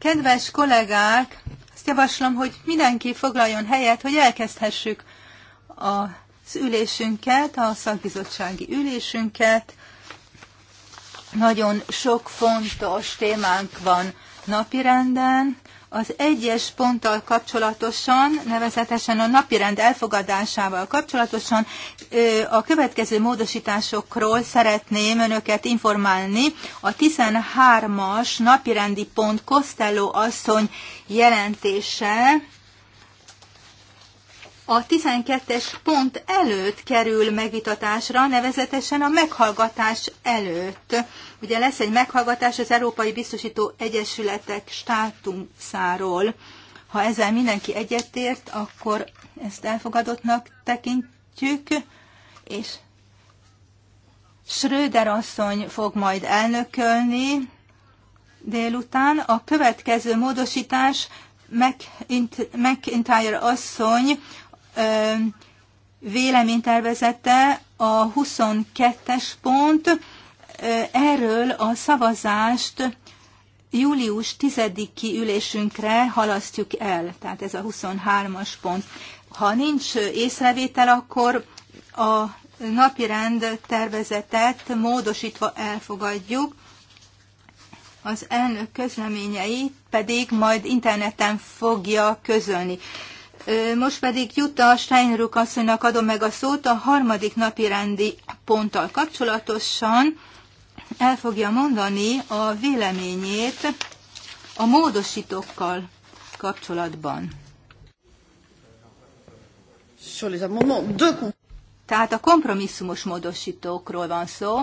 Kedves kollégák, azt javaslom, hogy mindenki foglaljon helyet, hogy elkezdhessük az ülésünket, a szakbizottsági ülésünket. Nagyon sok fontos témánk van napirenden az egyes ponttal kapcsolatosan, nevezetesen a napirend elfogadásával kapcsolatosan a következő módosításokról szeretném önöket informálni. A 13-as napirendi pont Costello asszony jelentése, a 12-es pont előtt kerül megvitatásra, nevezetesen a meghallgatás előtt. Ugye lesz egy meghallgatás az Európai Biztosító Egyesületek státuszáról. Ha ezzel mindenki egyetért, akkor ezt elfogadottnak tekintjük, és Schröder asszony fog majd elnökölni délután. A következő módosítás McIntyre asszony véleménytervezete a 22-es pont. Erről a szavazást július 10-i ülésünkre halasztjuk el, tehát ez a 23-as pont. Ha nincs észrevétel, akkor a napirend tervezetet módosítva elfogadjuk, az elnök közleményeit pedig majd interneten fogja közölni. Most pedig Jutta Steinruck asszonynak adom meg a szót a harmadik napi rendi ponttal kapcsolatosan. El fogja mondani a véleményét a módosítókkal kapcsolatban. Tehát a kompromisszumos módosítókról van szó.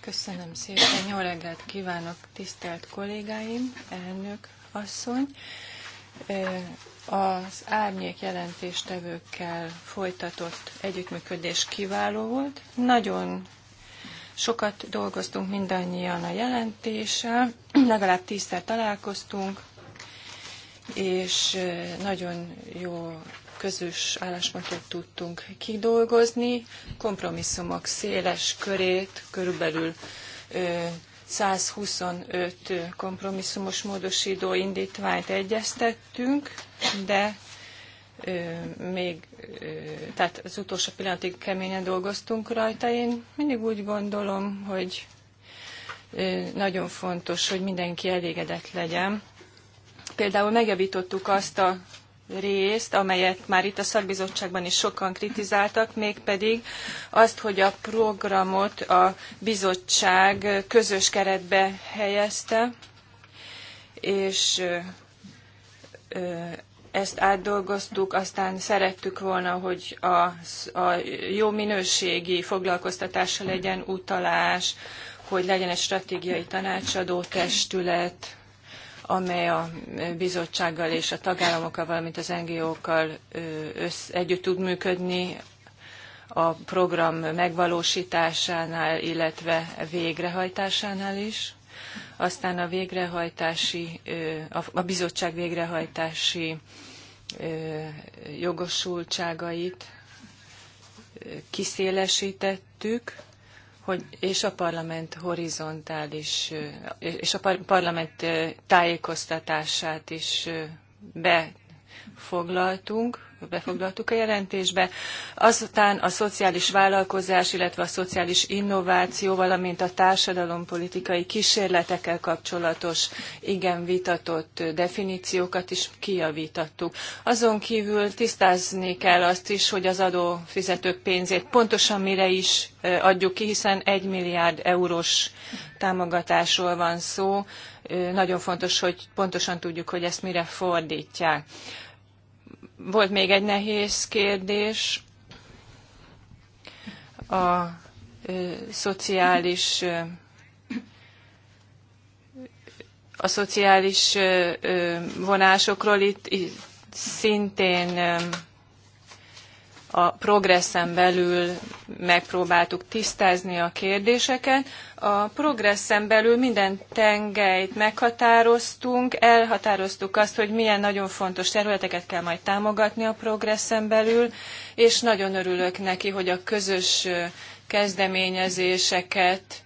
Köszönöm szépen, jó reggelt kívánok, tisztelt kollégáim, elnök asszony. Az árnyék jelentéstevőkkel folytatott együttműködés kiváló volt. Nagyon sokat dolgoztunk mindannyian a jelentéssel, legalább tízszer találkoztunk, és nagyon jó közös álláspontot tudtunk kidolgozni, kompromisszumok széles körét, körülbelül 125 kompromisszumos módosító indítványt egyeztettünk, de még, tehát az utolsó pillanatig keményen dolgoztunk rajta. Én mindig úgy gondolom, hogy nagyon fontos, hogy mindenki elégedett legyen. Például megjavítottuk azt a részt, amelyet már itt a szakbizottságban is sokan kritizáltak, mégpedig azt, hogy a programot a bizottság közös keretbe helyezte, és ezt átdolgoztuk, aztán szerettük volna, hogy a, a jó minőségi foglalkoztatásra legyen utalás, hogy legyen egy stratégiai tanácsadó testület, amely a bizottsággal és a tagállamokkal, valamint az NGO-kkal együtt tud működni a program megvalósításánál, illetve végrehajtásánál is. Aztán a végrehajtási, a bizottság végrehajtási jogosultságait kiszélesítettük, hogy, és a parlament horizontális, és a parlament tájékoztatását is befoglaltunk, befoglaltuk a jelentésbe. Azután a szociális vállalkozás, illetve a szociális innováció, valamint a társadalompolitikai kísérletekkel kapcsolatos igen vitatott definíciókat is kijavítattuk. Azon kívül tisztázni kell azt is, hogy az adófizetők pénzét pontosan mire is adjuk ki, hiszen 1 milliárd eurós támogatásról van szó. Nagyon fontos, hogy pontosan tudjuk, hogy ezt mire fordítják. Volt még egy nehéz kérdés. A ö, szociális ö, a szociális vonásokról itt szintén a progresszen belül megpróbáltuk tisztázni a kérdéseket. A progresszen belül minden tengelyt meghatároztunk, elhatároztuk azt, hogy milyen nagyon fontos területeket kell majd támogatni a progresszen belül, és nagyon örülök neki, hogy a közös kezdeményezéseket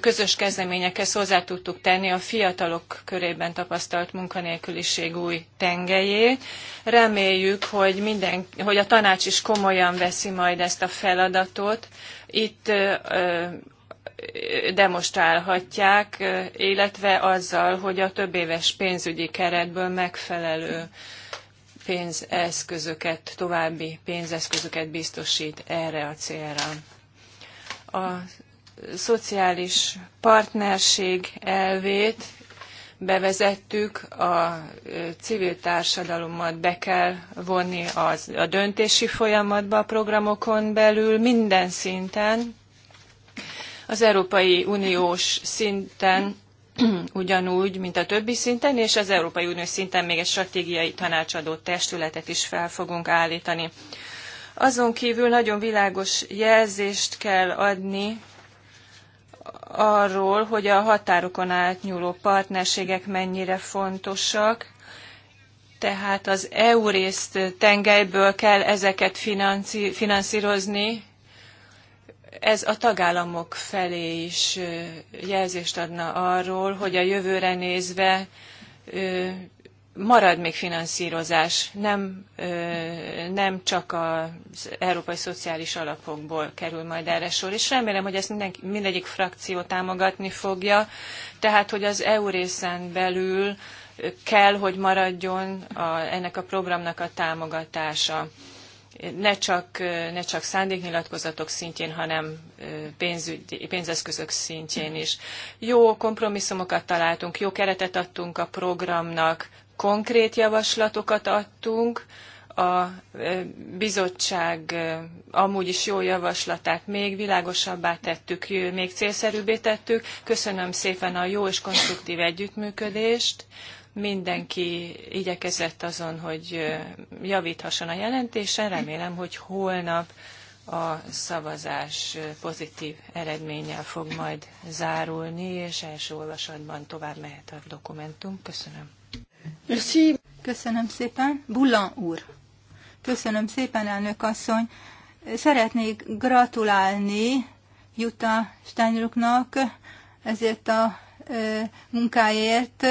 közös kezdeményekhez hozzá tudtuk tenni a fiatalok körében tapasztalt munkanélküliség új tengelyét. Reméljük, hogy, minden, hogy a tanács is komolyan veszi majd ezt a feladatot. Itt demonstrálhatják, illetve azzal, hogy a többéves pénzügyi keretből megfelelő pénzeszközöket, további pénzeszközöket biztosít erre a célra. A szociális partnerség elvét bevezettük, a civil társadalommal be kell vonni az, a döntési folyamatba a programokon belül minden szinten. Az Európai Uniós szinten ugyanúgy, mint a többi szinten, és az Európai Unió szinten még egy stratégiai tanácsadó testületet is fel fogunk állítani. Azon kívül nagyon világos jelzést kell adni arról, hogy a határokon átnyúló partnerségek mennyire fontosak, tehát az EU részt tengelyből kell ezeket finanszírozni, ez a tagállamok felé is jelzést adna arról, hogy a jövőre nézve marad még finanszírozás, nem, nem csak az Európai Szociális Alapokból kerül majd erre sor, és remélem, hogy ezt minden, mindegyik frakció támogatni fogja, tehát hogy az EU részen belül kell, hogy maradjon a, ennek a programnak a támogatása. Ne csak, ne csak szándéknyilatkozatok szintjén, hanem pénzügyi pénzeszközök szintjén is. Jó kompromisszumokat találtunk, jó keretet adtunk a programnak, konkrét javaslatokat adtunk, a bizottság amúgy is jó javaslatát még világosabbá tettük, még célszerűbbé tettük. Köszönöm szépen a jó és konstruktív együttműködést. Mindenki igyekezett azon, hogy javíthasson a jelentésen. Remélem, hogy holnap a szavazás pozitív eredménnyel fog majd zárulni, és első olvasatban tovább mehet a dokumentum. Köszönöm. Merci. Köszönöm szépen. Bullan úr. Köszönöm szépen, elnök asszony. Szeretnék gratulálni Jutta Steinrucknak ezért a munkáért.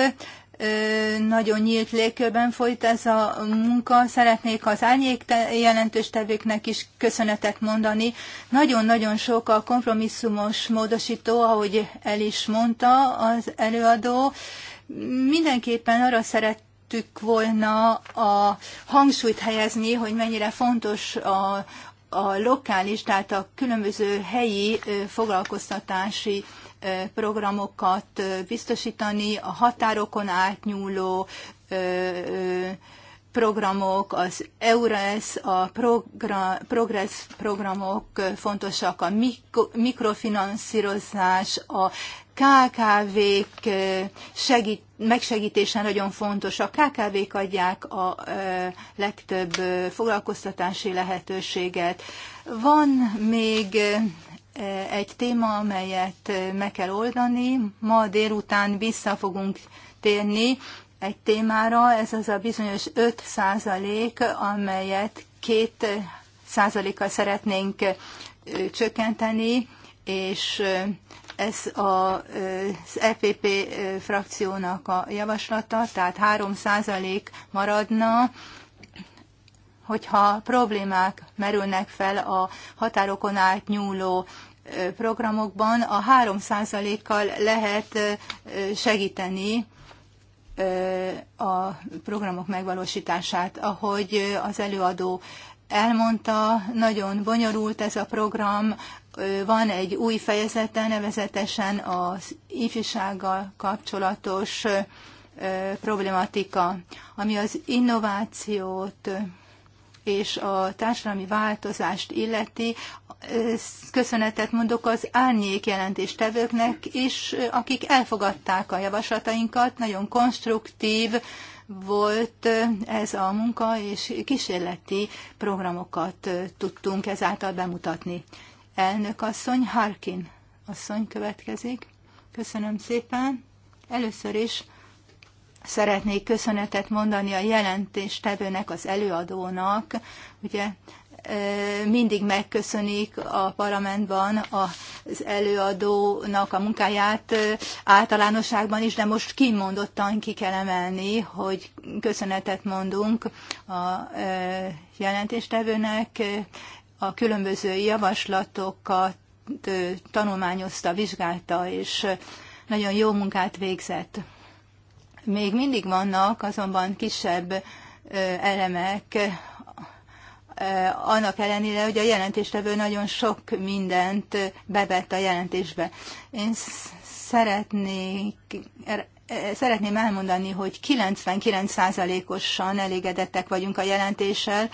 nagyon nyílt légkörben folyt ez a munka. Szeretnék az árnyék jelentős tevőknek is köszönetet mondani. Nagyon-nagyon sok a kompromisszumos módosító, ahogy el is mondta az előadó. Mindenképpen arra szerettük volna a hangsúlyt helyezni, hogy mennyire fontos a, a lokális, tehát a különböző helyi foglalkoztatási programokat biztosítani, a határokon átnyúló programok, az EURES, a progra, progress programok fontosak, a mikrofinanszírozás, a KKV-k segít, megsegítése nagyon fontos. A KKV-k adják a legtöbb foglalkoztatási lehetőséget. Van még egy téma, amelyet meg kell oldani. Ma délután vissza fogunk térni egy témára, ez az a bizonyos 5 százalék, amelyet 2 százalékkal szeretnénk csökkenteni, és ez a, az EPP frakciónak a javaslata, tehát 3 maradna, hogyha problémák merülnek fel a határokon átnyúló programokban, a 3 kal lehet segíteni a programok megvalósítását. Ahogy az előadó elmondta, nagyon bonyolult ez a program, van egy új fejezete, nevezetesen az ifjúsággal kapcsolatos problematika, ami az innovációt és a társadalmi változást illeti. Köszönetet mondok az árnyék jelentéstevőknek is, akik elfogadták a javaslatainkat. Nagyon konstruktív volt ez a munka, és kísérleti programokat tudtunk ezáltal bemutatni. Elnök asszony, Harkin asszony következik. Köszönöm szépen. Először is szeretnék köszönetet mondani a jelentéstevőnek, az előadónak. Ugye mindig megköszönik a parlamentban az előadónak a munkáját általánosságban is, de most kimondottan ki kell emelni, hogy köszönetet mondunk a jelentéstevőnek, a különböző javaslatokat tanulmányozta, vizsgálta, és nagyon jó munkát végzett. Még mindig vannak azonban kisebb elemek, annak ellenére, hogy a jelentéstevő nagyon sok mindent bevett a jelentésbe. Én szeretnék, er-, szeretném elmondani, hogy 99%-osan elégedettek vagyunk a jelentéssel,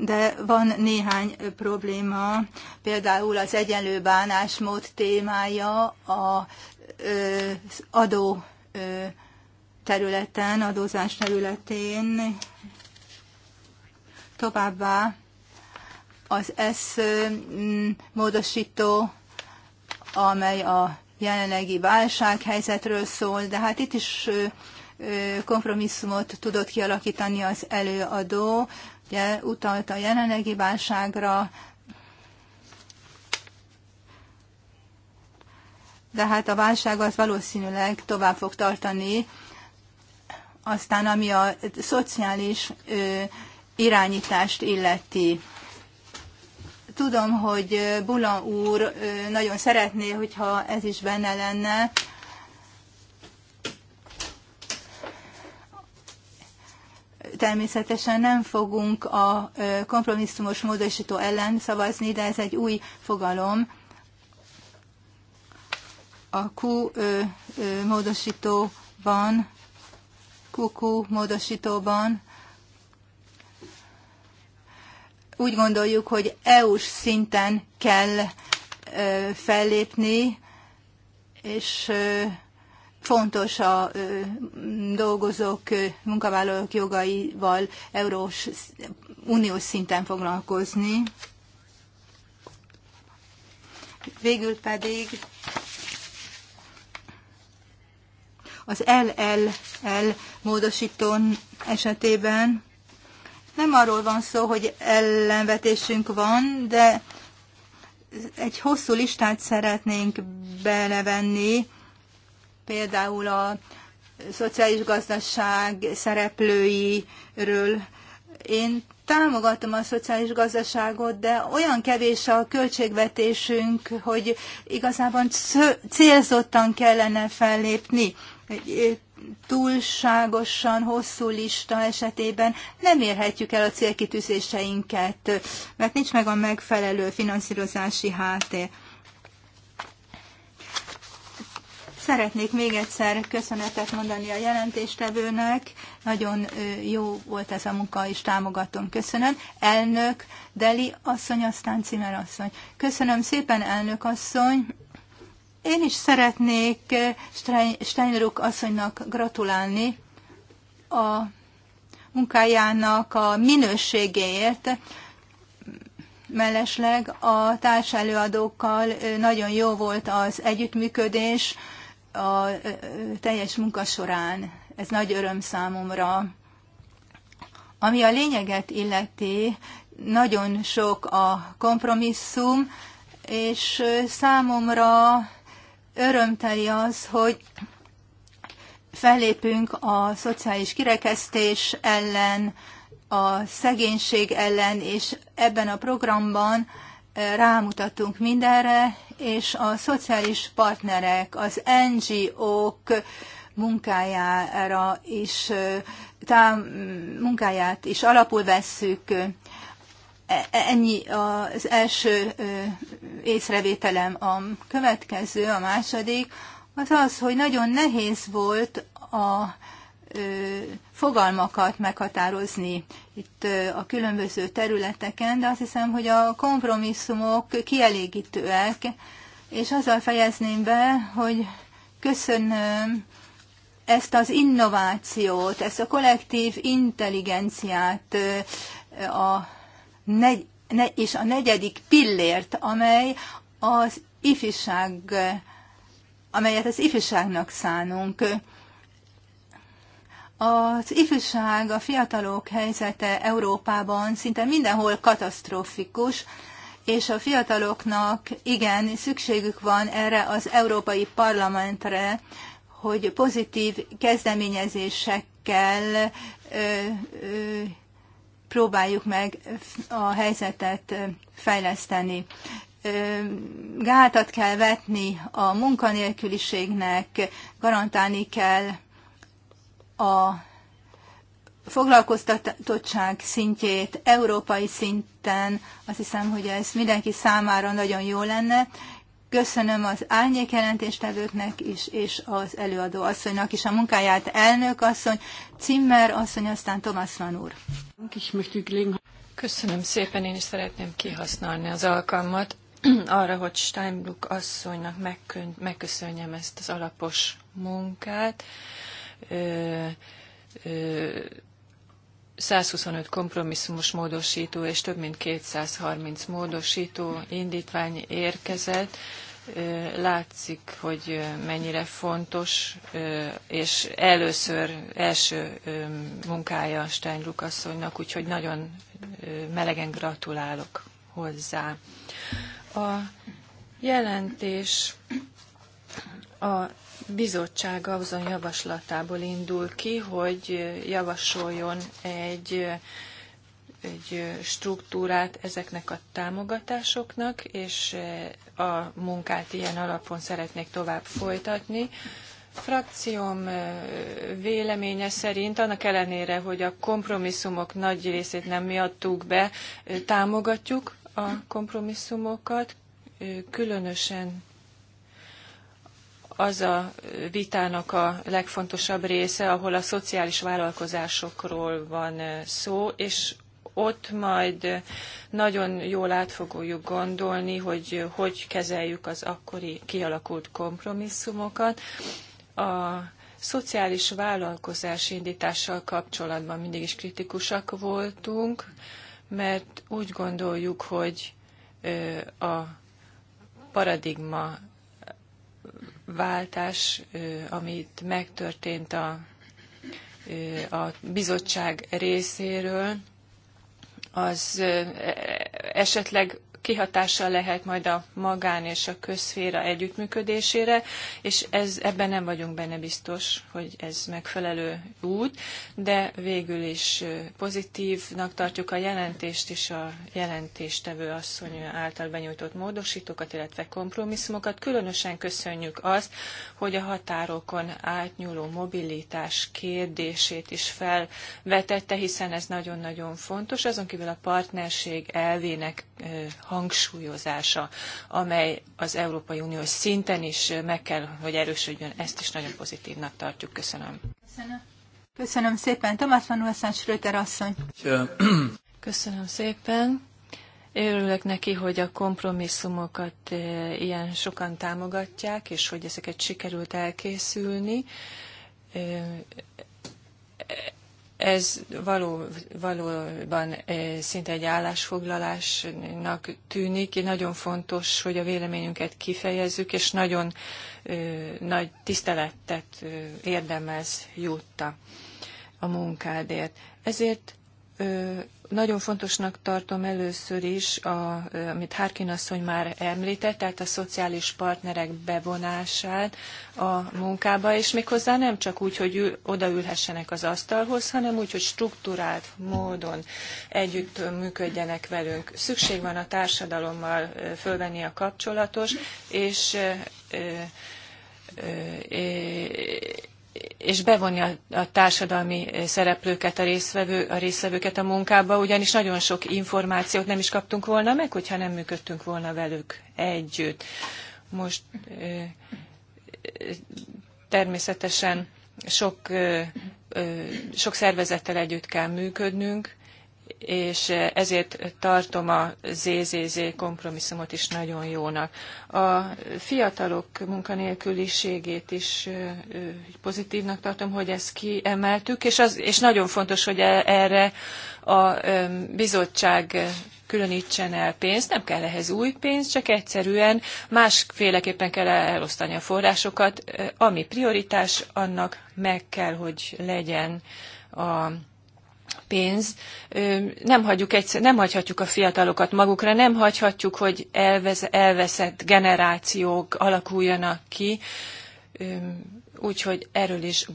de van néhány probléma, például az egyenlő bánásmód témája az adó területen, adózás területén, továbbá az ESZ módosító, amely a jelenlegi válsághelyzetről szól, de hát itt is kompromisszumot tudott kialakítani az előadó, ugye utalt a jelenlegi válságra, de hát a válság az valószínűleg tovább fog tartani. Aztán ami a szociális ö, irányítást illeti. Tudom, hogy Bula úr nagyon szeretné, hogyha ez is benne lenne természetesen nem fogunk a kompromisszumos módosító ellen szavazni, de ez egy új fogalom. A Q módosítóban, QQ módosítóban úgy gondoljuk, hogy EU-s szinten kell fellépni, és fontos a dolgozók, munkavállalók jogaival eurós, uniós szinten foglalkozni. Végül pedig az LLL módosítón esetében nem arról van szó, hogy ellenvetésünk van, de egy hosszú listát szeretnénk belevenni például a szociális gazdaság szereplőiről. Én támogatom a szociális gazdaságot, de olyan kevés a költségvetésünk, hogy igazából célzottan kellene fellépni. Túlságosan hosszú lista esetében nem érhetjük el a célkitűzéseinket, mert nincs meg a megfelelő finanszírozási háttér. Szeretnék még egyszer köszönetet mondani a jelentéstevőnek. Nagyon jó volt ez a munka, és támogatom. Köszönöm. Elnök, Deli asszony, aztán Cimer asszony. Köszönöm szépen, elnök asszony. Én is szeretnék Steinruck asszonynak gratulálni a munkájának a minőségéért mellesleg a társelőadókkal nagyon jó volt az együttműködés, a teljes munka során. Ez nagy öröm számomra. Ami a lényeget illeti, nagyon sok a kompromisszum, és számomra örömteli az, hogy fellépünk a szociális kirekesztés ellen, a szegénység ellen, és ebben a programban rámutattunk mindenre, és a szociális partnerek, az NGO-k munkájára is, tám, munkáját is alapul vesszük. E, ennyi az első észrevételem. A következő, a második, az az, hogy nagyon nehéz volt a fogalmakat meghatározni itt a különböző területeken, de azt hiszem, hogy a kompromisszumok kielégítőek, és azzal fejezném be, hogy köszönöm ezt az innovációt, ezt a kollektív intelligenciát, a negy, ne, és a negyedik pillért, amely az ifjúság, amelyet az ifjúságnak szánunk. Az ifjúság, a fiatalok helyzete Európában szinte mindenhol katasztrofikus, és a fiataloknak igen szükségük van erre az Európai Parlamentre, hogy pozitív kezdeményezésekkel ö, ö, próbáljuk meg a helyzetet fejleszteni. Gátat kell vetni a munkanélküliségnek, garantálni kell a foglalkoztatottság szintjét európai szinten, azt hiszem, hogy ez mindenki számára nagyon jó lenne. Köszönöm az árnyék jelentéstevőknek is, és az előadó asszonynak is a munkáját, elnök asszony, Cimmer asszony, aztán Van úr. Köszönöm szépen, én is szeretném kihasználni az alkalmat arra, hogy Steinbrück asszonynak megköszönjem ezt az alapos munkát 125 kompromisszumos módosító és több mint 230 módosító indítvány érkezett. Látszik, hogy mennyire fontos, és először első munkája Stein Lukaszonynak, úgyhogy nagyon melegen gratulálok hozzá. A jelentés a bizottság azon javaslatából indul ki, hogy javasoljon egy, egy struktúrát ezeknek a támogatásoknak, és a munkát ilyen alapon szeretnék tovább folytatni. Frakcióm véleménye szerint, annak ellenére, hogy a kompromisszumok nagy részét nem mi adtuk be, támogatjuk a kompromisszumokat, különösen az a vitának a legfontosabb része, ahol a szociális vállalkozásokról van szó, és ott majd nagyon jól át fogjuk gondolni, hogy hogy kezeljük az akkori kialakult kompromisszumokat. A szociális vállalkozás indítással kapcsolatban mindig is kritikusak voltunk, mert úgy gondoljuk, hogy a paradigma váltás, amit megtörtént a, a bizottság részéről, az e, esetleg kihatással lehet majd a magán és a közféra együttműködésére, és ez, ebben nem vagyunk benne biztos, hogy ez megfelelő út, de végül is pozitívnak tartjuk a jelentést és a jelentéstevő asszony által benyújtott módosítókat, illetve kompromisszumokat. Különösen köszönjük azt, hogy a határokon átnyúló mobilitás kérdését is felvetette, hiszen ez nagyon-nagyon fontos. Azon kívül a partnerség elvének hangsúlyozása, amely az Európai Uniós szinten is meg kell, hogy erősödjön, ezt is nagyon pozitívnak tartjuk. Köszönöm. Köszönöm, Köszönöm szépen. Tomás van Ulszán Schröter asszony. Köszönöm szépen. Örülök neki, hogy a kompromisszumokat eh, ilyen sokan támogatják, és hogy ezeket sikerült elkészülni eh, ez való, valóban szinte egy állásfoglalásnak tűnik. Nagyon fontos, hogy a véleményünket kifejezzük, és nagyon nagy tiszteletet érdemez Jutta a munkádért. Ezért nagyon fontosnak tartom először is, a, amit Harkin asszony már említett, tehát a szociális partnerek bevonását a munkába, és méghozzá nem csak úgy, hogy ül, odaülhessenek az asztalhoz, hanem úgy, hogy struktúrált módon együtt működjenek velünk. Szükség van a társadalommal fölvenni a kapcsolatos, és és bevonja a, a társadalmi szereplőket, a, részvevő, a részvevőket a munkába, ugyanis nagyon sok információt nem is kaptunk volna meg, hogyha nem működtünk volna velük együtt. Most természetesen sok, sok szervezettel együtt kell működnünk, és ezért tartom a ZZZ kompromisszumot is nagyon jónak. A fiatalok munkanélküliségét is pozitívnak tartom, hogy ezt kiemeltük, és, az, és nagyon fontos, hogy e- erre a bizottság különítsen el pénzt, nem kell ehhez új pénz, csak egyszerűen másféleképpen kell elosztani a forrásokat. Ami prioritás, annak meg kell, hogy legyen a pénz, nem, hagyjuk egyszer, nem hagyhatjuk a fiatalokat magukra, nem hagyhatjuk, hogy elvez, elveszett generációk alakuljanak ki, úgyhogy erről is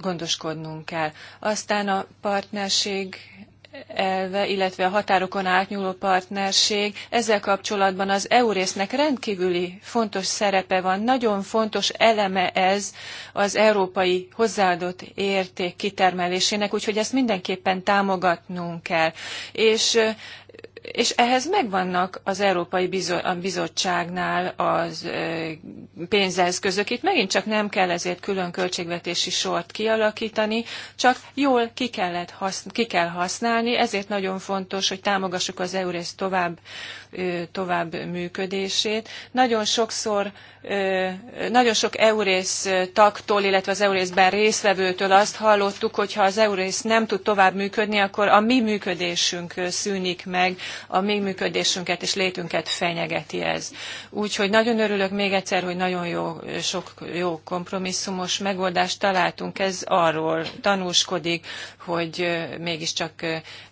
gondoskodnunk kell. Aztán a partnerség elve, illetve a határokon átnyúló partnerség. Ezzel kapcsolatban az e nek rendkívüli fontos szerepe van. Nagyon fontos eleme ez az európai hozzáadott érték kitermelésének, úgyhogy ezt mindenképpen támogatnunk kell. És és ehhez megvannak az Európai Bizottságnál az pénzeszközök. Itt megint csak nem kell ezért külön költségvetési sort kialakítani, csak jól ki, kellett haszn- ki kell használni, ezért nagyon fontos, hogy támogassuk az EURES tovább tovább működését. Nagyon sokszor, nagyon sok EURész tagtól, illetve az EURészben résztvevőtől azt hallottuk, hogy ha az EURész nem tud tovább működni, akkor a mi működésünk szűnik meg, a mi működésünket és létünket fenyegeti ez. Úgyhogy nagyon örülök még egyszer, hogy nagyon jó, sok jó kompromisszumos megoldást találtunk. Ez arról tanúskodik, hogy mégiscsak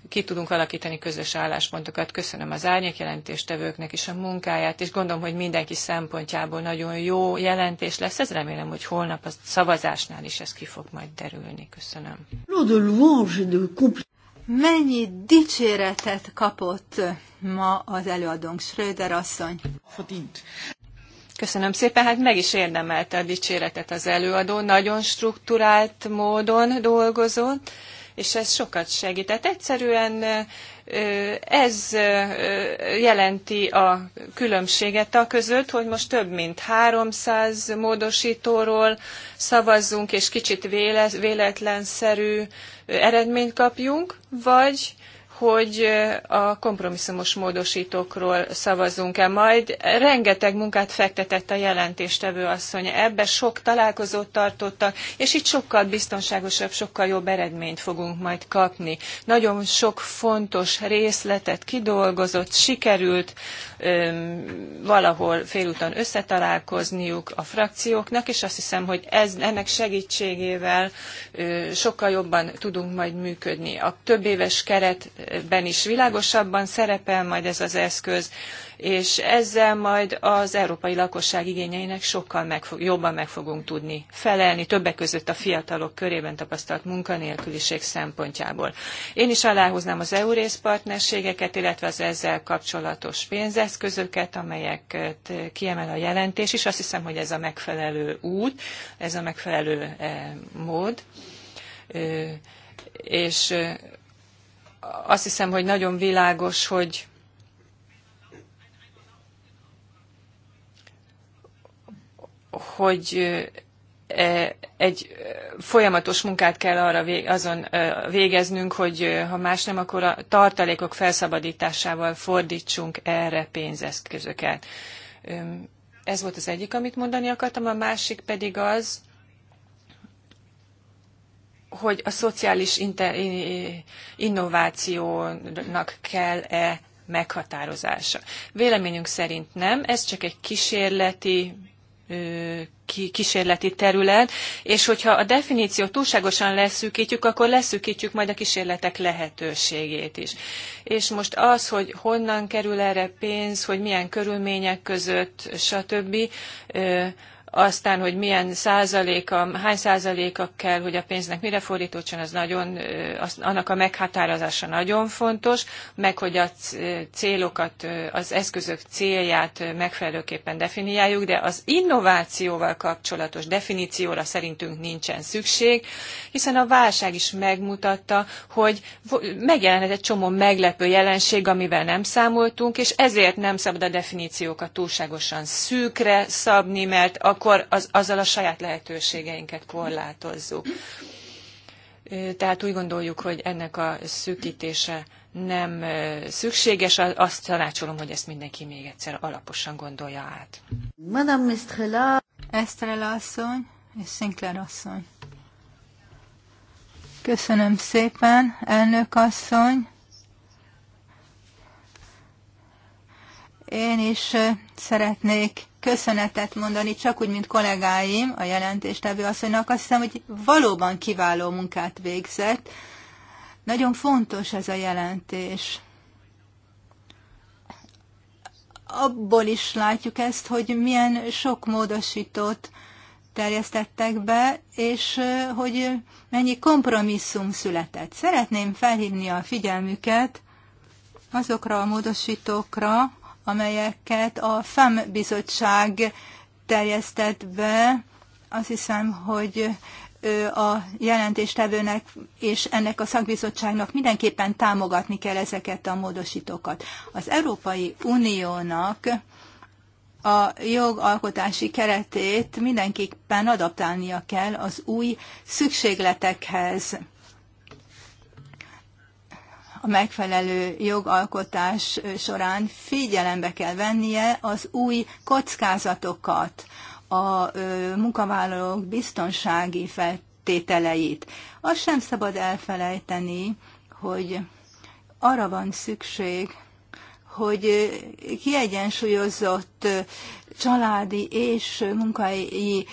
ki tudunk alakítani közös álláspontokat. Köszönöm az árnyék jelentést jelentéstevőknek is a munkáját, és gondolom, hogy mindenki szempontjából nagyon jó jelentés lesz. Ez remélem, hogy holnap a szavazásnál is ez ki fog majd derülni. Köszönöm. Mennyi dicséretet kapott ma az előadónk Schröder asszony? Köszönöm szépen, hát meg is érdemelte a dicséretet az előadó, nagyon strukturált módon dolgozott, és ez sokat segített. Egyszerűen ez jelenti a különbséget a között, hogy most több mint 300 módosítóról szavazzunk, és kicsit véletlenszerű eredményt kapjunk, vagy hogy a kompromisszumos módosítókról szavazunk-e majd. Rengeteg munkát fektetett a jelentéstevő asszony ebbe, sok találkozót tartottak, és itt sokkal biztonságosabb, sokkal jobb eredményt fogunk majd kapni. Nagyon sok fontos részletet kidolgozott, sikerült öm, valahol félúton összetalálkozniuk a frakcióknak, és azt hiszem, hogy ez, ennek segítségével sokkal jobban tudunk majd működni. A több éves keret ben is világosabban szerepel majd ez az eszköz, és ezzel majd az európai lakosság igényeinek sokkal meg jobban meg fogunk tudni felelni, többek között a fiatalok körében tapasztalt munkanélküliség szempontjából. Én is aláhúznám az EURész partnerségeket, illetve az ezzel kapcsolatos pénzeszközöket, amelyeket kiemel a jelentés, és azt hiszem, hogy ez a megfelelő út, ez a megfelelő eh, mód eh, és eh, azt hiszem, hogy nagyon világos, hogy hogy eh, egy folyamatos munkát kell arra azon eh, végeznünk, hogy eh, ha más nem, akkor a tartalékok felszabadításával fordítsunk erre pénzeszközöket. Ez volt az egyik, amit mondani akartam, a másik pedig az, hogy a szociális inter, innovációnak kell-e meghatározása. Véleményünk szerint nem, ez csak egy kísérleti kísérleti terület, és hogyha a definíciót túlságosan leszűkítjük, akkor leszűkítjük majd a kísérletek lehetőségét is. És most az, hogy honnan kerül erre pénz, hogy milyen körülmények között, stb aztán, hogy milyen százaléka, hány százaléka kell, hogy a pénznek mire fordítódjon, az nagyon, az, annak a meghatározása nagyon fontos, meg hogy a célokat, az eszközök célját megfelelőképpen definiáljuk, de az innovációval kapcsolatos definícióra szerintünk nincsen szükség, hiszen a válság is megmutatta, hogy megjelenhet egy csomó meglepő jelenség, amivel nem számoltunk, és ezért nem szabad a definíciókat túlságosan szűkre szabni, mert a akkor az, azzal a saját lehetőségeinket korlátozzuk. Tehát úgy gondoljuk, hogy ennek a szűkítése nem szükséges, azt tanácsolom, hogy ezt mindenki még egyszer alaposan gondolja át. Madame Mistrela. Estrela asszony és Sinclair asszony. Köszönöm szépen, elnök asszony. Én is szeretnék köszönetet mondani, csak úgy, mint kollégáim, a jelentéstevő asszonynak. Azt hiszem, hogy valóban kiváló munkát végzett. Nagyon fontos ez a jelentés. Abból is látjuk ezt, hogy milyen sok módosítót terjesztettek be, és hogy mennyi kompromisszum született. Szeretném felhívni a figyelmüket azokra a módosítókra, amelyeket a FEM bizottság terjesztett be. Azt hiszem, hogy a jelentéstevőnek és ennek a szakbizottságnak mindenképpen támogatni kell ezeket a módosítókat. Az Európai Uniónak a jogalkotási keretét mindenképpen adaptálnia kell az új szükségletekhez a megfelelő jogalkotás során figyelembe kell vennie az új kockázatokat, a munkavállalók biztonsági feltételeit. Azt sem szabad elfelejteni, hogy arra van szükség, hogy kiegyensúlyozott családi és munkai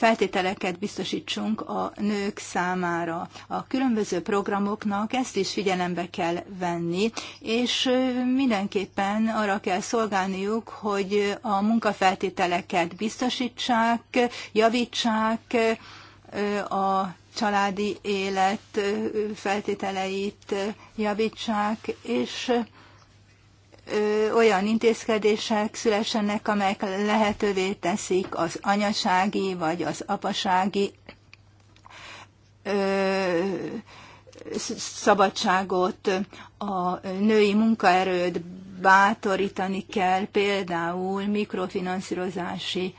feltételeket biztosítsunk a nők számára. A különböző programoknak ezt is figyelembe kell venni, és mindenképpen arra kell szolgálniuk, hogy a munkafeltételeket biztosítsák, javítsák a családi élet feltételeit javítsák, és olyan intézkedések szülessenek, amelyek lehetővé teszik az anyasági vagy az apasági szabadságot, a női munkaerőt bátorítani kell, például mikrofinanszírozási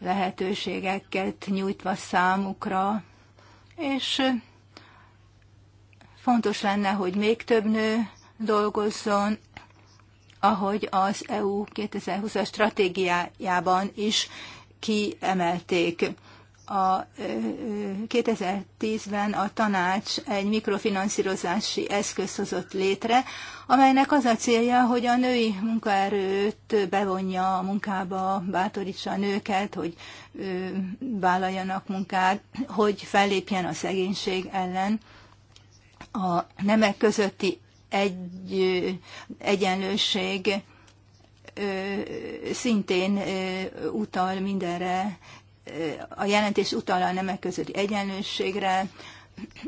lehetőségeket nyújtva számukra, és fontos lenne, hogy még több nő dolgozzon, ahogy az EU 2020-as stratégiájában is kiemelték. A 2010-ben a tanács egy mikrofinanszírozási eszköz hozott létre, amelynek az a célja, hogy a női munkaerőt bevonja a munkába, bátorítsa a nőket, hogy vállaljanak munkát, hogy fellépjen a szegénység ellen. A nemek közötti egy, egyenlőség szintén utal mindenre, a jelentés utal a nemek közötti egyenlőségre,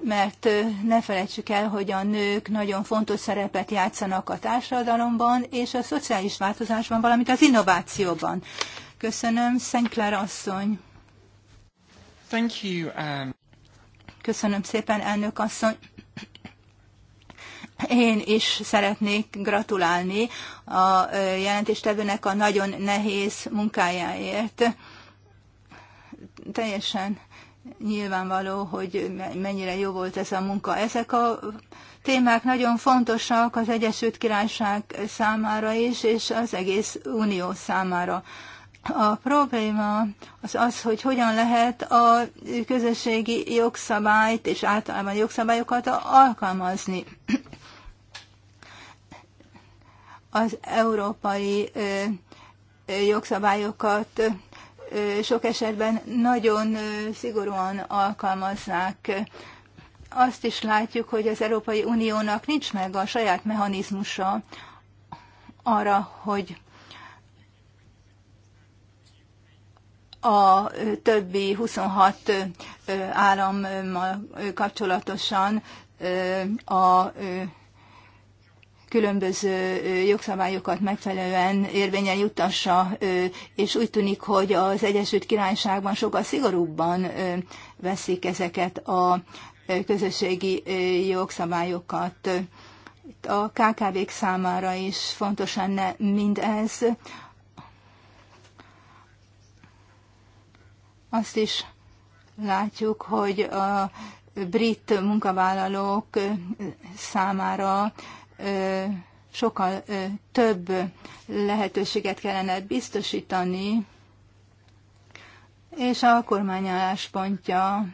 mert ne felejtsük el, hogy a nők nagyon fontos szerepet játszanak a társadalomban és a szociális változásban, valamint az innovációban. Köszönöm, Szentklár asszony. Thank you, um... Köszönöm szépen, elnök asszony. Én is szeretnék gratulálni a jelentéstevőnek a nagyon nehéz munkájáért. Teljesen nyilvánvaló, hogy mennyire jó volt ez a munka. Ezek a témák nagyon fontosak az Egyesült Királyság számára is, és az egész Unió számára. A probléma az az, hogy hogyan lehet a közösségi jogszabályt és általában jogszabályokat alkalmazni az európai jogszabályokat sok esetben nagyon szigorúan alkalmazzák. Azt is látjuk, hogy az Európai Uniónak nincs meg a saját mechanizmusa arra, hogy a többi 26 állammal kapcsolatosan a különböző jogszabályokat megfelelően érvényen juttassa, és úgy tűnik, hogy az Egyesült Királyságban sokkal szigorúbban veszik ezeket a közösségi jogszabályokat. A KKV-k számára is fontos lenne mindez. Azt is látjuk, hogy a brit munkavállalók számára sokkal több lehetőséget kellene biztosítani, és a kormány álláspontja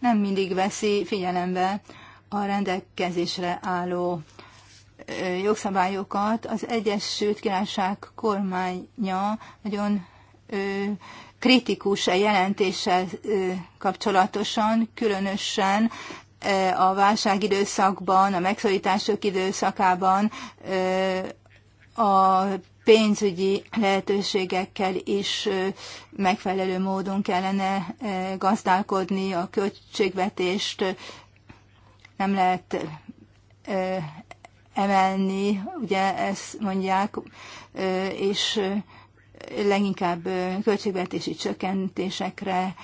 nem mindig veszi figyelembe a rendelkezésre álló jogszabályokat. Az Egyesült Királyság kormánya nagyon kritikus a jelentéssel kapcsolatosan, különösen Eh, a válságidőszakban, a megszorítások időszakában eh, a pénzügyi lehetőségekkel is eh, megfelelő módon kellene gazdálkodni, a költségvetést nem lehet emelni, ugye ezt mondják, és leginkább költségvetési csökkentésekre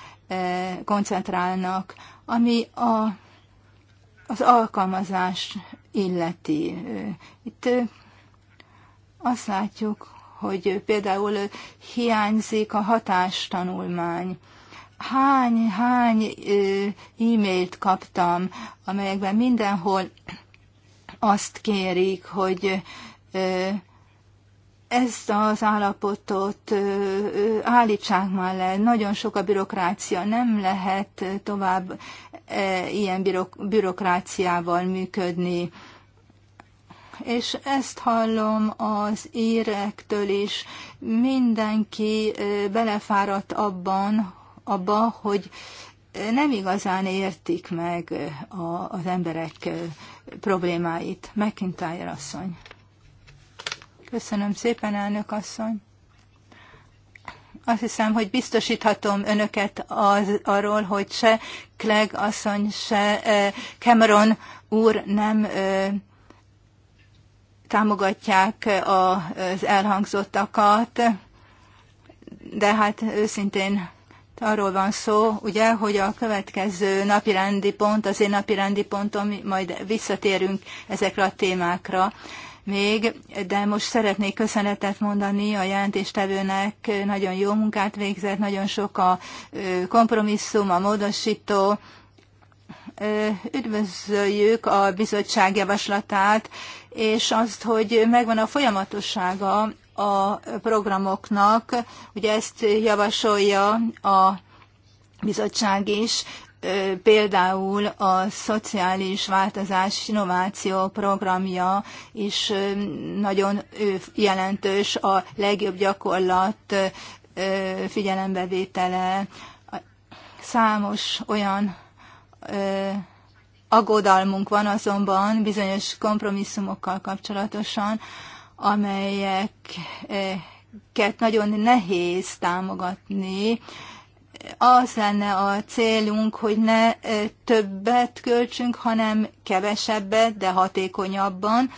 koncentrálnak, ami a az alkalmazás illeti. Itt azt látjuk, hogy például hiányzik a hatástanulmány. Hány, hány e-mailt kaptam, amelyekben mindenhol azt kérik, hogy ezt az állapotot állítsák már le, nagyon sok a bürokrácia, nem lehet tovább ilyen bürok, bürokráciával működni. És ezt hallom az érektől is. Mindenki belefáradt abban, abba, hogy nem igazán értik meg a, az emberek problémáit. McIntyre asszony. Köszönöm szépen, elnök asszony. Azt hiszem, hogy biztosíthatom önöket az, arról, hogy se Clegg asszony, se Cameron úr nem támogatják az elhangzottakat, de hát őszintén arról van szó, ugye, hogy a következő napirendi pont, az én napirendi pontom, majd visszatérünk ezekre a témákra még, de most szeretnék köszönetet mondani a jelentéstevőnek, nagyon jó munkát végzett, nagyon sok a kompromisszum, a módosító, üdvözöljük a bizottság javaslatát, és azt, hogy megvan a folyamatossága a programoknak, ugye ezt javasolja a bizottság is, például a szociális változás innováció programja is nagyon jelentős, a legjobb gyakorlat figyelembevétele, számos olyan aggodalmunk van azonban bizonyos kompromisszumokkal kapcsolatosan, amelyeket nagyon nehéz támogatni, az lenne a célunk, hogy ne többet költsünk, hanem kevesebbet, de hatékonyabban.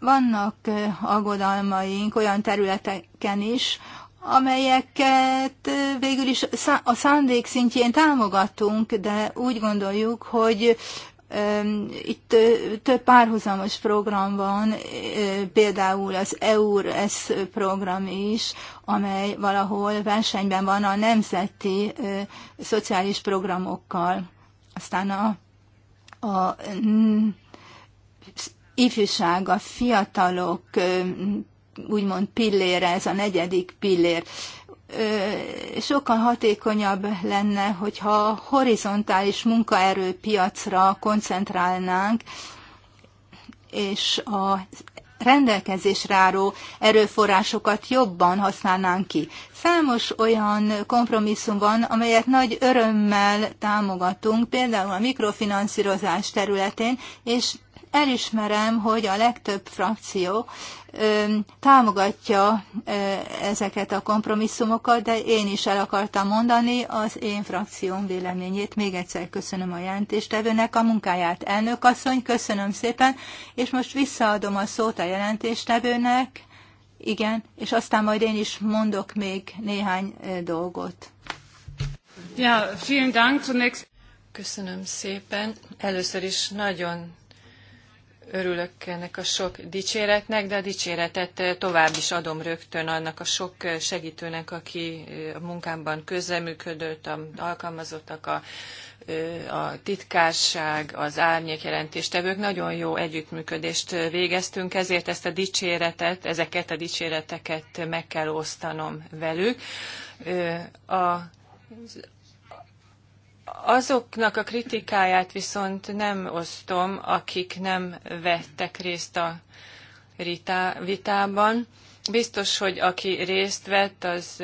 Vannak aggodalmaink olyan területeken is, amelyeket végül is a szándék szintjén támogatunk, de úgy gondoljuk, hogy itt több párhuzamos program van, például az EURES program is, amely valahol versenyben van a nemzeti szociális programokkal. Aztán a, a mm, ifjúság, a fiatalok úgymond pillére, ez a negyedik pillér sokkal hatékonyabb lenne, hogyha horizontális munkaerőpiacra koncentrálnánk, és a rendelkezésre álló erőforrásokat jobban használnánk ki. Számos olyan kompromisszum van, amelyet nagy örömmel támogatunk, például a mikrofinanszírozás területén, és elismerem, hogy a legtöbb frakció támogatja ezeket a kompromisszumokat, de én is el akartam mondani az én frakcióm véleményét. Még egyszer köszönöm a jelentéstevőnek a munkáját. Elnök asszony, köszönöm szépen, és most visszaadom a szót a jelentéstevőnek. Igen, és aztán majd én is mondok még néhány dolgot. Ja, vielen Dank zunächst. Köszönöm szépen. Először is nagyon örülök ennek a sok dicséretnek, de a dicséretet tovább is adom rögtön annak a sok segítőnek, aki a munkámban közreműködött, a alkalmazottak, a, a titkárság, az árnyék jelentéstevők. Nagyon jó együttműködést végeztünk, ezért ezt a dicséretet, ezeket a dicséreteket meg kell osztanom velük. A Azoknak a kritikáját viszont nem osztom, akik nem vettek részt a vitában. Biztos, hogy aki részt vett, az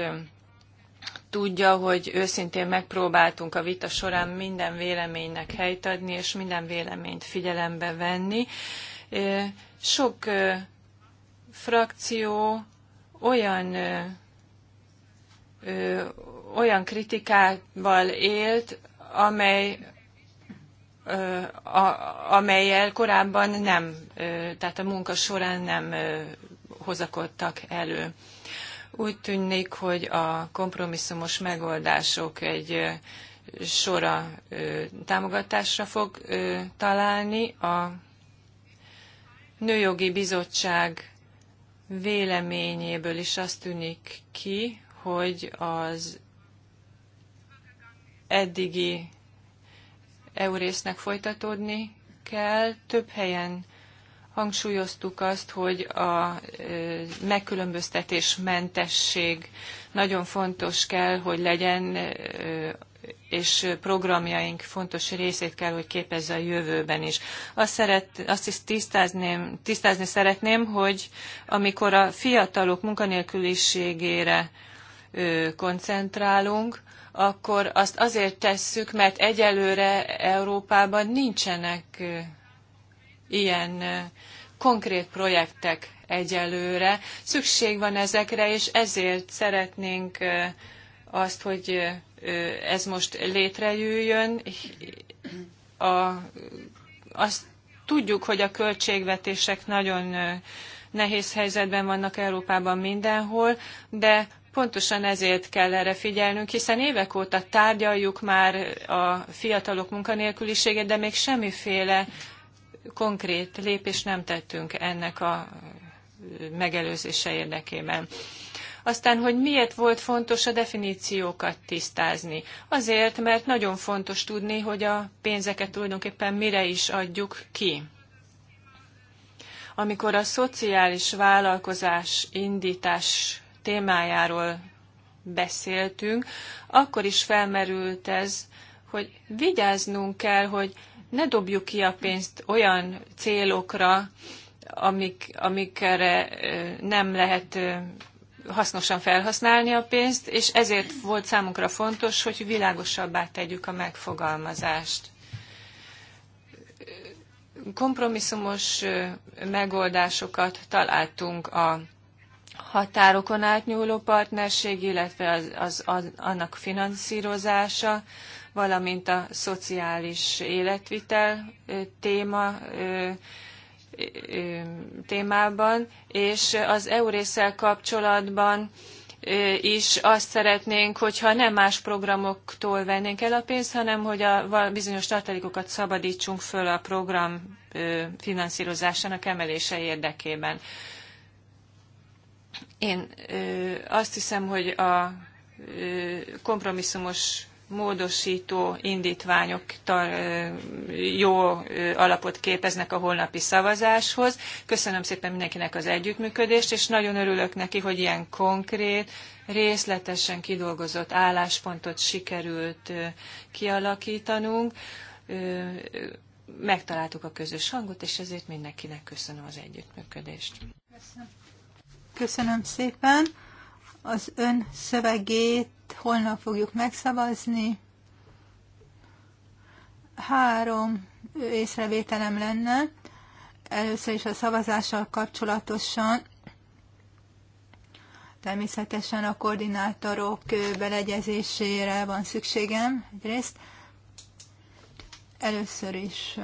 tudja, hogy őszintén megpróbáltunk a vita során minden véleménynek helyt adni, és minden véleményt figyelembe venni. Sok frakció olyan olyan kritikával élt, amely amelyel korábban nem, tehát a munka során nem hozakodtak elő. Úgy tűnik, hogy a kompromisszumos megoldások egy sora támogatásra fog találni. A Nőjogi Bizottság véleményéből is azt tűnik ki, hogy az eddigi eurésznek folytatódni kell. Több helyen hangsúlyoztuk azt, hogy a megkülönböztetés mentesség nagyon fontos kell, hogy legyen, és programjaink fontos részét kell, hogy képezze a jövőben is. Azt, szeret, azt is tisztázném, tisztázni szeretném, hogy amikor a fiatalok munkanélküliségére koncentrálunk, akkor azt azért tesszük, mert egyelőre Európában nincsenek ilyen konkrét projektek egyelőre. Szükség van ezekre, és ezért szeretnénk azt, hogy ez most létrejöjjön. A, azt tudjuk, hogy a költségvetések nagyon nehéz helyzetben vannak Európában mindenhol, de Pontosan ezért kell erre figyelnünk, hiszen évek óta tárgyaljuk már a fiatalok munkanélküliségét, de még semmiféle konkrét lépést nem tettünk ennek a megelőzése érdekében. Aztán, hogy miért volt fontos a definíciókat tisztázni. Azért, mert nagyon fontos tudni, hogy a pénzeket tulajdonképpen mire is adjuk ki. Amikor a szociális vállalkozás indítás témájáról beszéltünk, akkor is felmerült ez, hogy vigyáznunk kell, hogy ne dobjuk ki a pénzt olyan célokra, amik, amikre nem lehet hasznosan felhasználni a pénzt, és ezért volt számunkra fontos, hogy világosabbá tegyük a megfogalmazást. Kompromisszumos megoldásokat találtunk a határokon átnyúló partnerség, illetve az, az, az, annak finanszírozása, valamint a szociális életvitel téma témában, és az EURészel kapcsolatban is azt szeretnénk, hogyha nem más programoktól vennénk el a pénzt, hanem hogy a bizonyos tartalékokat szabadítsunk föl a program finanszírozásának emelése érdekében. Én azt hiszem, hogy a kompromisszumos módosító indítványok jó alapot képeznek a holnapi szavazáshoz. Köszönöm szépen mindenkinek az együttműködést, és nagyon örülök neki, hogy ilyen konkrét, részletesen kidolgozott álláspontot sikerült kialakítanunk. Megtaláltuk a közös hangot, és ezért mindenkinek köszönöm az együttműködést. Köszönöm. Köszönöm szépen. Az ön szövegét holnap fogjuk megszavazni. Három észrevételem lenne. Először is a szavazással kapcsolatosan. Természetesen a koordinátorok beleegyezésére van szükségem egyrészt. Először is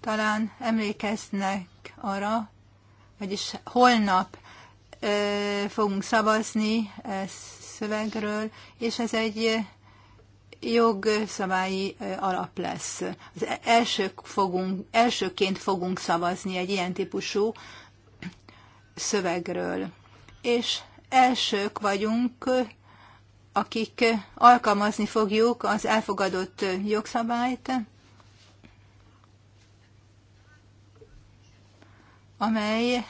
talán emlékeznek arra, vagyis holnap fogunk szavazni e szövegről, és ez egy jogszabályi alap lesz. Az e-, elsők fogunk, elsőként fogunk szavazni egy ilyen típusú szövegről. És elsők vagyunk, akik alkalmazni fogjuk az elfogadott jogszabályt, amely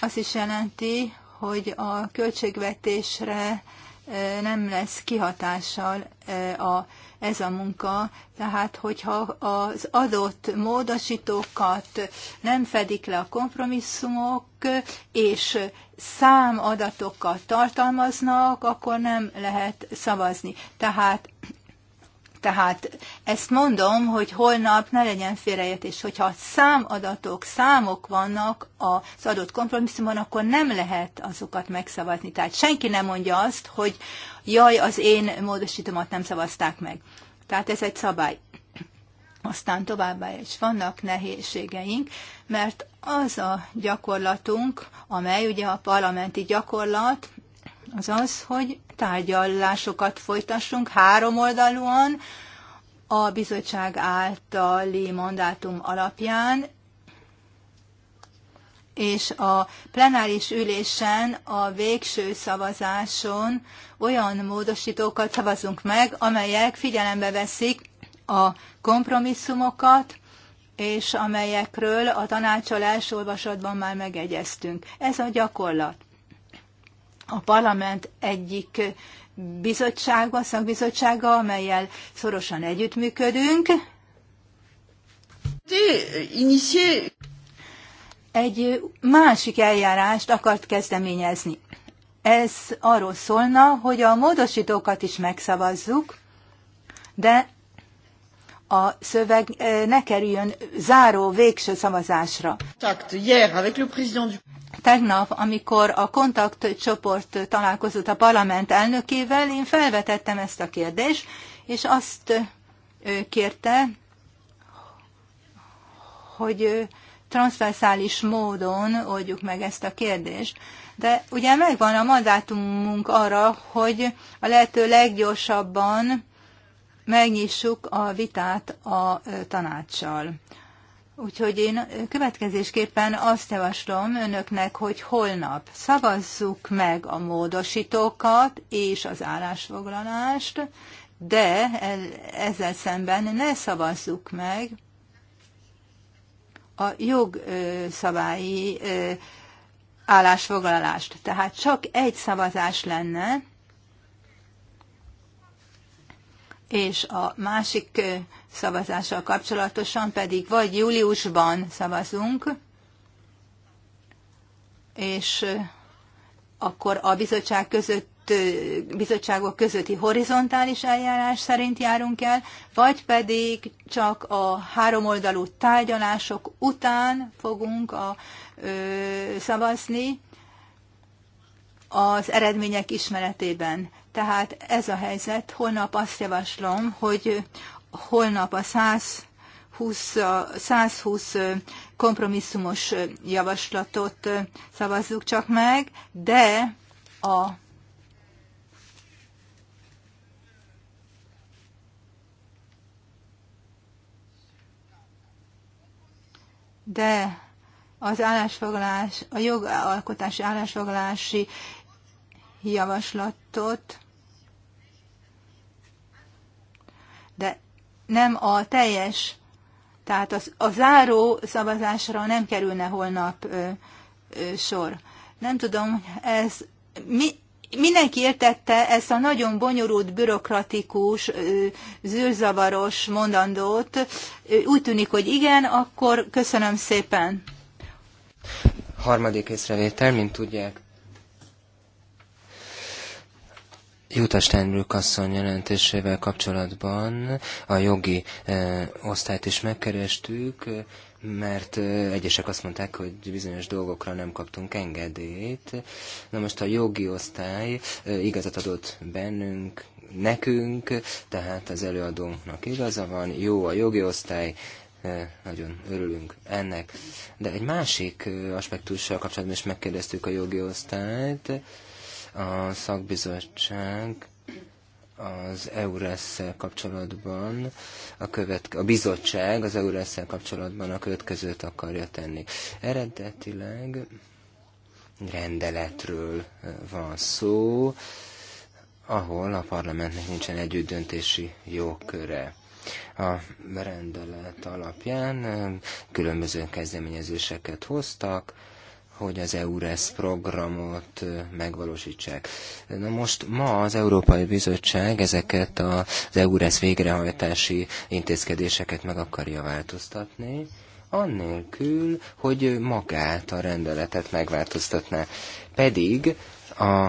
azt is jelenti, hogy a költségvetésre e, nem lesz kihatással e, a, ez a munka, tehát hogyha az adott módosítókat nem fedik le a kompromisszumok, és számadatokat tartalmaznak, akkor nem lehet szavazni. Tehát tehát ezt mondom, hogy holnap ne legyen félreértés, hogyha számadatok, számok vannak az adott kompromisszumon, akkor nem lehet azokat megszavazni. Tehát senki nem mondja azt, hogy jaj, az én módosítomat nem szavazták meg. Tehát ez egy szabály. Aztán továbbá is vannak nehézségeink, mert az a gyakorlatunk, amely ugye a parlamenti gyakorlat, az az, hogy tárgyalásokat folytassunk három oldalúan a bizottság általi mandátum alapján, és a plenáris ülésen a végső szavazáson olyan módosítókat szavazunk meg, amelyek figyelembe veszik a kompromisszumokat, és amelyekről a tanácsolás olvasatban már megegyeztünk. Ez a gyakorlat a parlament egyik bizottsága, szakbizottsága, amelyel szorosan együttműködünk. Egy másik eljárást akart kezdeményezni. Ez arról szólna, hogy a módosítókat is megszavazzuk, de a szöveg eh, ne kerüljön záró végső szavazásra tegnap, amikor a kontaktcsoport találkozott a parlament elnökével, én felvetettem ezt a kérdést, és azt kérte, hogy transzverszális módon oldjuk meg ezt a kérdést. De ugye megvan a mandátumunk arra, hogy a lehető leggyorsabban megnyissuk a vitát a tanácssal. Úgyhogy én következésképpen azt javaslom önöknek, hogy holnap szavazzuk meg a módosítókat és az állásfoglalást, de ezzel szemben ne szavazzuk meg a jogszabályi állásfoglalást. Tehát csak egy szavazás lenne, és a másik szavazással kapcsolatosan pedig vagy júliusban szavazunk, és akkor a bizottság között, bizottságok közötti horizontális eljárás szerint járunk el, vagy pedig csak a háromoldalú tárgyalások után fogunk a, ö, szavazni az eredmények ismeretében. Tehát ez a helyzet. Holnap azt javaslom, hogy holnap a 120, 120 kompromisszumos javaslatot szavazzuk csak meg, de a de az állásfoglalás, a jogalkotási állásfoglalási javaslatot nem a teljes, tehát az, a záró szavazásra nem kerülne holnap ö, ö, sor. Nem tudom, ez mi, mindenki értette ezt a nagyon bonyolult, bürokratikus, zűrzavaros mondandót. Úgy tűnik, hogy igen, akkor köszönöm szépen. Harmadik észrevétel, mint tudják, Jutta Steinbrück asszony jelentésével kapcsolatban a jogi eh, osztályt is megkerestük, mert eh, egyesek azt mondták, hogy bizonyos dolgokra nem kaptunk engedélyt. Na most a jogi osztály eh, igazat adott bennünk, nekünk, tehát az előadónknak igaza van, jó a jogi osztály, nagyon örülünk ennek. De egy másik aspektussal kapcsolatban is megkérdeztük a jogi osztályt, a szakbizottság az eures kapcsolatban a, követke, a bizottság az eures kapcsolatban a következőt akarja tenni. Eredetileg rendeletről eh, van szó, ahol a parlamentnek nincsen döntési jogköre. A rendelet alapján eh, különböző kezdeményezéseket hoztak, hogy az EURES programot megvalósítsák. Na most ma az Európai Bizottság ezeket az EURES végrehajtási intézkedéseket meg akarja változtatni, annélkül, hogy magát a rendeletet megváltoztatná. Pedig a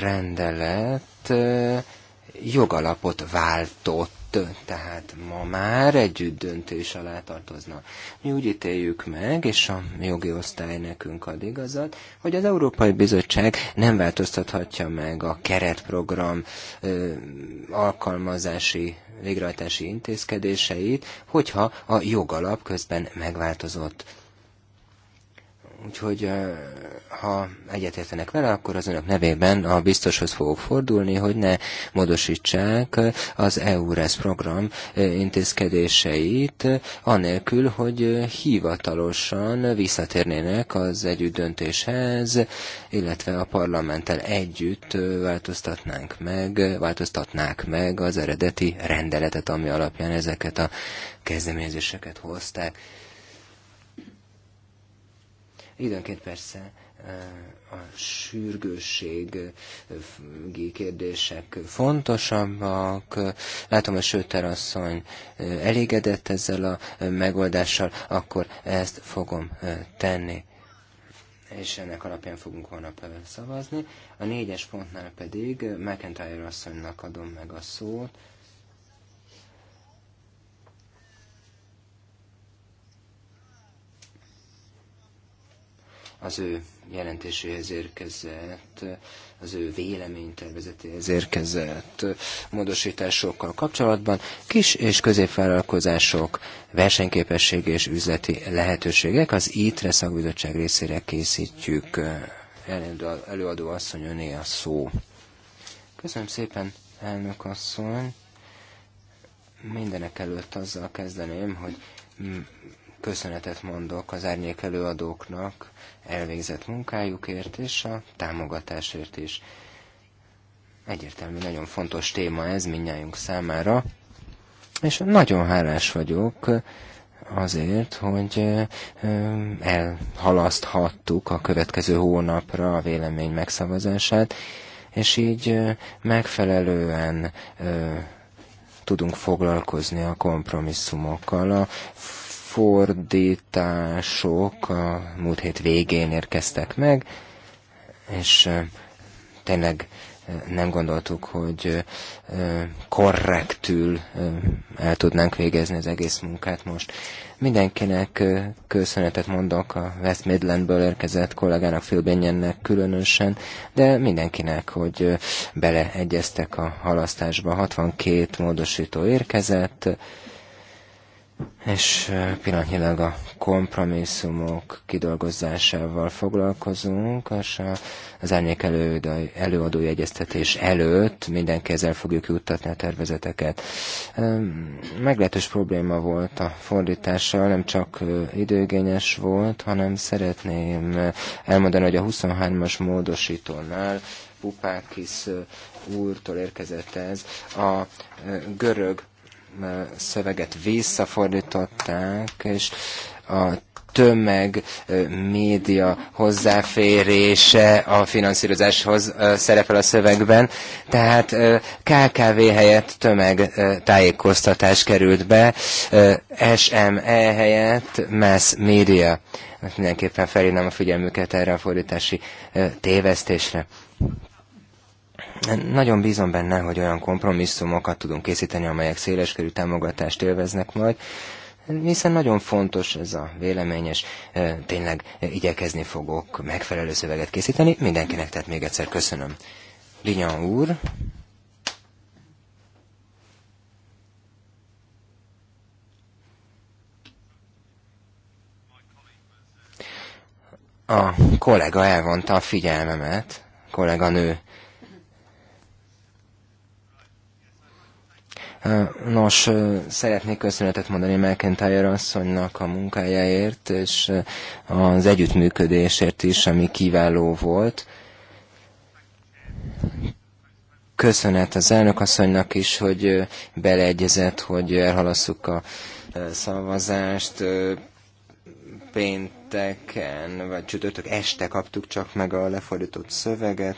rendelet jogalapot váltott tehát ma már együtt döntés alá tartozna. Mi úgy ítéljük meg, és a jogi osztály nekünk ad igazat, hogy az Európai Bizottság nem változtathatja meg a keretprogram ö, alkalmazási végrehajtási intézkedéseit, hogyha a jogalap közben megváltozott. Úgyhogy eh, ha egyetértenek vele, akkor az önök nevében a biztoshoz fogok fordulni, hogy ne módosítsák az EURES program eh, intézkedéseit, anélkül, hogy eh, hivatalosan visszatérnének az együtt döntéshez, illetve a parlamenttel együtt változtatnánk meg, változtatnák meg az eredeti rendeletet, ami alapján ezeket a kezdeményezéseket hozták Időnként persze eh, a sürgősségi eh, kérdések fontosabbak. Látom, a Sőterasszony eh, elégedett ezzel a megoldással, akkor ezt fogom tenni és ennek alapján fogunk holnap szavazni. A négyes pontnál pedig McIntyre asszonynak adom meg a szót, az ő jelentéséhez érkezett, az ő véleménytervezetéhez érkezett módosításokkal kapcsolatban kis és középvállalkozások versenyképesség és üzleti lehetőségek. Az ITRE szakbizottság részére készítjük előadó asszony öné a szó. Köszönöm szépen, elnök asszony. Mindenek előtt azzal kezdeném, hogy köszönetet mondok az árnyék előadóknak, elvégzett munkájukért és a támogatásért is. Egyértelmű, nagyon fontos téma ez minnyájunk számára, és nagyon hálás vagyok azért, hogy elhalaszthattuk a következő hónapra a vélemény megszavazását, és így megfelelően tudunk foglalkozni a kompromisszumokkal. A fordítások a múlt hét végén érkeztek meg, és tényleg nem gondoltuk, hogy korrektül el tudnánk végezni az egész munkát most. Mindenkinek köszönetet mondok a West Midlandből érkezett kollégának, Phil Binyennek különösen, de mindenkinek, hogy beleegyeztek a halasztásba. 62 módosító érkezett, és pillanatnyilag a kompromisszumok kidolgozásával foglalkozunk, és az árnyék előadói egyeztetés előtt mindenki ezzel fogjuk juttatni a tervezeteket. Meglehetős probléma volt a fordítással, nem csak időgényes volt, hanem szeretném elmondani, hogy a 23-as módosítónál Pupákis úrtól érkezett ez, a görög szöveget visszafordították, és a tömeg média hozzáférése a finanszírozáshoz szerepel a szövegben, tehát KKV helyett tömeg tájékoztatás került be, SME helyett mass media. Hát mindenképpen felhívnám a figyelmüket erre a fordítási tévesztésre. Nagyon bízom benne, hogy olyan kompromisszumokat tudunk készíteni, amelyek széleskörű támogatást élveznek majd, hiszen nagyon fontos ez a véleményes, tényleg igyekezni fogok megfelelő szöveget készíteni. Mindenkinek, tehát még egyszer köszönöm. Lignan úr. A kollega elvonta a figyelmemet, kollega nő Nos, szeretnék köszönetet mondani McIntyre asszonynak a munkájáért, és az együttműködésért is, ami kiváló volt. Köszönet az asszonynak is, hogy beleegyezett, hogy elhalasszuk a szavazást. Pénteken, vagy csütörtök este kaptuk csak meg a lefordított szöveget.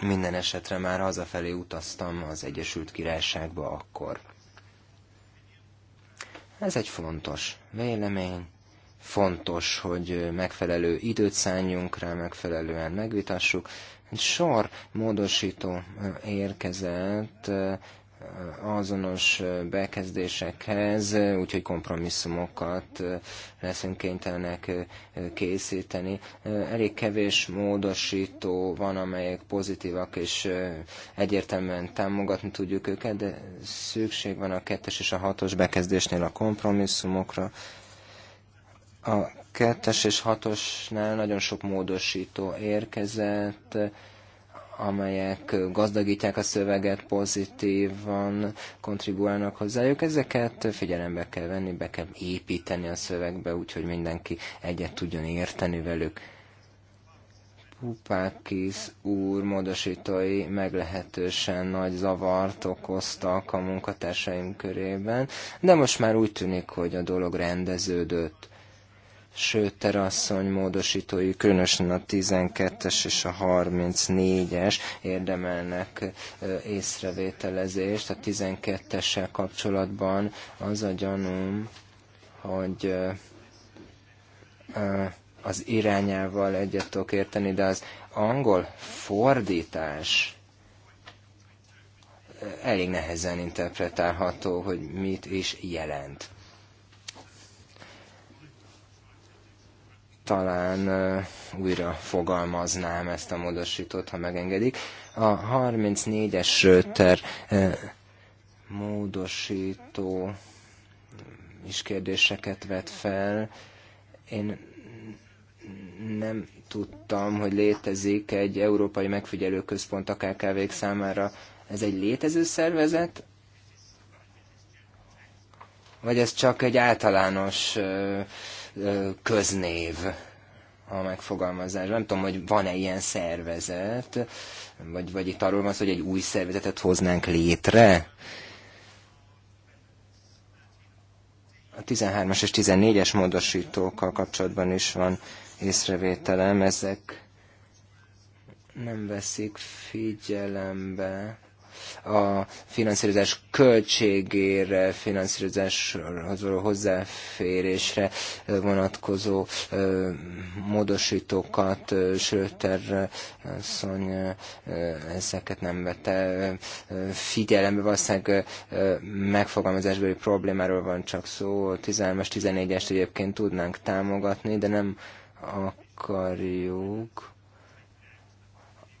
Minden esetre már hazafelé utaztam az Egyesült Királyságba akkor. Ez egy fontos vélemény. Fontos, hogy megfelelő időt szálljunk rá, megfelelően megvitassuk. Egy sor módosító érkezett azonos bekezdésekhez, úgyhogy kompromisszumokat leszünk kénytelenek készíteni. Elég kevés módosító van, amelyek pozitívak, és egyértelműen támogatni tudjuk őket, de szükség van a kettes és a hatos bekezdésnél a kompromisszumokra. A kettes és hatosnál nagyon sok módosító érkezett, amelyek gazdagítják a szöveget, pozitívan kontribuálnak hozzájuk, ezeket figyelembe kell venni, be kell építeni a szövegbe, úgyhogy mindenki egyet tudjon érteni velük. Pupákis úr módosítói meglehetősen nagy zavart okoztak a munkatársaim körében, de most már úgy tűnik, hogy a dolog rendeződött sőt terasszony módosítói, különösen a 12-es és a 34-es érdemelnek észrevételezést. A 12-essel kapcsolatban az a gyanúm, hogy az irányával egyet tudok érteni, de az angol fordítás elég nehezen interpretálható, hogy mit is jelent. talán újra fogalmaznám ezt a módosítót, ha megengedik. A 34-es Söter módosító is kérdéseket vet fel. Én nem tudtam, hogy létezik egy Európai Megfigyelőközpont a kkv számára. Ez egy létező szervezet? Vagy ez csak egy általános uh, köznév a megfogalmazás. Nem tudom, hogy van-e ilyen szervezet, vagy, vagy itt arról van szó, hogy egy új szervezetet hoznánk létre. A 13-as és 14-es módosítókkal kapcsolatban is van észrevételem, ezek nem veszik figyelembe a finanszírozás költségére, finanszírozáshoz való hozzáférésre vonatkozó módosítókat, Schröter szony ezeket nem vette figyelembe, valószínűleg megfogalmazásbeli problémáról van csak szó, 13-as, 14-est egyébként tudnánk támogatni, de nem akarjuk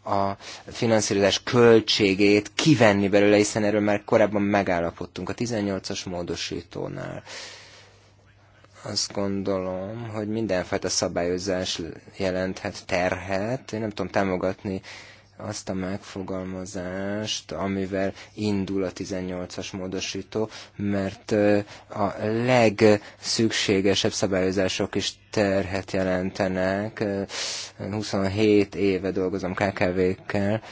a finanszírozás költségét kivenni belőle, hiszen erről már korábban megállapodtunk a 18-as módosítónál azt gondolom, hogy mindenfajta szabályozás jelenthet terhet. Én nem tudom támogatni azt a megfogalmazást, amivel indul a 18-as módosító, mert a legszükségesebb szabályozások is terhet jelentenek. 27 éve dolgozom KKV-kkel,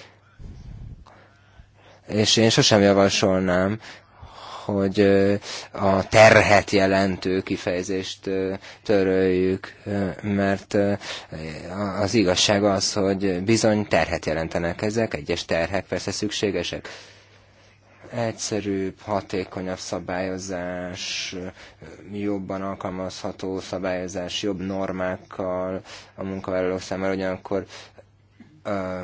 és én sosem javasolnám, hogy a terhet jelentő kifejezést töröljük, mert az igazság az, hogy bizony terhet jelentenek ezek, egyes terhek persze szükségesek egyszerűbb, hatékonyabb szabályozás, jobban alkalmazható szabályozás, jobb normákkal a munkavállalók számára, ugyanakkor ö,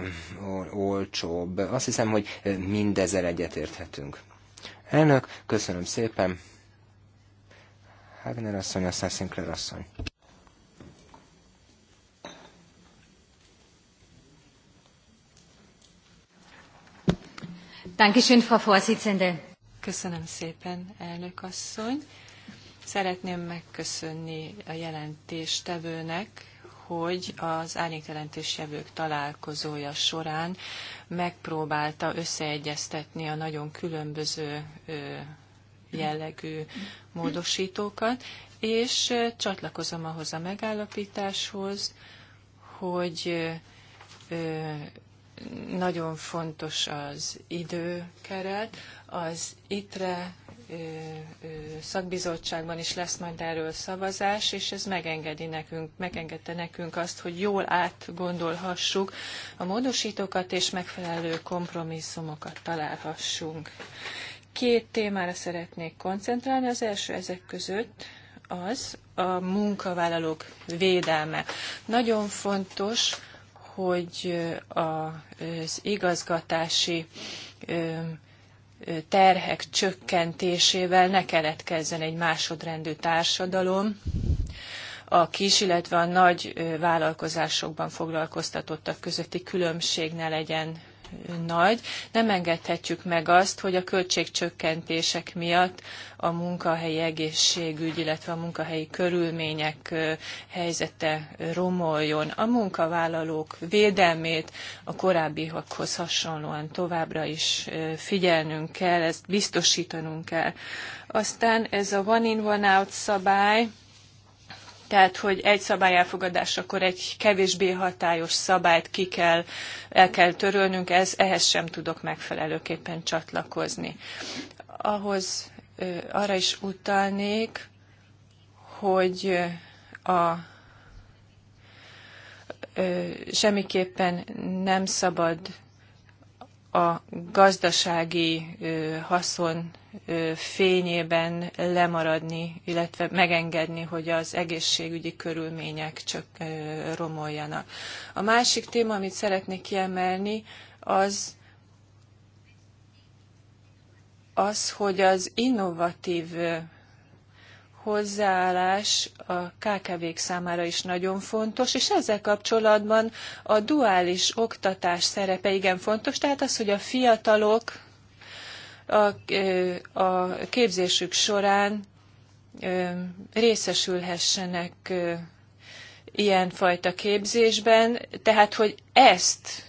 olcsóbb. Azt hiszem, hogy mindezzel egyetérthetünk. Elnök, köszönöm szépen. Hagner asszony, aztán Sinclair asszony. Dankeschön, Frau Vorsitzende. Köszönöm szépen, elnök asszony. Szeretném megköszönni a jelentéstevőnek hogy az jövők találkozója során megpróbálta összeegyeztetni a nagyon különböző jellegű módosítókat, és csatlakozom ahhoz a megállapításhoz, hogy nagyon fontos az időkeret, az ITRE szakbizottságban is lesz majd erről szavazás, és ez megengedi nekünk, megengedte nekünk azt, hogy jól átgondolhassuk a módosítókat, és megfelelő kompromisszumokat találhassunk. Két témára szeretnék koncentrálni. Az első ezek között az a munkavállalók védelme. Nagyon fontos, hogy az igazgatási terhek csökkentésével ne keletkezzen egy másodrendű társadalom, a kis, illetve a nagy vállalkozásokban foglalkoztatottak közötti különbség ne legyen nagy. Nem engedhetjük meg azt, hogy a költségcsökkentések miatt a munkahelyi egészségügy, illetve a munkahelyi körülmények helyzete romoljon. A munkavállalók védelmét a korábbiakhoz hasonlóan továbbra is figyelnünk kell, ezt biztosítanunk kell. Aztán ez a one in, one out szabály, tehát hogy egy szabály elfogadásakor egy kevésbé hatályos szabályt ki kell, el kell törölnünk, ez, ehhez sem tudok megfelelőképpen csatlakozni. Ahhoz arra is utalnék, hogy a semmiképpen nem szabad a gazdasági haszon fényében lemaradni, illetve megengedni, hogy az egészségügyi körülmények csak romoljanak. A másik téma, amit szeretnék kiemelni, az az, hogy az innovatív hozzáállás a KKV-k számára is nagyon fontos, és ezzel kapcsolatban a duális oktatás szerepe igen fontos, tehát az, hogy a fiatalok a, a képzésük során részesülhessenek ilyenfajta képzésben, tehát hogy ezt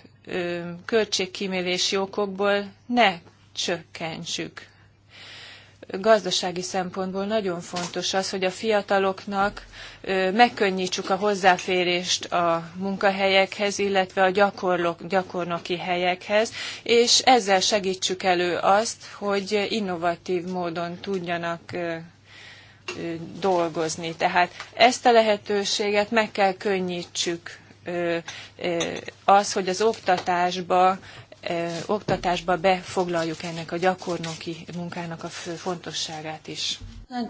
költségkímélési okokból ne csökkentsük gazdasági szempontból nagyon fontos az, hogy a fiataloknak megkönnyítsük a hozzáférést a munkahelyekhez, illetve a gyakorlok, gyakornoki helyekhez, és ezzel segítsük elő azt, hogy innovatív módon tudjanak dolgozni. Tehát ezt a lehetőséget meg kell könnyítsük az, hogy az oktatásba oktatásba befoglaljuk ennek a gyakornoki munkának a fontosságát is.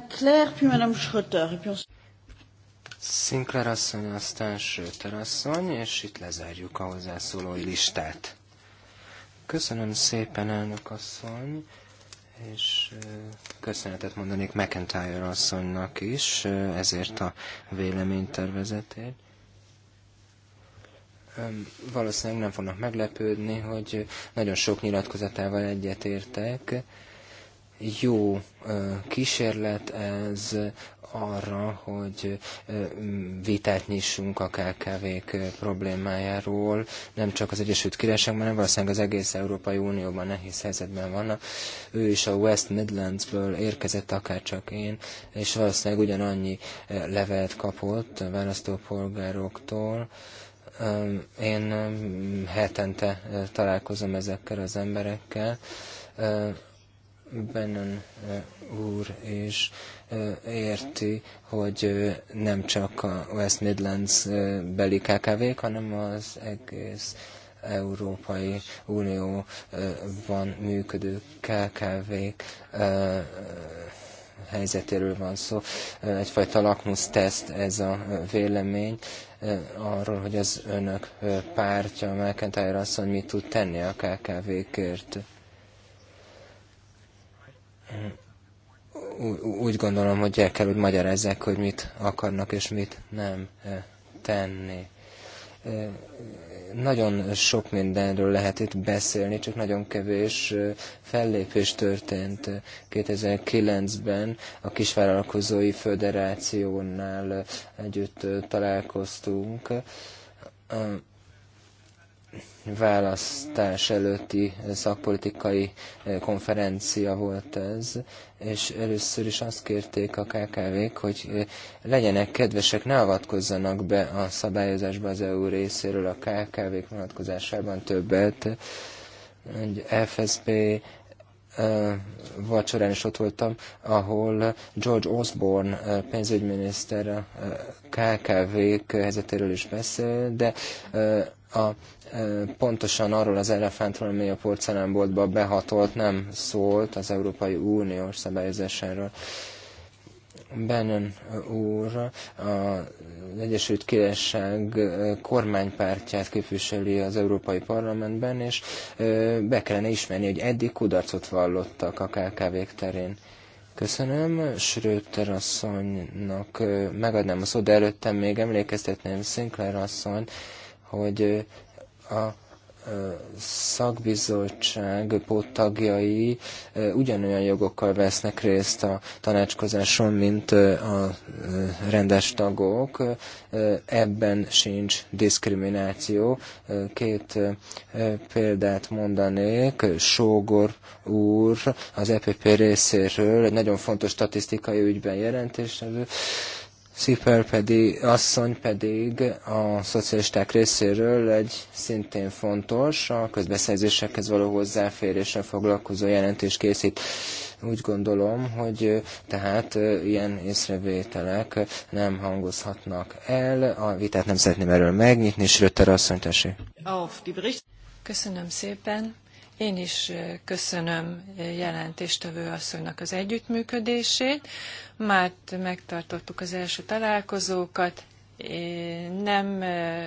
Claire, puis Madame Schröter, Sinclair asszony, aztán Schröter asszony, és itt lezárjuk a hozzászólói listát. Köszönöm szépen, elnök asszony, és köszönetet mondanék McIntyre asszonynak is ezért a véleménytervezetért valószínűleg nem fognak meglepődni, hogy nagyon sok nyilatkozatával egyetértek. Jó kísérlet ez arra, hogy vitát nyissunk a KKV-k problémájáról, nem csak az Egyesült Királyságban, hanem valószínűleg az egész Európai Unióban nehéz helyzetben vannak. Ő is a West Midlandsből érkezett, akár csak én, és valószínűleg ugyanannyi levelet kapott a választópolgároktól, én hetente találkozom ezekkel az emberekkel. Bennon úr is érti, hogy nem csak a West Midlands beli kkv hanem az egész Európai Unióban működő KKV-k helyzetéről van szó. Egyfajta teszt ez a vélemény arról, hogy az önök pártja, McIntyre asszony mit tud tenni a KKV-kért. Úgy gondolom, hogy el kell, hogy magyarázzák, hogy mit akarnak és mit nem tenni nagyon sok mindenről lehet itt beszélni, csak nagyon kevés fellépés történt 2009-ben a Kisvállalkozói Föderációnál együtt találkoztunk választás előtti szakpolitikai konferencia volt ez, és először is azt kérték a KKV-k, hogy legyenek kedvesek, ne avatkozzanak be a szabályozásba az EU részéről a KKV-k vonatkozásában többet. Egy FSP vacsorán is ott voltam, ahol George Osborne pénzügyminiszter a KKV-k helyzetéről is beszél, de a pontosan arról az elefántról, ami a porcelánboltba behatolt, nem szólt az Európai Uniós szabályozásáról. Bennen úr az Egyesült Királyság kormánypártját képviseli az Európai Parlamentben, és be kellene ismerni, hogy eddig kudarcot vallottak a KKV-k terén. Köszönöm. Schröter asszonynak megadnám a szót, de előttem még emlékeztetném Sinclair asszony, hogy a e, szakbizottság póttagjai e, ugyanolyan jogokkal vesznek részt a tanácskozáson, mint e, a rendes tagok. Ebben sincs diszkrimináció. Két példát mondanék. Sógor úr az EPP részéről egy nagyon fontos statisztikai ügyben jelentés Sziper pedig, asszony pedig a szocialisták részéről egy szintén fontos, a közbeszerzésekhez való hozzáférésre foglalkozó jelentés készít. Úgy gondolom, hogy tehát ilyen észrevételek nem hangozhatnak el. A vitát nem szeretném erről megnyitni, és Rötter asszony, tessék. Köszönöm szépen. Én is köszönöm jelentéstevő asszonynak az együttműködését. Már megtartottuk az első találkozókat. nem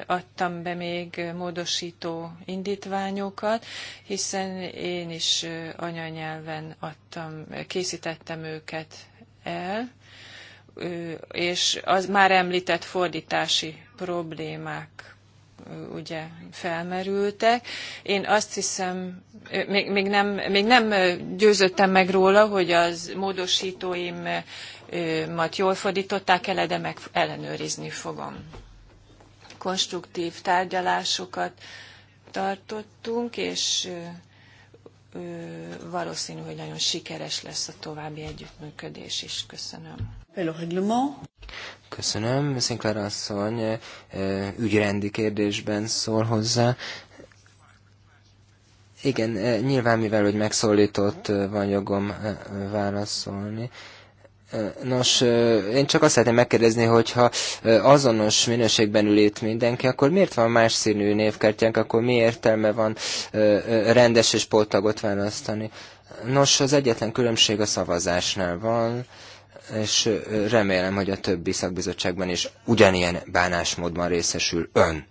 adtam be még módosító indítványokat, hiszen én is anyanyelven adtam, készítettem őket el, és az már említett fordítási problémák ugye felmerültek. Én azt hiszem, még, még, nem, még nem győződtem meg róla, hogy az módosítóimat jól fordították el, de meg ellenőrizni fogom. Konstruktív tárgyalásokat tartottunk, és valószínű, hogy nagyon sikeres lesz a további együttműködés is. Köszönöm. Köszönöm. Sinclair asszony eh, eh, ügyrendi kérdésben szól hozzá. Igen, eh, nyilván mivel, hogy megszólított, van jogom válaszolni. Nos, én csak azt szeretném megkérdezni, hogyha azonos minőségben ül itt mindenki, akkor miért van más színű névkártyánk, akkor mi értelme van rendes és póltagot választani? Nos, az egyetlen különbség a szavazásnál van és remélem, hogy a többi szakbizottságban is ugyanilyen bánásmódban részesül ön.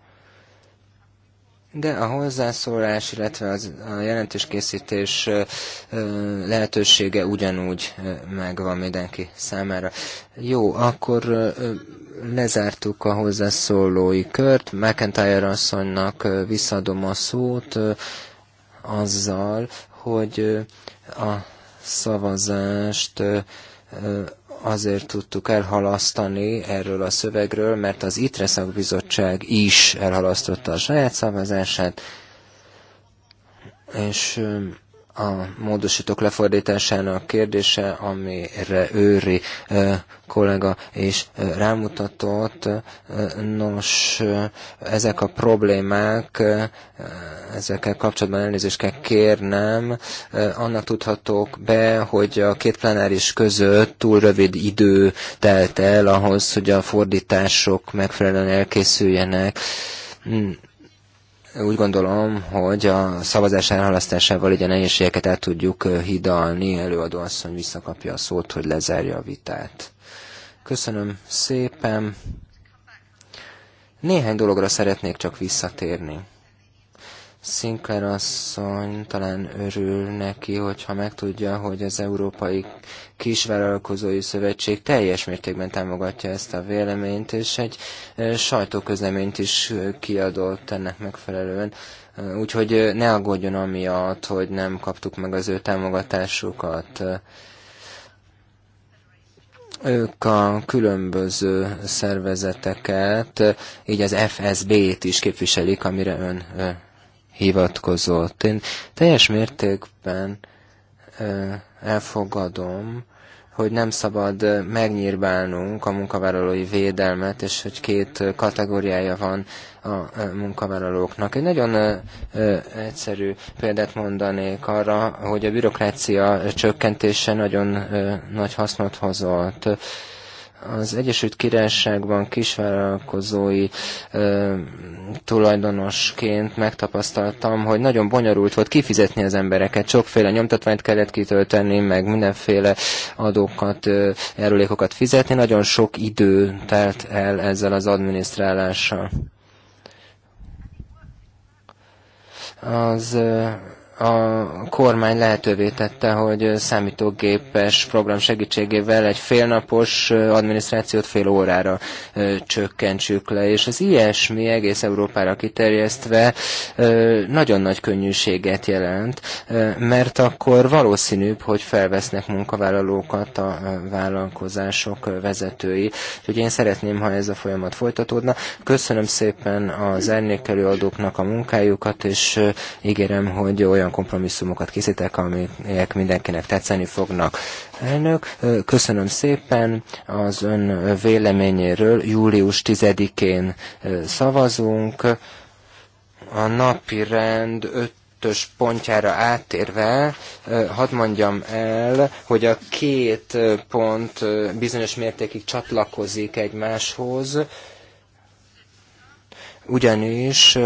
De a hozzászólás, illetve az, a jelentéskészítés lehetősége ugyanúgy megvan mindenki számára. Jó, akkor lezártuk a hozzászólói kört. McIntyre asszonynak visszadom a szót azzal, hogy a szavazást azért tudtuk elhalasztani erről a szövegről, mert az ITRE szakbizottság is elhalasztotta a saját szavazását, és a módosítók lefordításának kérdése, amire őri kollega is rámutatott. Nos, ezek a problémák, ezekkel kapcsolatban elnézést kell kérnem, annak tudhatók be, hogy a két plenáris között túl rövid idő telt el ahhoz, hogy a fordítások megfelelően elkészüljenek hmm. Úgy gondolom, hogy a szavazás elhalasztásával ugye nehézségeket el tudjuk hidalni. Előadó asszony visszakapja a szót, hogy lezárja a vitát. Köszönöm szépen. Néhány dologra szeretnék csak visszatérni. Sinclair asszony talán örül neki, hogyha megtudja, hogy az Európai Kisvállalkozói Szövetség teljes mértékben támogatja ezt a véleményt, és egy sajtóközleményt is kiadott ennek megfelelően. Úgyhogy ne aggódjon amiatt, hogy nem kaptuk meg az ő támogatásukat. Ők a különböző szervezeteket, így az FSB-t is képviselik, amire ön hivatkozott. Én teljes mértékben elfogadom, hogy nem szabad megnyírbálnunk a munkavállalói védelmet, és hogy két kategóriája van a munkavállalóknak. Egy nagyon egyszerű példát mondanék arra, hogy a bürokrácia csökkentése nagyon nagy hasznot hozott. Az Egyesült Királyságban kisvállalkozói ö, tulajdonosként megtapasztaltam, hogy nagyon bonyolult volt kifizetni az embereket. Sokféle nyomtatványt kellett kitölteni, meg mindenféle adókat, ö, fizetni. Nagyon sok idő telt el ezzel az adminisztrálással. Az ö, a kormány lehetővé tette, hogy számítógépes program segítségével egy félnapos adminisztrációt fél órára csökkentsük le, és az ilyesmi egész Európára kiterjesztve nagyon nagy könnyűséget jelent, mert akkor valószínűbb, hogy felvesznek munkavállalókat a vállalkozások vezetői. Úgyhogy én szeretném, ha ez a folyamat folytatódna. Köszönöm szépen az elnékelő adóknak a munkájukat, és ígérem, hogy olyan olyan kompromisszumokat készítek, amelyek mindenkinek tetszeni fognak. Elnök, köszönöm szépen az ön véleményéről. Július 10-én szavazunk. A napi rend 5 pontjára áttérve, hadd mondjam el, hogy a két pont bizonyos mértékig csatlakozik egymáshoz, ugyanis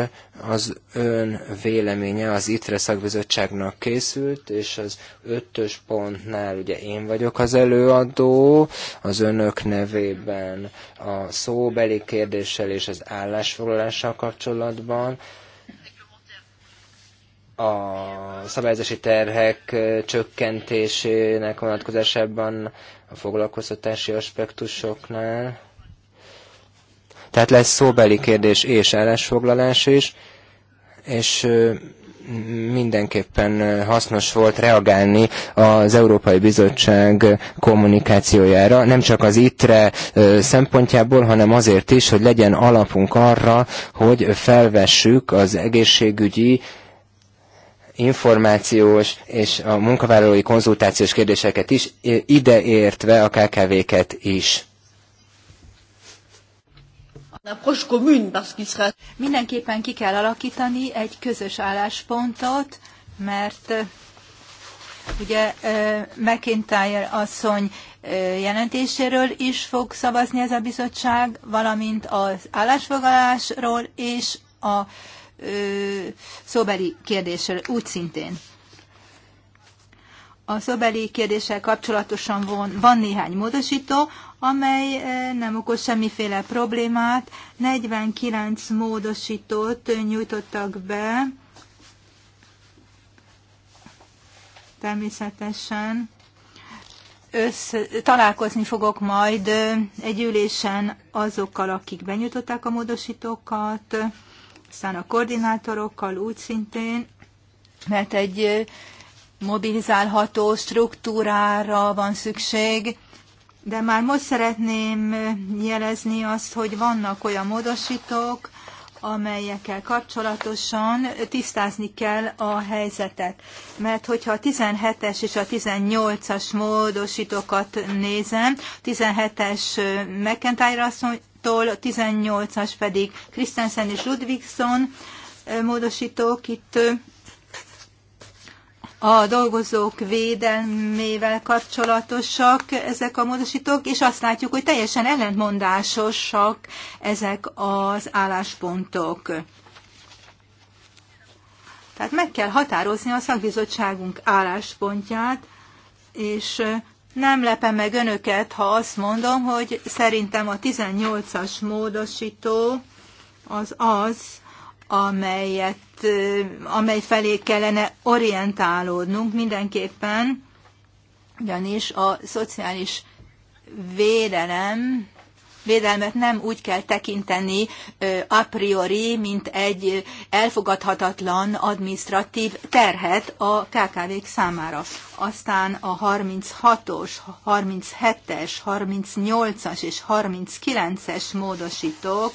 az ön véleménye az ITRE szakbizottságnak készült, és az ötös pontnál ugye én vagyok az előadó, az önök nevében a szóbeli kérdéssel és az állásfoglalással kapcsolatban, a szabályozási terhek csökkentésének vonatkozásában a foglalkoztatási aspektusoknál, tehát lesz szóbeli kérdés és állásfoglalás is, és mindenképpen hasznos volt reagálni az Európai Bizottság kommunikációjára, nem csak az ITRE szempontjából, hanem azért is, hogy legyen alapunk arra, hogy felvessük az egészségügyi információs és a munkavállalói konzultációs kérdéseket is, ideértve a KKV-ket is. Mindenképpen ki kell alakítani egy közös álláspontot, mert ugye McIntyre asszony jelentéséről is fog szavazni ez a bizottság, valamint az állásfoglalásról és a szóbeli kérdésről úgy szintén a szobeli kérdéssel kapcsolatosan van, van néhány módosító, amely eh, nem okoz semmiféle problémát. 49 módosítót eh, nyújtottak be. Természetesen össze, találkozni fogok majd eh, egy ülésen azokkal, akik benyújtották a módosítókat, aztán a koordinátorokkal úgy szintén, mert egy mobilizálható struktúrára van szükség, de már most szeretném jelezni azt, hogy vannak olyan módosítók, amelyekkel kapcsolatosan tisztázni kell a helyzetet. Mert hogyha a 17-es és a 18-as módosítókat nézem, 17-es McIntyre asszonytól, 18-as pedig Christensen és Ludwigson módosítók, itt a dolgozók védelmével kapcsolatosak ezek a módosítók, és azt látjuk, hogy teljesen ellentmondásosak ezek az álláspontok. Tehát meg kell határozni a szakbizottságunk álláspontját, és nem lepem meg önöket, ha azt mondom, hogy szerintem a 18-as módosító az az, amelyet, eh, amely felé kellene orientálódnunk mindenképpen, ugyanis a szociális védelem védelmet nem úgy kell tekinteni eh, a priori, mint egy elfogadhatatlan administratív terhet a KKV-k számára. Aztán a 36-os, 37-es, 38-as és 39-es módosítók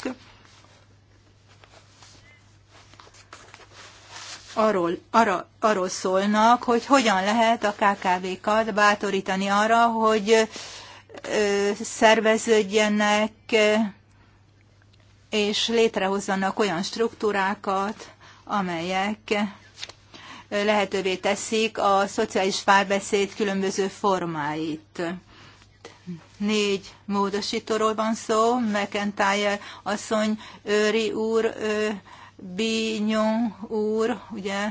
arról, arra, arról szólnak, hogy hogyan lehet a KKV-kat bátorítani arra, hogy ö, szerveződjenek és létrehozzanak olyan struktúrákat, amelyek lehetővé teszik a szociális párbeszéd különböző formáit. Négy módosítóról van szó, McIntyre asszony, Őri úr, ő, Bignon úr, ugye,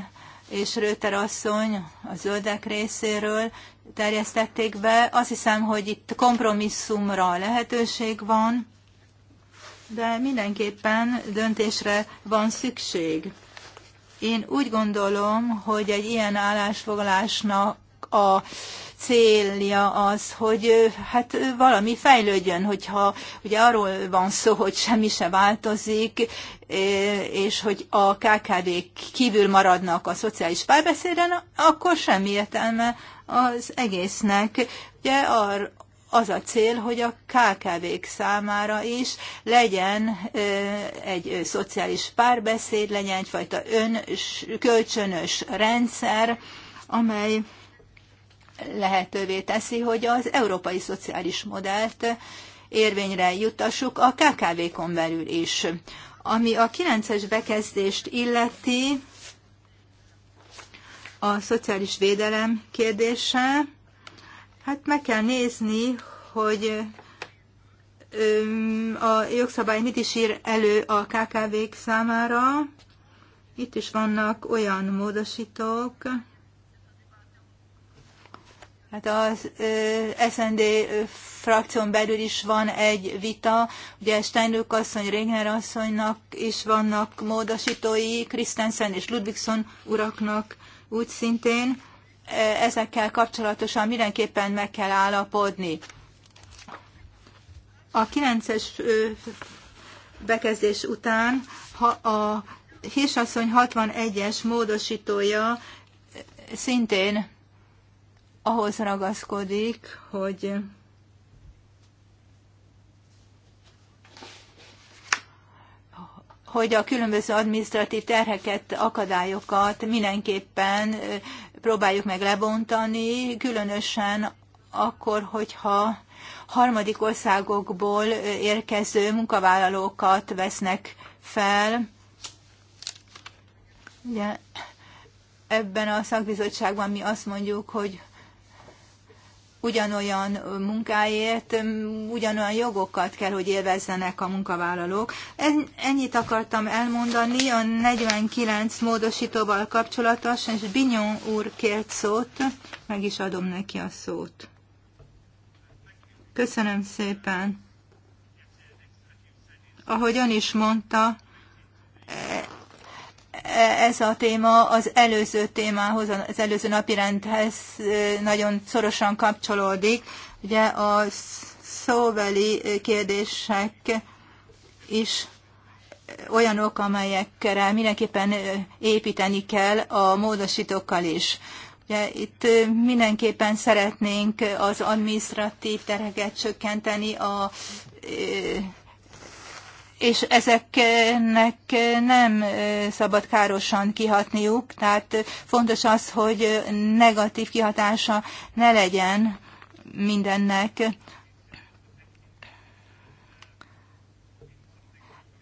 és Röter asszony a zöldek részéről terjesztették be. Azt hiszem, hogy itt kompromisszumra lehetőség van, de mindenképpen döntésre van szükség. Én úgy gondolom, hogy egy ilyen állásfoglalásnak a célja az, hogy hát valami fejlődjön, hogyha ugye arról van szó, hogy semmi se változik, és hogy a kkv kívül maradnak a szociális párbeszéden, akkor semmi értelme az egésznek. Ugye ar, az a cél, hogy a kkv számára is legyen egy szociális párbeszéd, legyen egyfajta ön, kölcsönös rendszer, amely lehetővé teszi, hogy az európai szociális modellt érvényre juttassuk a KKV-kon belül is. Ami a 9-es bekezdést illeti, a szociális védelem kérdése, hát meg kell nézni, hogy a jogszabály mit is ír elő a KKV-k számára. Itt is vannak olyan módosítók, Hát az SND frakción belül is van egy vita, ugye Steinlők asszony, Régner asszonynak is vannak módosítói, Christensen és Ludvigson uraknak úgy szintén. Ezekkel kapcsolatosan mindenképpen meg kell állapodni. A 9-es bekezdés után ha a Hírsasszony 61-es módosítója szintén ahhoz ragaszkodik, hogy hogy a különböző adminisztratív terheket, akadályokat mindenképpen próbáljuk meg lebontani, különösen akkor, hogyha harmadik országokból érkező munkavállalókat vesznek fel. Ugye, ebben a szakbizottságban mi azt mondjuk, hogy ugyanolyan munkáért ugyanolyan jogokat kell, hogy élvezzenek a munkavállalók. Ennyit akartam elmondani a 49 módosítóval kapcsolatos, és Binyon úr kért szót, meg is adom neki a szót. Köszönöm szépen. Ahogy ön is mondta, ez a téma az előző témához, az előző napirendhez nagyon szorosan kapcsolódik. Ugye a szóbeli kérdések is olyanok, amelyekre mindenképpen építeni kell a módosítókkal is. Ugye itt mindenképpen szeretnénk az administratív terheket csökkenteni a és ezeknek nem szabad károsan kihatniuk, tehát fontos az, hogy negatív kihatása ne legyen mindennek.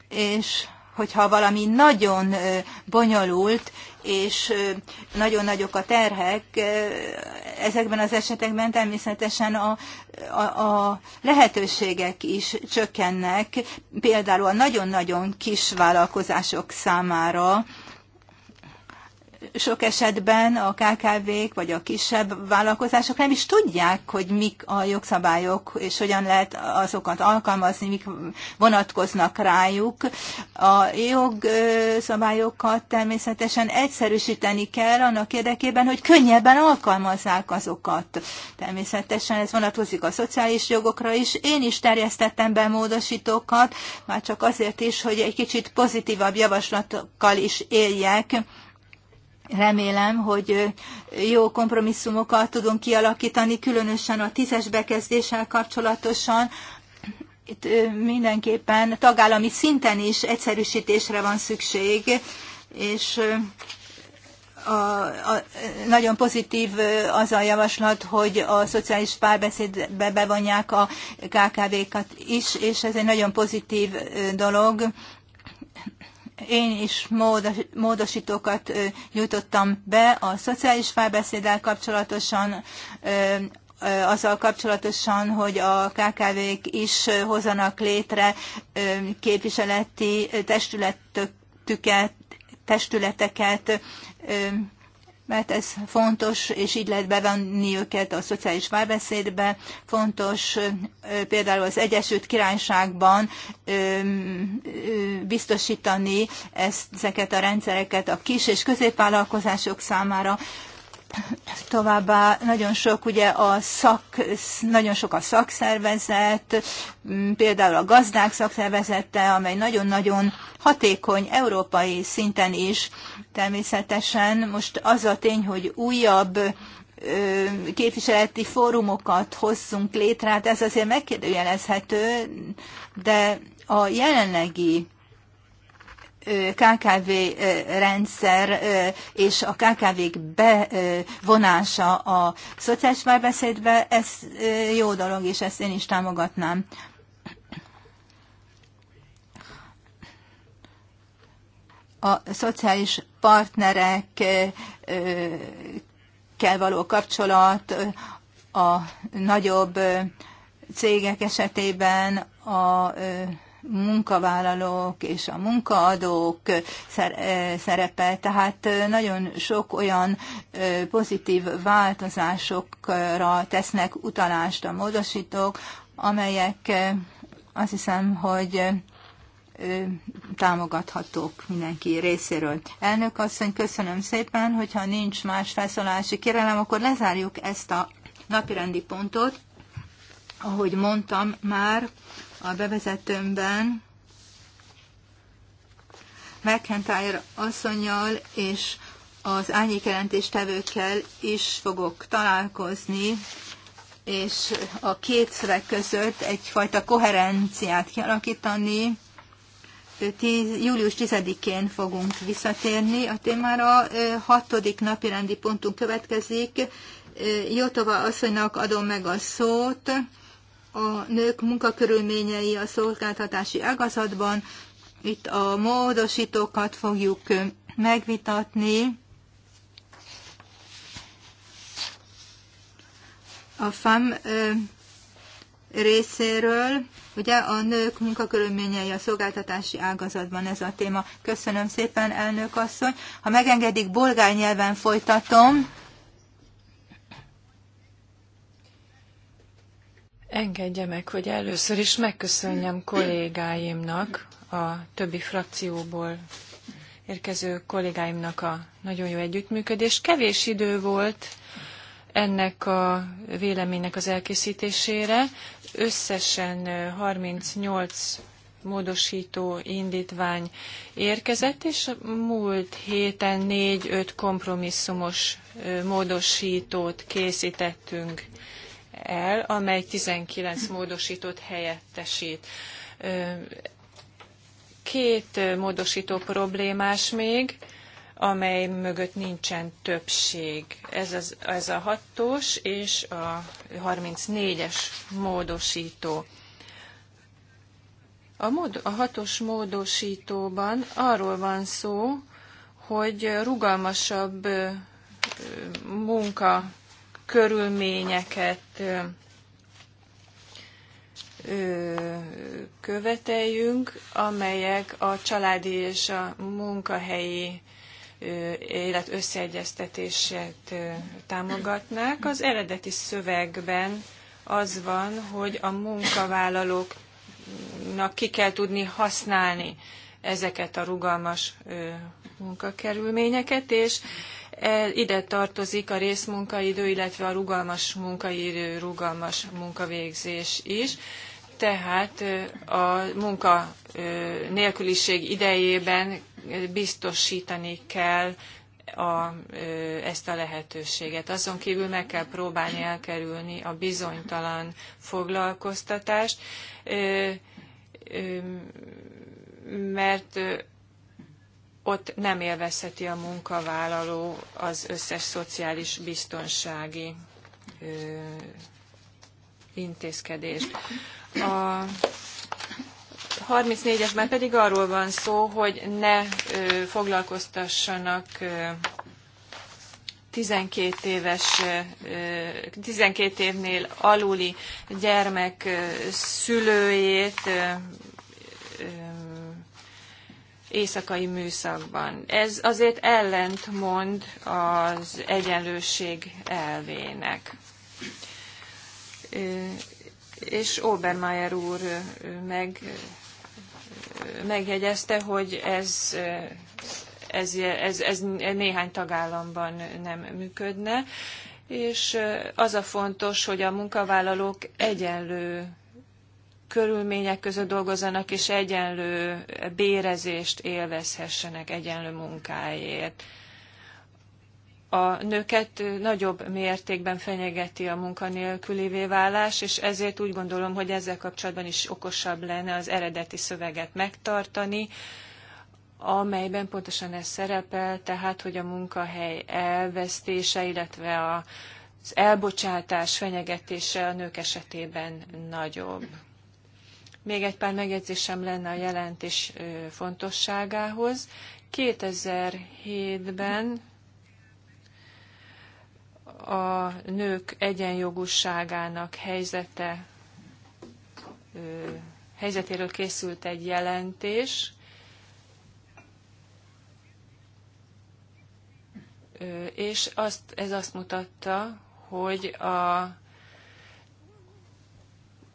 És hogyha valami nagyon bonyolult, és nagyon nagyok a terhek, ezekben az esetekben természetesen a, a, a lehetőségek is csökkennek, például a nagyon-nagyon kis vállalkozások számára, sok esetben a KKV-k vagy a kisebb vállalkozások nem is tudják, hogy mik a jogszabályok, és hogyan lehet azokat alkalmazni, mik vonatkoznak rájuk. A jogszabályokat természetesen egyszerűsíteni kell annak érdekében, hogy könnyebben alkalmazzák azokat. Természetesen ez vonatkozik a szociális jogokra is. Én is terjesztettem be módosítókat, már csak azért is, hogy egy kicsit pozitívabb javaslatokkal is éljek, Remélem, hogy jó kompromisszumokat tudunk kialakítani, különösen a tízes bekezdéssel kapcsolatosan. Itt mindenképpen tagállami szinten is egyszerűsítésre van szükség, és a, a, nagyon pozitív az a javaslat, hogy a szociális párbeszédbe bevonják a KKV-kat is, és ez egy nagyon pozitív dolog. Én is módosítókat nyújtottam be a szociális párbeszéddel kapcsolatosan, azzal kapcsolatosan, hogy a KKV-k is hozanak létre képviseleti testületüket, testületeket mert ez fontos, és így lehet bevenni őket a szociális párbeszédbe. Fontos például az Egyesült Királyságban biztosítani ezt, ezeket a rendszereket a kis és középvállalkozások számára. Továbbá nagyon sok ugye a szak, nagyon sok a szakszervezet, például a gazdák szakszervezete, amely nagyon-nagyon hatékony európai szinten is. Természetesen most az a tény, hogy újabb képviseleti fórumokat hozzunk létre, hát ez azért megkérdőjelezhető, de a jelenlegi KKV rendszer és a KKV-k bevonása a szociális párbeszédbe, ez jó dolog, és ezt én is támogatnám. a szociális partnerekkel való kapcsolat a nagyobb cégek esetében a munkavállalók és a munkaadók szerepe. Tehát nagyon sok olyan pozitív változásokra tesznek utalást a módosítók, amelyek azt hiszem, hogy támogathatók mindenki részéről. Elnök asszony, köszönöm szépen, hogyha nincs más felszólási kérelem, akkor lezárjuk ezt a napirendi pontot. Ahogy mondtam már, a bevezetőmben McIntyre asszonyjal és az árnyékjelentéstevőkkel is fogok találkozni, és a két szöveg között egyfajta koherenciát kialakítani. Tíz, július 10-én fogunk visszatérni a témára. Hatodik napi rendi pontunk következik. Jótova asszonynak adom meg a szót a nők munkakörülményei a szolgáltatási ágazatban. Itt a módosítókat fogjuk megvitatni. A FAM részéről, ugye a nők munkakörülményei a szolgáltatási ágazatban ez a téma. Köszönöm szépen, elnök asszony. Ha megengedik, bolgár nyelven folytatom. Engedje meg, hogy először is megköszönjem kollégáimnak, a többi frakcióból érkező kollégáimnak a nagyon jó együttműködés. Kevés idő volt ennek a véleménynek az elkészítésére. Összesen 38 módosító indítvány érkezett, és múlt héten 4-5 kompromisszumos módosítót készítettünk el, amely 19 módosított helyettesít. Két módosító problémás még, amely mögött nincsen többség. Ez, az, ez a hatos és a 34-es módosító. A, 6-os hatos módosítóban arról van szó, hogy rugalmasabb munka körülményeket követeljünk, amelyek a családi és a munkahelyi élet összeegyeztetését támogatnák. Az eredeti szövegben az van, hogy a munkavállalóknak ki kell tudni használni ezeket a rugalmas munkakerülményeket, és ide tartozik a részmunkaidő, illetve a rugalmas munkaidő, rugalmas munkavégzés is. Tehát a munka nélküliség idejében biztosítani kell a, ezt a lehetőséget. Azon kívül meg kell próbálni elkerülni a bizonytalan foglalkoztatást, mert ott nem élvezheti a munkavállaló az összes szociális biztonsági ö, intézkedést. A 34-esben pedig arról van szó, hogy ne ö, foglalkoztassanak ö, 12 éves, 12 évnél aluli gyermek szülőjét éjszakai műszakban. Ez azért ellentmond az egyenlőség elvének. És Obermeier úr meg, megjegyezte, hogy ez, ez, ez, ez néhány tagállamban nem működne, és az a fontos, hogy a munkavállalók egyenlő körülmények között dolgozzanak, és egyenlő bérezést élvezhessenek egyenlő munkáért. A nőket nagyobb mértékben fenyegeti a munkanélküli válás, és ezért úgy gondolom, hogy ezzel kapcsolatban is okosabb lenne az eredeti szöveget megtartani, amelyben pontosan ez szerepel, tehát, hogy a munkahely elvesztése, illetve a, az elbocsátás fenyegetése a nők esetében nagyobb. Még egy pár megjegyzésem lenne a jelentés fontosságához. 2007-ben a nők egyenjogúságának helyzete, helyzetéről készült egy jelentés, és azt, ez azt mutatta, hogy a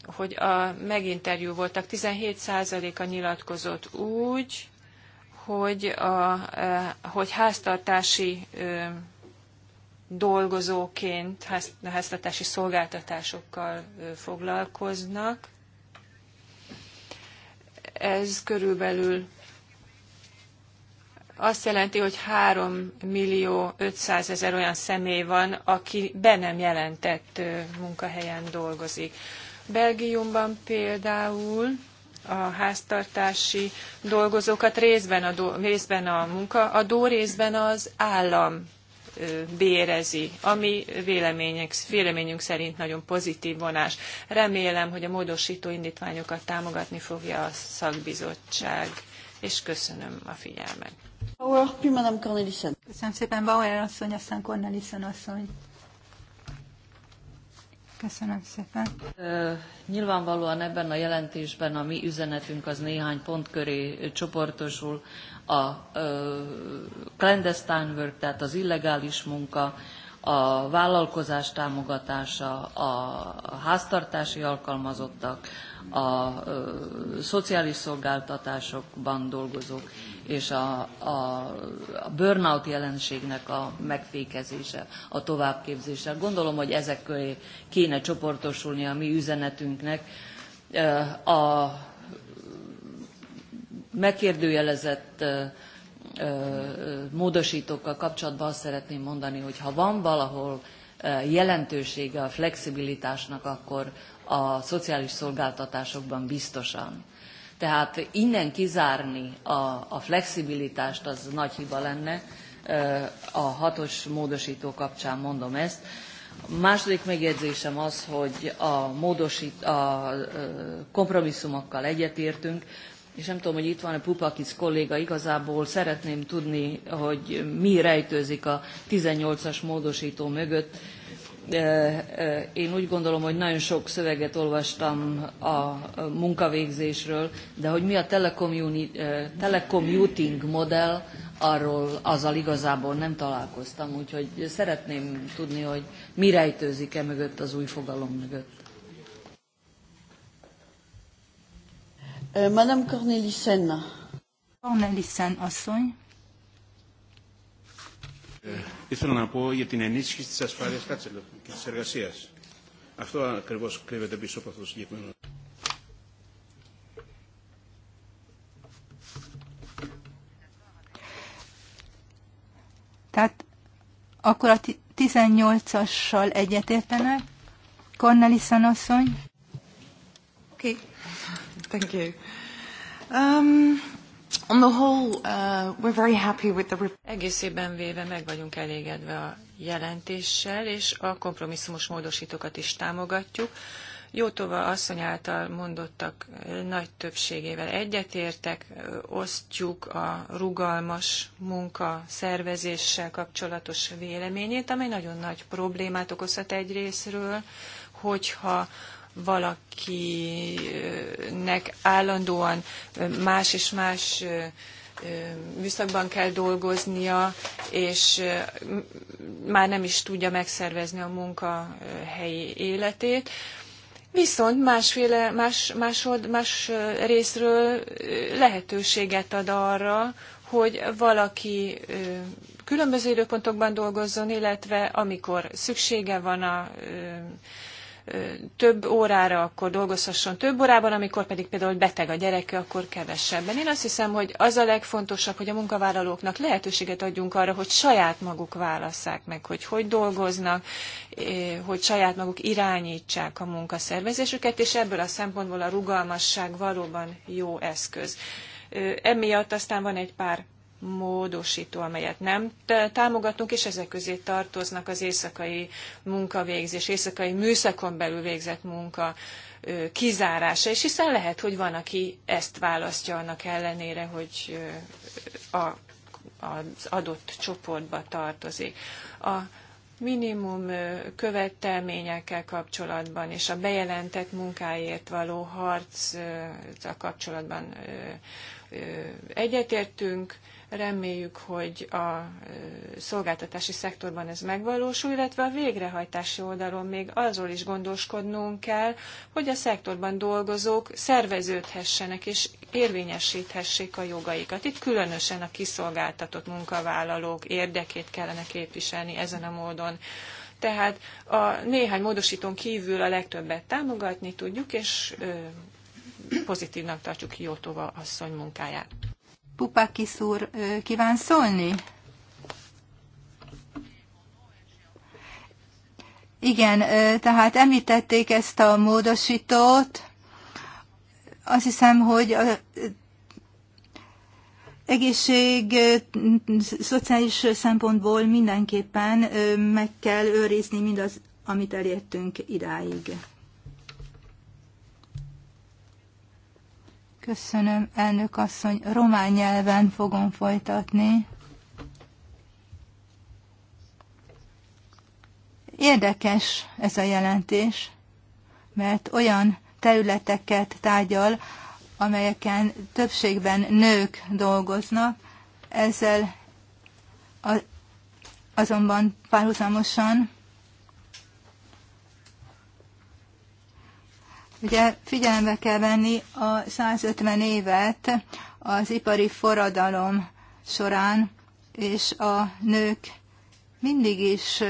hogy a meginterjú voltak 17%-a nyilatkozott úgy, hogy, a, e, hogy háztartási dolgozóként, háztartási szolgáltatásokkal foglalkoznak. Ez körülbelül azt jelenti, hogy 3 millió 500 ezer olyan személy van, aki be nem jelentett munkahelyen dolgozik. Belgiumban például a háztartási dolgozókat részben a, do, részben a munkaadó, részben az állam bérezi, ami vélemények, véleményünk szerint nagyon pozitív vonás. Remélem, hogy a módosító indítványokat támogatni fogja a szakbizottság, és köszönöm a figyelmet. Köszönöm szépen, Bauer asszony, aztán Cornelissen asszony. Köszönöm szépen. Nyilvánvalóan ebben a jelentésben a mi üzenetünk az néhány pont köré csoportosul. A clandestine work, tehát az illegális munka, a vállalkozás támogatása, a háztartási alkalmazottak, a szociális szolgáltatásokban dolgozók és a, a, a burnout jelenségnek a megfékezése, a továbbképzése. Gondolom, hogy ezek köré kéne csoportosulni a mi üzenetünknek. A megkérdőjelezett módosítókkal kapcsolatban azt szeretném mondani, hogy ha van valahol jelentősége a flexibilitásnak, akkor a szociális szolgáltatásokban biztosan. Tehát innen kizárni a, a flexibilitást az nagy hiba lenne, a hatos módosító kapcsán mondom ezt. A második megjegyzésem az, hogy a, módosít, a kompromisszumokkal egyetértünk, és nem tudom, hogy itt van a Pupakic kolléga, igazából szeretném tudni, hogy mi rejtőzik a 18-as módosító mögött, én úgy gondolom, hogy nagyon sok szöveget olvastam a munkavégzésről, de hogy mi a telecommuting modell, arról azzal igazából nem találkoztam, úgyhogy szeretném tudni, hogy mi rejtőzik-e mögött az új fogalom mögött. Madame Cornelissen. Cornelissen asszony ήθελα να πω για την ενίσχυση της ασφάλειας κάτσελο και της εργασίας. Αυτό ακριβώς κρύβεται πίσω από αυτό το συγκεκριμένο. Tehát akkor a 18-assal egyetértenek. Cornelison asszony. Oké. Okay. Thank you. Um, On the whole, uh, we're very happy with the Egészében véve meg vagyunk elégedve a jelentéssel, és a kompromisszumos módosítókat is támogatjuk. Jótova asszony által mondottak nagy többségével egyetértek, osztjuk a rugalmas munka szervezéssel kapcsolatos véleményét, amely nagyon nagy problémát okozhat egyrésztről, hogyha valakinek állandóan más és más műszakban kell dolgoznia, és már nem is tudja megszervezni a munkahelyi életét. Viszont másféle, más, másod, más részről lehetőséget ad arra, hogy valaki különböző időpontokban dolgozzon, illetve amikor szüksége van a több órára, akkor dolgozhasson több órában, amikor pedig például beteg a gyereke, akkor kevesebben. Én azt hiszem, hogy az a legfontosabb, hogy a munkavállalóknak lehetőséget adjunk arra, hogy saját maguk válasszák meg, hogy hogy dolgoznak, hogy saját maguk irányítsák a munkaszervezésüket, és ebből a szempontból a rugalmasság valóban jó eszköz. Emiatt aztán van egy pár módosító, amelyet nem támogatunk, és ezek közé tartoznak az éjszakai munkavégzés, éjszakai műszakon belül végzett munka kizárása, és hiszen lehet, hogy van, aki ezt választja annak ellenére, hogy a, az adott csoportba tartozik. A minimum követelményekkel kapcsolatban és a bejelentett munkáért való harc a kapcsolatban egyetértünk, Reméljük, hogy a szolgáltatási szektorban ez megvalósul, illetve a végrehajtási oldalon még azról is gondoskodnunk kell, hogy a szektorban dolgozók szerveződhessenek és érvényesíthessék a jogaikat. Itt különösen a kiszolgáltatott munkavállalók érdekét kellene képviselni ezen a módon tehát a néhány módosítón kívül a legtöbbet támogatni tudjuk, és pozitívnak tartjuk Jótova asszony munkáját. Pupakis úr kíván szólni? Igen, tehát említették ezt a módosítót. Azt hiszem, hogy a egészség szociális szempontból mindenképpen meg kell őrizni mindaz, amit elértünk idáig. Köszönöm, elnök asszony. Román nyelven fogom folytatni. Érdekes ez a jelentés, mert olyan területeket tárgyal, amelyeken többségben nők dolgoznak, ezzel azonban párhuzamosan Ugye figyelembe kell venni a 150 évet az ipari forradalom során, és a nők mindig is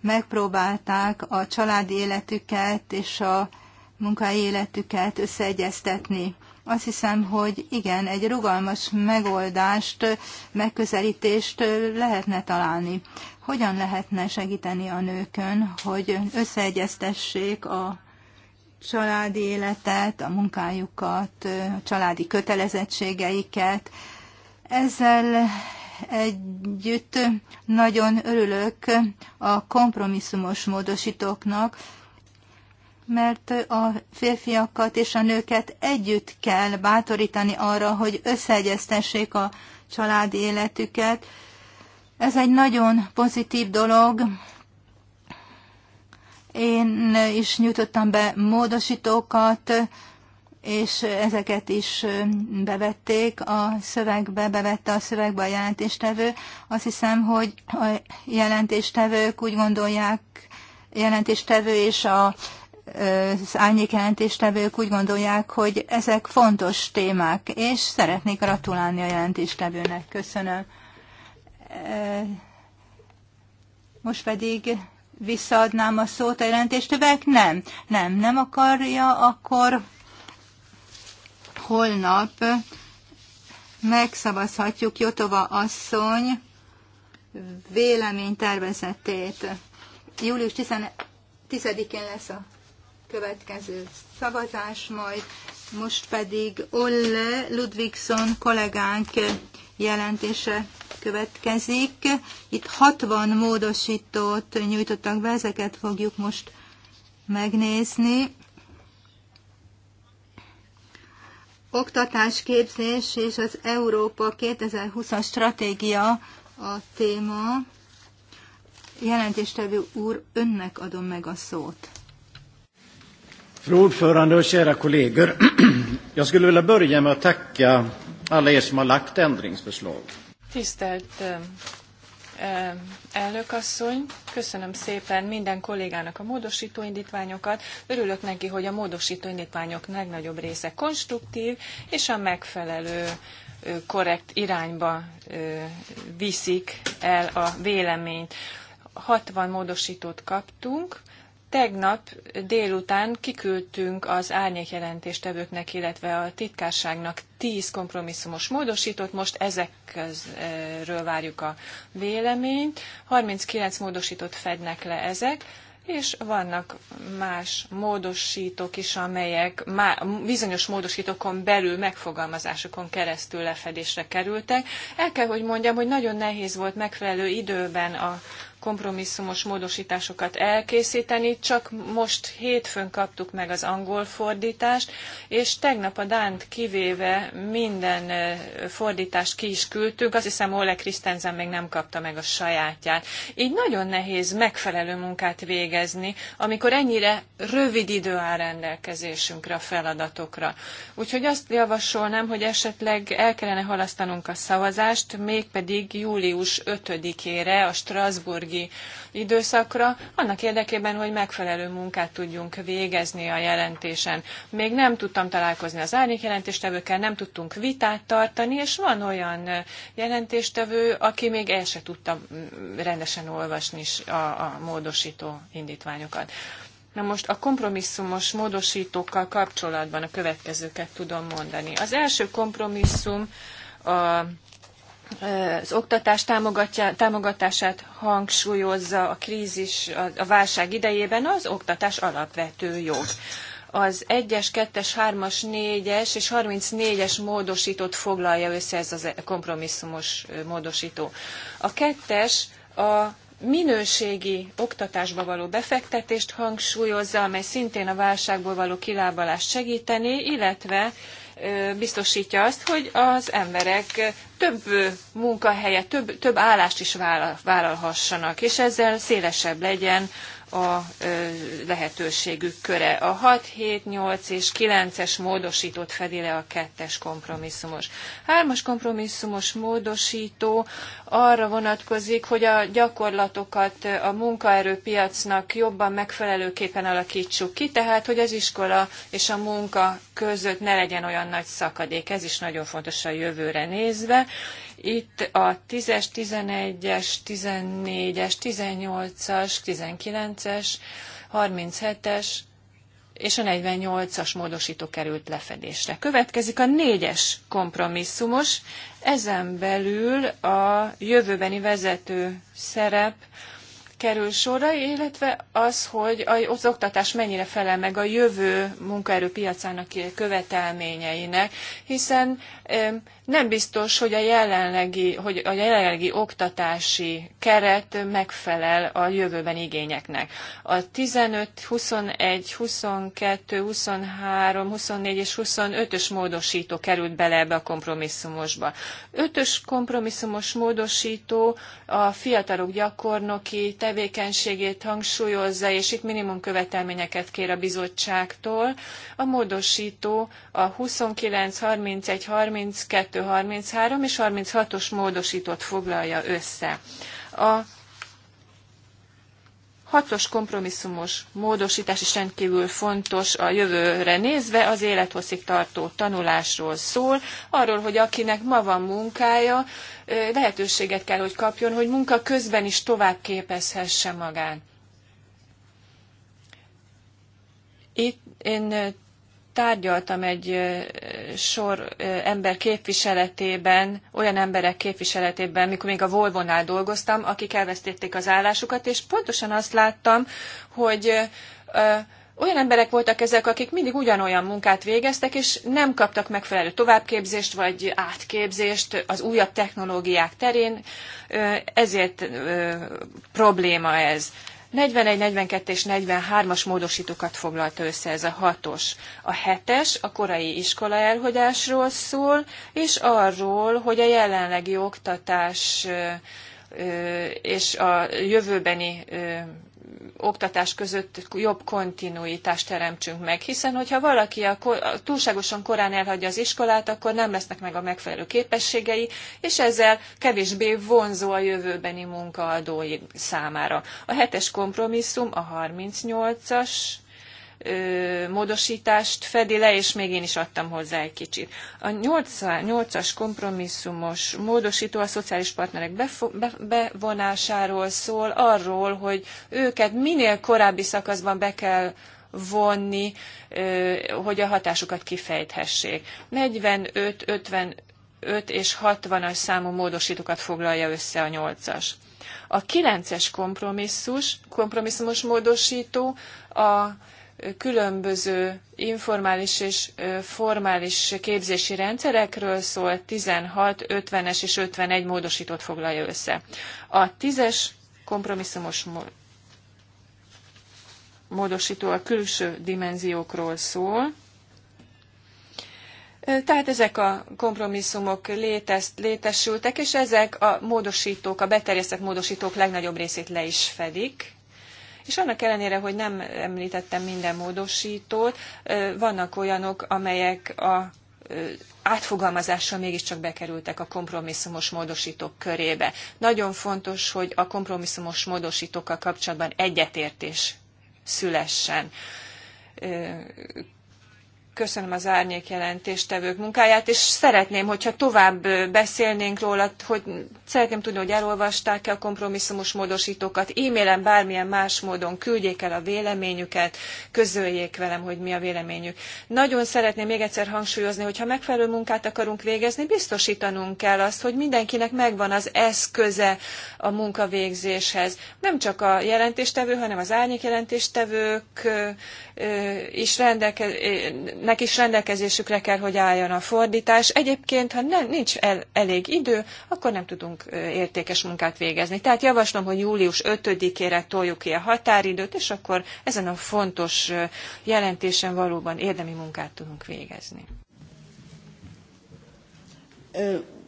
megpróbálták a családi életüket és a munkai életüket összeegyeztetni. Azt hiszem, hogy igen, egy rugalmas megoldást, megközelítést lehetne találni. Hogyan lehetne segíteni a nőkön, hogy összeegyeztessék a családi életet, a munkájukat, a családi kötelezettségeiket. Ezzel együtt nagyon örülök a kompromisszumos módosítóknak, mert a férfiakat és a nőket együtt kell bátorítani arra, hogy összeegyeztessék a családi életüket. Ez egy nagyon pozitív dolog, én is nyújtottam be módosítókat, és ezeket is bevették a szövegbe, bevette a szövegbe a jelentéstevő. Azt hiszem, hogy a jelentéstevők úgy gondolják, jelentéstevő és a az árnyék jelentéstevők úgy gondolják, hogy ezek fontos témák, és szeretnék gratulálni a jelentéstevőnek. Köszönöm. Most pedig visszaadnám a szót a jelentéstövek? Nem, nem, nem akarja, akkor holnap megszavazhatjuk Jotova asszony véleménytervezetét. Július 10-én lesz a következő szavazás, majd most pedig Olle Ludvigson kollégánk jelentése következik. Itt 60 módosítót nyújtottak be, ezeket fogjuk most megnézni. Oktatás, képzés és az Európa 2020-as stratégia a téma. Jelentéstevő úr, önnek adom meg a szót. Fru ordförande och kära kollegor. Jag skulle vilja börja med att tacka alla er som har lagt ändringsförslag. Tisztelt elnök asszony, köszönöm szépen minden kollégának a módosító indítványokat. Örülök neki, hogy a módosító indítványok legnagyobb része konstruktív, és a megfelelő korrekt irányba viszik el a véleményt. 60 módosítót kaptunk, Tegnap délután kiküldtünk az árnyékjelentéstevőknek, illetve a titkárságnak tíz kompromisszumos módosítót, most ezekről várjuk a véleményt. 39 módosítót fednek le ezek, és vannak más módosítók is, amelyek má, bizonyos módosítókon belül megfogalmazásokon keresztül lefedésre kerültek. El kell, hogy mondjam, hogy nagyon nehéz volt megfelelő időben a kompromisszumos módosításokat elkészíteni, csak most hétfőn kaptuk meg az angol fordítást, és tegnap a Dánt kivéve minden fordítást ki is küldtünk, azt hiszem Ole Christensen még nem kapta meg a sajátját. Így nagyon nehéz megfelelő munkát végezni, amikor ennyire rövid idő áll rendelkezésünkre a feladatokra. Úgyhogy azt javasolnám, hogy esetleg el kellene halasztanunk a szavazást, mégpedig július 5-ére a Strasbourg pénzügyi időszakra, annak érdekében, hogy megfelelő munkát tudjunk végezni a jelentésen. Még nem tudtam találkozni az árnyékjelentéstevőkkel, nem tudtunk vitát tartani, és van olyan jelentéstevő, aki még el se tudta mm, rendesen olvasni a, a módosító indítványokat. Na most a kompromisszumos módosítókkal kapcsolatban a következőket tudom mondani. Az első kompromisszum a az oktatás támogatását hangsúlyozza a krízis, a válság idejében, az oktatás alapvető jog az 1-es, 2-es, 3-as, 4-es és 34-es módosítót foglalja össze ez a kompromisszumos módosító. A 2-es a minőségi oktatásba való befektetést hangsúlyozza, amely szintén a válságból való kilábalást segíteni, illetve biztosítja azt, hogy az emberek több munkahelyet, több, több állást is vállalhassanak, és ezzel szélesebb legyen a lehetőségük köre. A 6, 7, 8 és 9-es módosított fedi le a 2-es kompromisszumos. 3-as kompromisszumos módosító arra vonatkozik, hogy a gyakorlatokat a munkaerőpiacnak jobban megfelelőképpen alakítsuk ki, tehát hogy az iskola és a munka között ne legyen olyan nagy szakadék. Ez is nagyon fontos a jövőre nézve. Itt a 10-es, 11-es, 14-es, 18-as, 19-es, 37-es és a 48-as módosító került lefedésre. Következik a 4-es kompromisszumos, ezen belül a jövőbeni vezető szerep, kerül sorra, illetve az, hogy az oktatás mennyire felel meg a jövő munkaerőpiacának követelményeinek, hiszen nem biztos, hogy a jelenlegi, hogy a jelenlegi oktatási keret megfelel a jövőben igényeknek. A 15, 21, 22, 23, 24 és 25-ös módosító került bele ebbe a kompromisszumosba. 5 kompromisszumos módosító a fiatalok gyakornoki tevékenységét hangsúlyozza, és itt minimum követelményeket kér a bizottságtól. A módosító a 29, 31, 32, 32-33 és 36-os módosított foglalja össze. A hatos kompromisszumos módosítás is rendkívül fontos a jövőre nézve, az élethosszig tartó tanulásról szól, arról, hogy akinek ma van munkája, lehetőséget kell, hogy kapjon, hogy munka közben is tovább képezhesse magán. Itt én tárgyaltam egy sor ember képviseletében, olyan emberek képviseletében, mikor még a Volvonál dolgoztam, akik elvesztették az állásukat, és pontosan azt láttam, hogy olyan emberek voltak ezek, akik mindig ugyanolyan munkát végeztek, és nem kaptak megfelelő továbbképzést vagy átképzést az újabb technológiák terén, ezért probléma ez. 41, 42 és 43-as módosítókat foglalta össze ez a hatos. A hetes a korai iskola elhagyásról szól, és arról, hogy a jelenlegi oktatás és a jövőbeni oktatás között jobb kontinuitást teremtsünk meg, hiszen hogyha valaki a kor, túlságosan korán elhagyja az iskolát, akkor nem lesznek meg a megfelelő képességei, és ezzel kevésbé vonzó a jövőbeni munkaadói számára. A hetes kompromisszum, a 38-as módosítást fedi le, és még én is adtam hozzá egy kicsit. A 8-as kompromisszumos módosító a szociális partnerek bevonásáról szól, arról, hogy őket minél korábbi szakaszban be kell vonni, hogy a hatásukat kifejthessék. 45, 55 és 60-as számú módosítókat foglalja össze a 8-as. A 9-es kompromisszus, kompromisszumos módosító a különböző informális és formális képzési rendszerekről szól, 16, 50-es és 51 módosított foglalja össze. A 10-es kompromisszumos módosító a külső dimenziókról szól, tehát ezek a kompromisszumok létez, létesültek, és ezek a módosítók, a beterjesztett módosítók legnagyobb részét le is fedik. És annak ellenére, hogy nem említettem minden módosítót, vannak olyanok, amelyek a átfogalmazással mégiscsak bekerültek a kompromisszumos módosítók körébe. Nagyon fontos, hogy a kompromisszumos módosítókkal kapcsolatban egyetértés szülessen köszönöm az árnyék jelentéstevők munkáját, és szeretném, hogyha tovább beszélnénk róla, hogy szeretném tudni, hogy elolvasták-e a kompromisszumos módosítókat, e-mailen bármilyen más módon küldjék el a véleményüket, közöljék velem, hogy mi a véleményük. Nagyon szeretném még egyszer hangsúlyozni, hogy ha megfelelő munkát akarunk végezni, biztosítanunk kell azt, hogy mindenkinek megvan az eszköze a munkavégzéshez. Nem csak a jelentéstevő, hanem az árnyék jelentéstevők is rendelke- is rendelkezésükre kell, hogy álljon a fordítás. Egyébként, ha nem, nincs el, elég idő, akkor nem tudunk értékes munkát végezni. Tehát javaslom, hogy július 5-ére toljuk ki a határidőt, és akkor ezen a fontos jelentésen valóban érdemi munkát tudunk végezni.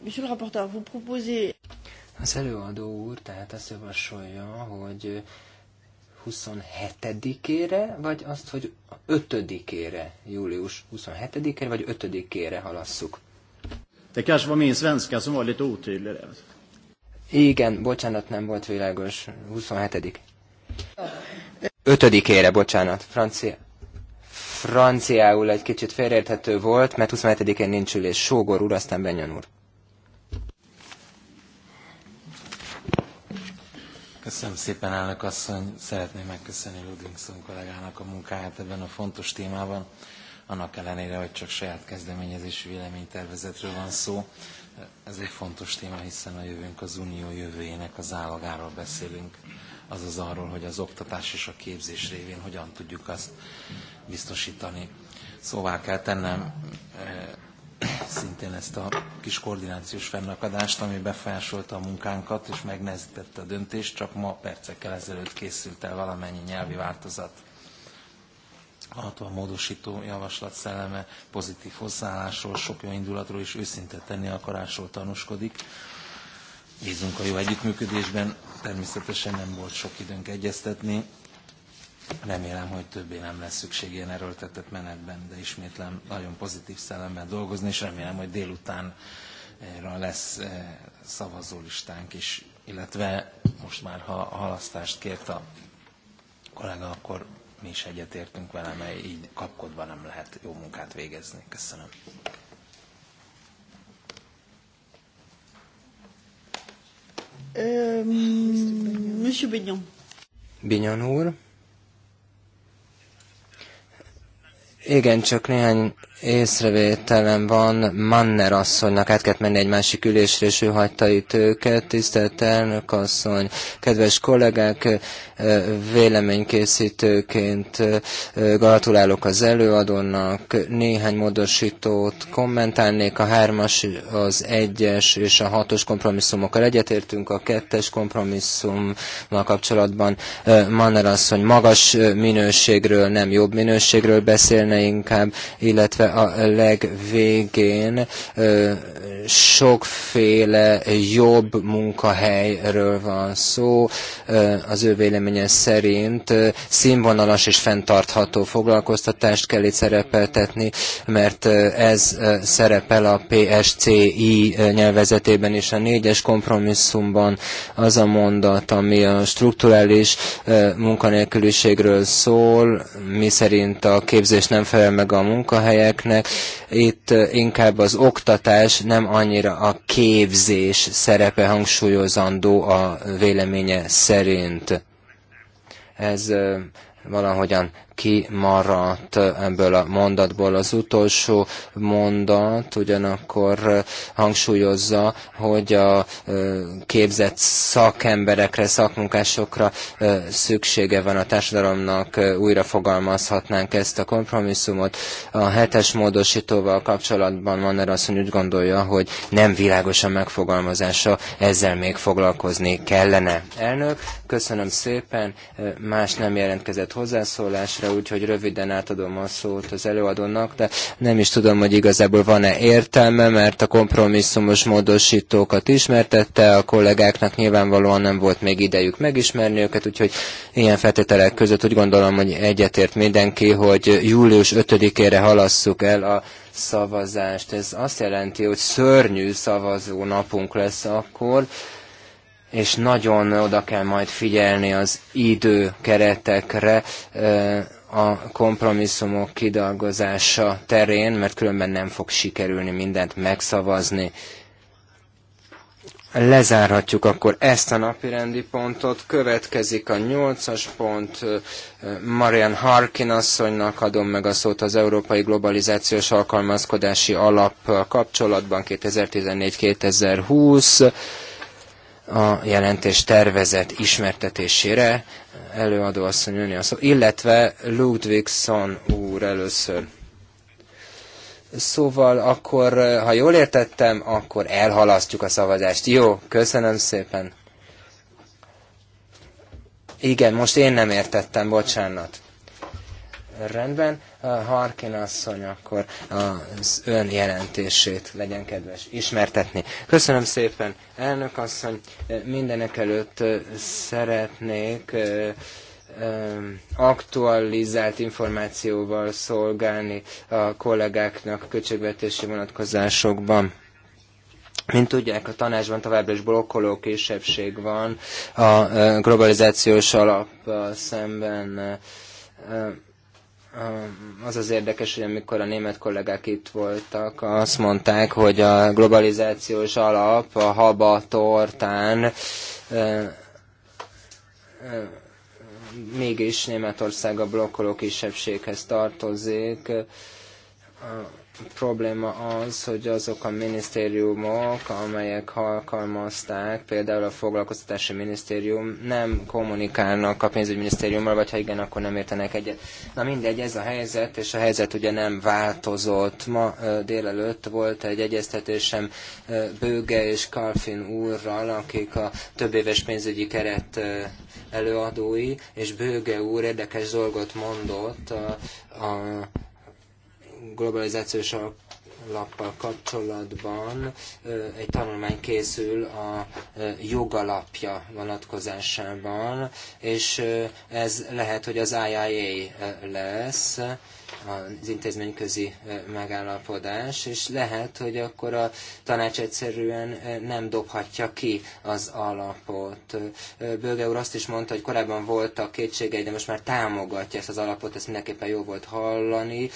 Monsieur le rapporteur, vous proposez... Az előadó úr tehát azt javasolja, hogy 27-ére, vagy azt, hogy 5-ére, július 27-ére, vagy 5-ére halasszuk. De kanske var min svenska som var lite otydlig Igen, bocsánat, nem volt világos. 27 5. 5-ére, bocsánat. Francia. Franciául egy kicsit félreérthető volt, mert 27-én nincs ülés. Sógor úr, aztán Benyon úr. Köszönöm szépen, elnök asszony. Szeretném megköszönni Ludvigson kollégának a munkáját ebben a fontos témában. Annak ellenére, hogy csak saját kezdeményezésű véleménytervezetről van szó, ez egy fontos téma, hiszen a jövőnk az unió jövőjének az állagáról beszélünk, azaz arról, hogy az oktatás és a képzés révén hogyan tudjuk azt biztosítani. Szóvá kell tennem szintén ezt a kis koordinációs fennakadást, ami befolyásolta a munkánkat és megnehezítette a döntést, csak ma percekkel ezelőtt készült el valamennyi nyelvi változat. A 60 módosító javaslat szelleme pozitív hozzáállásról, sok jó indulatról és őszinte tenni akarásról tanúskodik. Bízunk a jó együttműködésben, természetesen nem volt sok időnk egyeztetni, Remélem, hogy többé nem lesz szükség ilyen erőltetett menetben, de ismétlem nagyon pozitív szellemben dolgozni, és remélem, hogy délután eh, lesz eh, szavazólistánk is, illetve most már, ha halasztást kért a kollega, akkor mi is egyetértünk vele, mert így kapkodva nem lehet jó munkát végezni. Köszönöm. Mm, Monsieur Bignon. Bignon úr. Igen, csak néhány észrevételem van, Manner asszonynak át kellett menni egy másik ülésre, és ő hagyta itt őket. Tisztelt elnök asszony, kedves kollégák, véleménykészítőként gratulálok az előadónak. Néhány módosítót kommentálnék, a hármas, az egyes és a hatos kompromisszumokkal egyetértünk, a kettes kompromisszummal kapcsolatban Manner asszony magas minőségről, nem jobb minőségről beszélne inkább, illetve a legvégén sokféle jobb munkahelyről van szó. Az ő véleménye szerint színvonalas és fenntartható foglalkoztatást kell itt szerepeltetni, mert ez szerepel a PSCI nyelvezetében és a négyes kompromisszumban az a mondat, ami a strukturális munkanélküliségről szól, mi szerint a képzés nem felel meg a munkahelyek önöknek. Itt inkább az oktatás, nem annyira a képzés szerepe hangsúlyozandó a véleménye szerint. Ez valahogyan kimaradt ebből a mondatból. Az utolsó mondat ugyanakkor eh, hangsúlyozza, hogy a eh, képzett szakemberekre, szakmunkásokra eh, szüksége van a társadalomnak, újra fogalmazhatnánk ezt a kompromisszumot. A hetes módosítóval kapcsolatban Manner asszony úgy gondolja, hogy nem világos a megfogalmazása, ezzel még foglalkozni kellene. Elnök, köszönöm szépen, más nem jelentkezett hozzászólásra, kérdésre, úgyhogy röviden átadom a szót az előadónak, de nem is tudom, hogy igazából van-e értelme, mert a kompromisszumos módosítókat ismertette, a kollégáknak nyilvánvalóan nem volt még idejük megismerni őket, úgyhogy ilyen feltételek között úgy gondolom, hogy egyetért mindenki, hogy július 5-ére halasszuk el a szavazást. Ez azt jelenti, hogy szörnyű szavazó napunk lesz akkor, és nagyon oda kell majd figyelni az időkeretekre eh, a kompromisszumok kidolgozása terén, mert különben nem fog sikerülni mindent megszavazni. Lezárhatjuk akkor ezt a napirendi pontot. Következik a nyolcas pont. Eh, Marian Harkin asszonynak adom meg a szót az Európai Globalizációs Alkalmazkodási Alap kapcsolatban 2014-2020 a jelentés tervezet ismertetésére. Előadó asszony önni a szó, illetve Ludwigson úr először. Szóval akkor, ha jól értettem, akkor elhalasztjuk a szavazást. Jó, köszönöm szépen. Igen, most én nem értettem, bocsánat. Rendben, Harkin asszony akkor az ön jelentését legyen kedves ismertetni. Köszönöm szépen, elnök asszony. Mindenek előtt szeretnék aktualizált információval szolgálni a kollégáknak költségvetési vonatkozásokban. Mint tudják, a tanácsban továbbra is blokkoló kisebbség van a globalizációs alap szemben az az érdekes, hogy amikor a német kollégák itt voltak, azt mondták, hogy a globalizációs alap a haba tortán e, e, mégis Németország a blokkoló kisebbséghez tartozik probléma az, hogy azok a minisztériumok, amelyek alkalmazták, például a foglalkoztatási minisztérium, nem kommunikálnak a pénzügyminisztériummal, vagy ha igen, akkor nem értenek egyet. Na mindegy, ez a helyzet, és a helyzet ugye nem változott. Ma délelőtt volt egy egyeztetésem Bőge és Kalfin úrral, akik a többéves pénzügyi keret előadói, és Bőge úr érdekes dolgot mondott a, a globalizációs alappal kapcsolatban egy tanulmány készül a jogalapja vonatkozásában, és ez lehet, hogy az IIA lesz, az intézményközi megállapodás, és lehet, hogy akkor a tanács egyszerűen nem dobhatja ki az alapot. Bölge úr azt is mondta, hogy korábban voltak kétségei, de most már támogatja ezt az alapot, ezt mindenképpen jó volt hallani.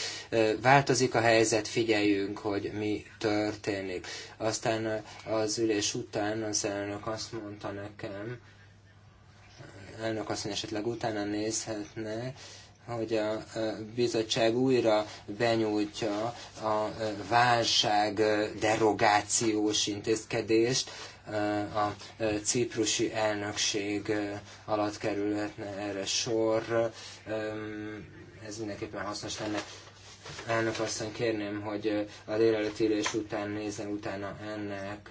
Változik a helyzet, figyeljünk, hogy mi történik. Aztán az ülés után az elnök azt mondta nekem, elnök azt esetleg utána nézhetne, hogy a e, bizottság újra benyújtja a e, válság e, derogációs intézkedést, a ciprusi elnökség alatt kerülhetne erre sor. Ez mindenképpen hasznos lenne. Elnök asszony, kérném, hogy a délelőtt után nézzen utána ennek,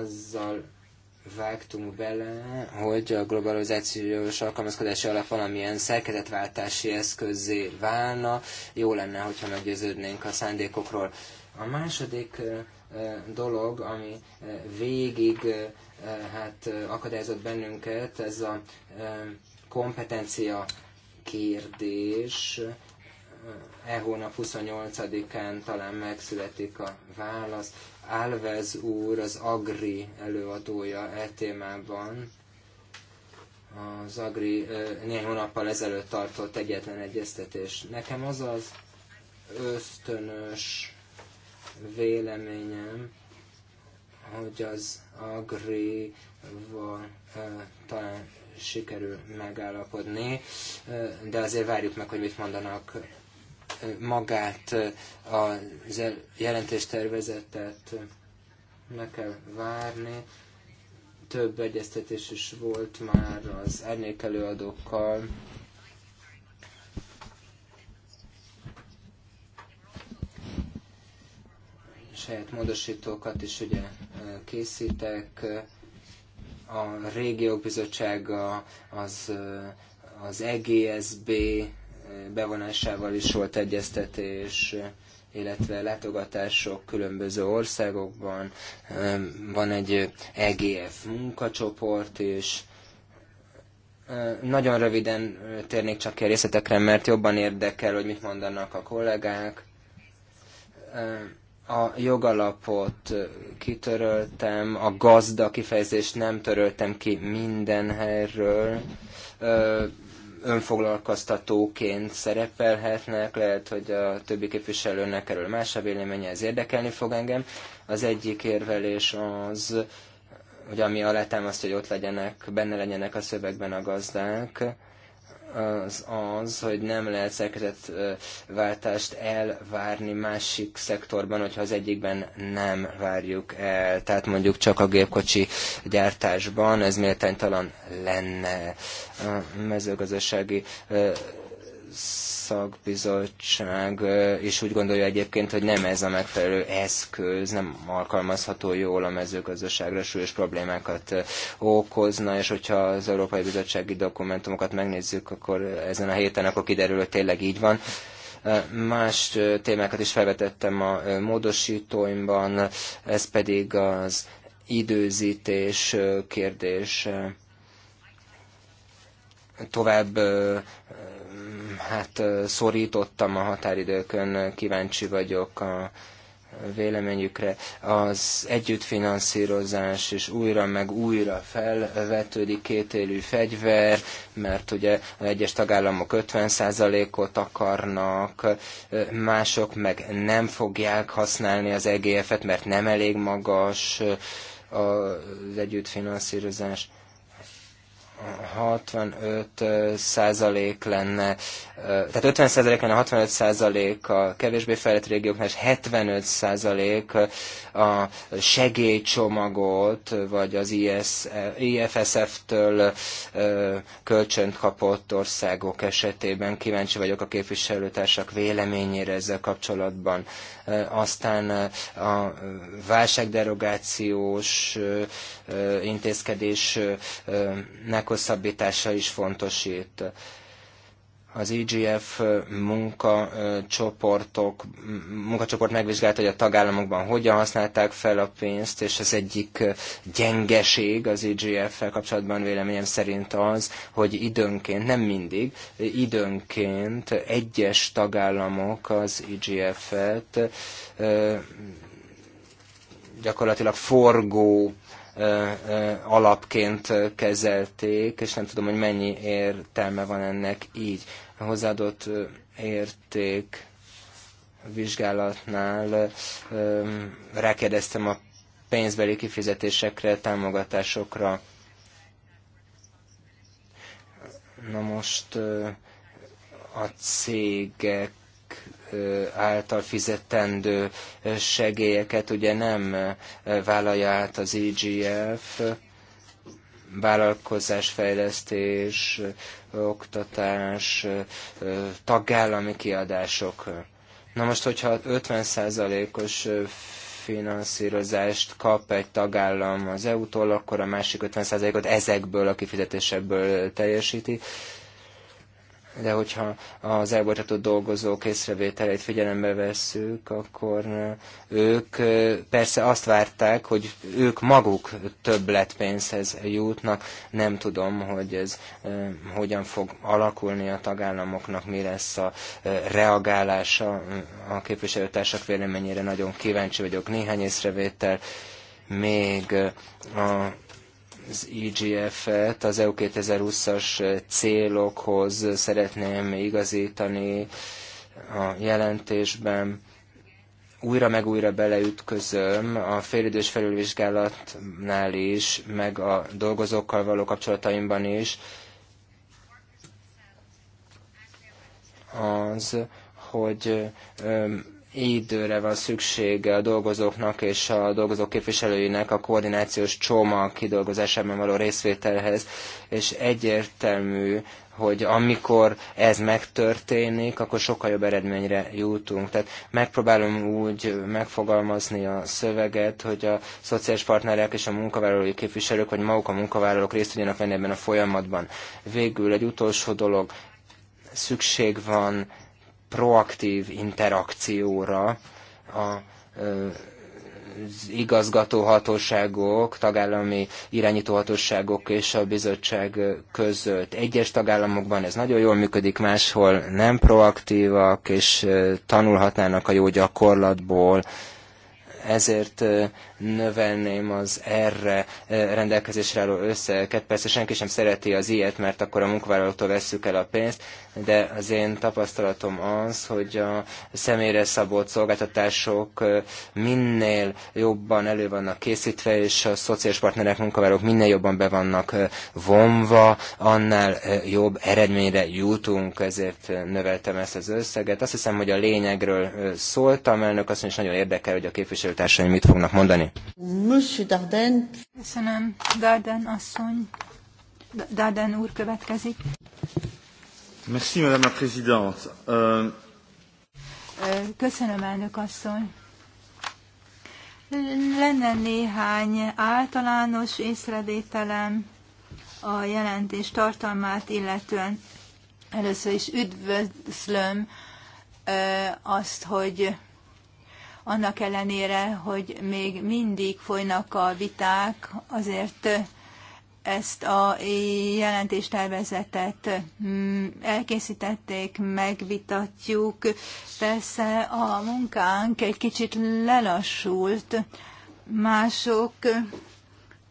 azzal vágtunk bele, hogy a globalizációs alkalmazkodási alap valamilyen szerkezetváltási eszközé válna. Jó lenne, hogyha meggyőződnénk a szándékokról. A második dolog, ami végig hát akadályozott bennünket, ez a kompetencia kérdés. E hónap 28-án talán megszületik a válasz Álvez úr az Agri előadója e témában. Az Agri néhány hónappal ezelőtt tartott egyetlen egyeztetés. Nekem az az ösztönös véleményem, hogy az Agri-val talán sikerül megállapodni, de azért várjuk meg, hogy mit mondanak magát a jelentéstervezetet meg kell várni. Több egyeztetés is volt már az árnyékelőadókkal. Saját módosítókat is ugye készítek. A régiók bizottsága, az, az EGSB, bevonásával is volt egyeztetés, illetve látogatások különböző országokban. Van egy EGF munkacsoport is. Nagyon röviden térnék csak ki a részletekre, mert jobban érdekel, hogy mit mondanak a kollégák. A jogalapot kitöröltem, a gazda kifejezést nem töröltem ki minden helyről önfoglalkoztatóként szerepelhetnek, lehet, hogy a többi képviselőnek erről más a véleménye, ez érdekelni fog engem. Az egyik érvelés az, hogy ami alátámaszt, hogy ott legyenek, benne legyenek a szövegben a gazdák, az az, hogy nem lehet szerkezetváltást elvárni másik szektorban, hogyha az egyikben nem várjuk el. Tehát mondjuk csak a gépkocsi gyártásban ez méltánytalan lenne a mezőgazdasági szakbizottság is úgy gondolja egyébként, hogy nem ez a megfelelő eszköz, nem alkalmazható jól a mezőgazdaságra, súlyos problémákat okozna, és hogyha az Európai Bizottsági dokumentumokat megnézzük, akkor ezen a héten akkor kiderül, hogy tényleg így van. Más témákat is felvetettem a módosítóimban, ez pedig az időzítés kérdése tovább hát szorítottam a határidőkön, kíváncsi vagyok a véleményükre. Az együttfinanszírozás és újra meg újra felvetődik kétélű fegyver, mert ugye egyes tagállamok 50%-ot akarnak, mások meg nem fogják használni az EGF-et, mert nem elég magas az együttfinanszírozás. 65 százalék lenne, tehát 50 százalék lenne, 65 százalék a kevésbé fejlett régióknál, és 75 százalék a segélycsomagot, vagy az IS, IFSF-től kölcsönt kapott országok esetében. Kíváncsi vagyok a képviselőtársak véleményére ezzel kapcsolatban. Aztán a válságderogációs intézkedésnek meghosszabbítása is fontos itt. Az IGF e munkacsoportok, munkacsoport megvizsgálta, hogy a tagállamokban hogyan használták fel a pénzt, és ez egyik gyengeség az IGF-fel e kapcsolatban véleményem szerint az, hogy időnként, nem mindig, időnként egyes tagállamok az IGF-et e gyakorlatilag forgó alapként kezelték, és nem tudom, hogy mennyi értelme van ennek így. A hozzáadott érték vizsgálatnál rákérdeztem a pénzbeli kifizetésekre, támogatásokra. Na most a cégek által fizetendő segélyeket ugye nem vállalja át az IGF, e vállalkozásfejlesztés, oktatás, tagállami kiadások. Na most, hogyha 50%-os finanszírozást kap egy tagállam az EU-tól, akkor a másik 50%-ot ezekből a kifizetésekből teljesíti de hogyha az elbocsátott dolgozók észrevételeit figyelembe vesszük, akkor eh, ők eh, persze azt várták, hogy ők maguk több lett pénzhez jutnak. Nem tudom, hogy ez eh, hogyan fog alakulni a tagállamoknak, mi lesz a reagálása a képviselőtársak véleményére. Nagyon kíváncsi vagyok. Néhány észrevétel még a az IGF-et e az EU 2020-as célokhoz szeretném igazítani a jelentésben. Újra meg újra beleütközöm a félidős felülvizsgálatnál is, meg a dolgozókkal való kapcsolataimban is, az, hogy időre van szükség a dolgozóknak és a dolgozók képviselőinek a koordinációs csomag kidolgozásában való részvételhez, és egyértelmű, hogy amikor ez megtörténik, akkor sokkal jobb eredményre jutunk. Tehát megpróbálom úgy megfogalmazni a szöveget, hogy a szociális partnerek és a munkavállalói képviselők, vagy maguk a munkavállalók részt tudjanak venni ebben a folyamatban. Végül egy utolsó dolog, szükség van proaktív interakcióra a az igazgatóhatóságok, tagállami irányítóhatóságok és a bizottság között. Egyes tagállamokban ez nagyon jól működik, máshol nem proaktívak, és tanulhatnának a jó gyakorlatból. Ezért növelném az erre eh, rendelkezésre álló összeget. Persze senki sem szereti az ilyet, mert akkor a munkavállalótól vesszük el a pénzt, de az én tapasztalatom az, hogy a személyre szabott szolgáltatások eh, minél jobban elő vannak készítve, és a szociális partnerek, munkavállalók minél jobban be vannak eh, vonva, annál jobb eredményre jutunk, ezért növeltem ezt az összeget. Azt hiszem, hogy a lényegről szóltam, elnök, azt is nagyon érdekel, hogy a képviselőtársaim mit fognak mondani. Monsieur Darden. Köszönöm. Darden asszony. Darden úr következik. Merci, Madame la Présidente. Uh... Köszönöm, elnök asszony. Lenne néhány általános észrevételem a jelentés tartalmát illetően. Először is üdvözlöm azt, hogy annak ellenére, hogy még mindig folynak a viták, azért ezt a jelentéstervezetet mm, elkészítették, megvitatjuk. Persze a munkánk egy kicsit lelassult, mások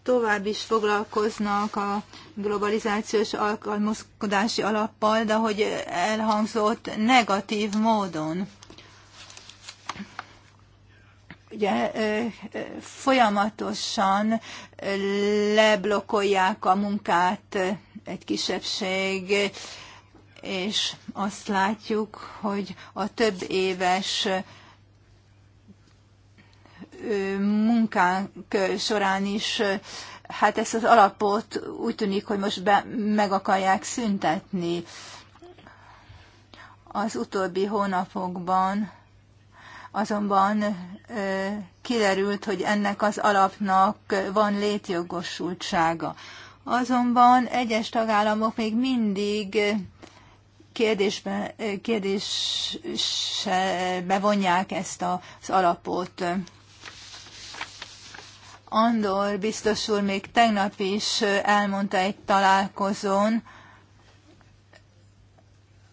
tovább is foglalkoznak a globalizációs alkalmazkodási alappal, de hogy elhangzott negatív módon ugye folyamatosan leblokkolják a munkát egy kisebbség, és azt látjuk, hogy a több éves munkánk során is hát ezt az alapot úgy tűnik, hogy most be, meg akarják szüntetni. Az utóbbi hónapokban azonban kiderült, hogy ennek az alapnak van létjogosultsága. Azonban egyes tagállamok még mindig kérdésbe, kérdésbe vonják ezt az alapot. Andor biztos úr még tegnap is elmondta egy találkozón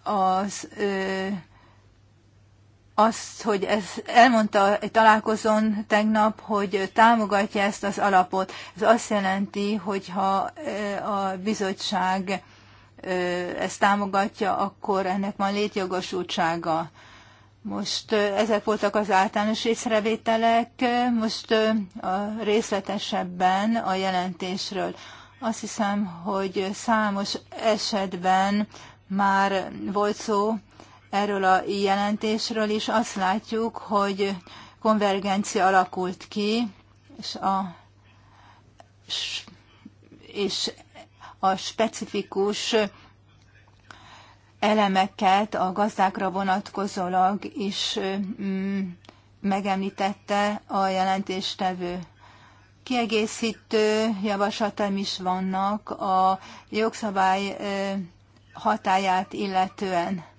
az azt, hogy ez elmondta egy találkozón tegnap, hogy támogatja ezt az alapot. Ez azt jelenti, hogyha e, a bizottság e, ezt támogatja, akkor ennek van létjogosultsága. Most e, ezek voltak az általános észrevételek, most a részletesebben a jelentésről. Azt hiszem, hogy számos esetben már volt szó erről a jelentésről is azt látjuk, hogy konvergencia alakult ki, és a, és a specifikus elemeket a gazdákra vonatkozólag is mm, megemlítette a jelentéstevő. Kiegészítő javaslatom is vannak a jogszabály hatáját illetően.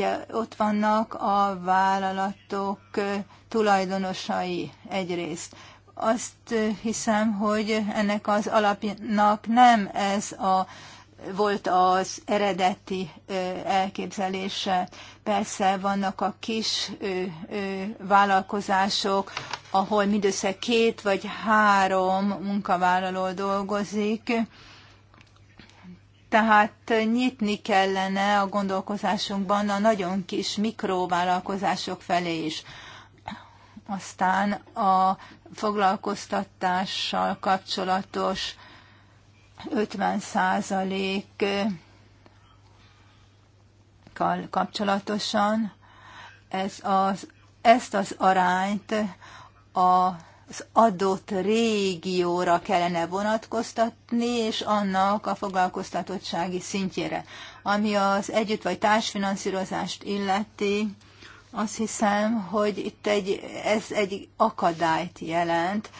Ugye ott vannak a vállalatok tulajdonosai egyrészt. Azt hiszem, hogy ennek az alapnak nem ez a volt az eredeti elképzelése. Persze vannak a kis vállalkozások, ahol mindössze két vagy három munkavállaló dolgozik, tehát nyitni kellene a gondolkozásunkban a nagyon kis mikrovállalkozások felé is. Aztán a foglalkoztatással kapcsolatos 50 kal kapcsolatosan ez az, ezt az arányt a az adott régióra kellene vonatkoztatni, és annak a foglalkoztatottsági szintjére. Ami az együtt vagy társfinanszírozást illeti, azt hiszem, hogy itt egy, ez egy akadályt jelent,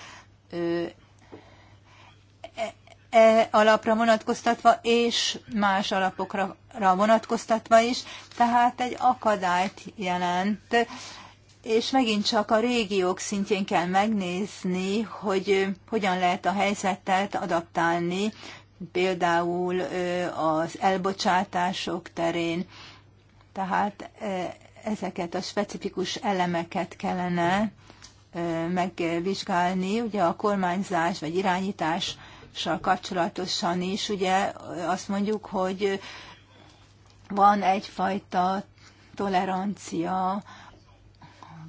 e, e alapra vonatkoztatva és más alapokra vonatkoztatva is, tehát egy akadályt jelent és megint csak a régiók szintjén kell megnézni, hogy hogyan lehet a helyzetet adaptálni, például az elbocsátások terén. Tehát ezeket a specifikus elemeket kellene megvizsgálni, ugye a kormányzás vagy irányítással kapcsolatosan is, ugye azt mondjuk, hogy van egyfajta tolerancia,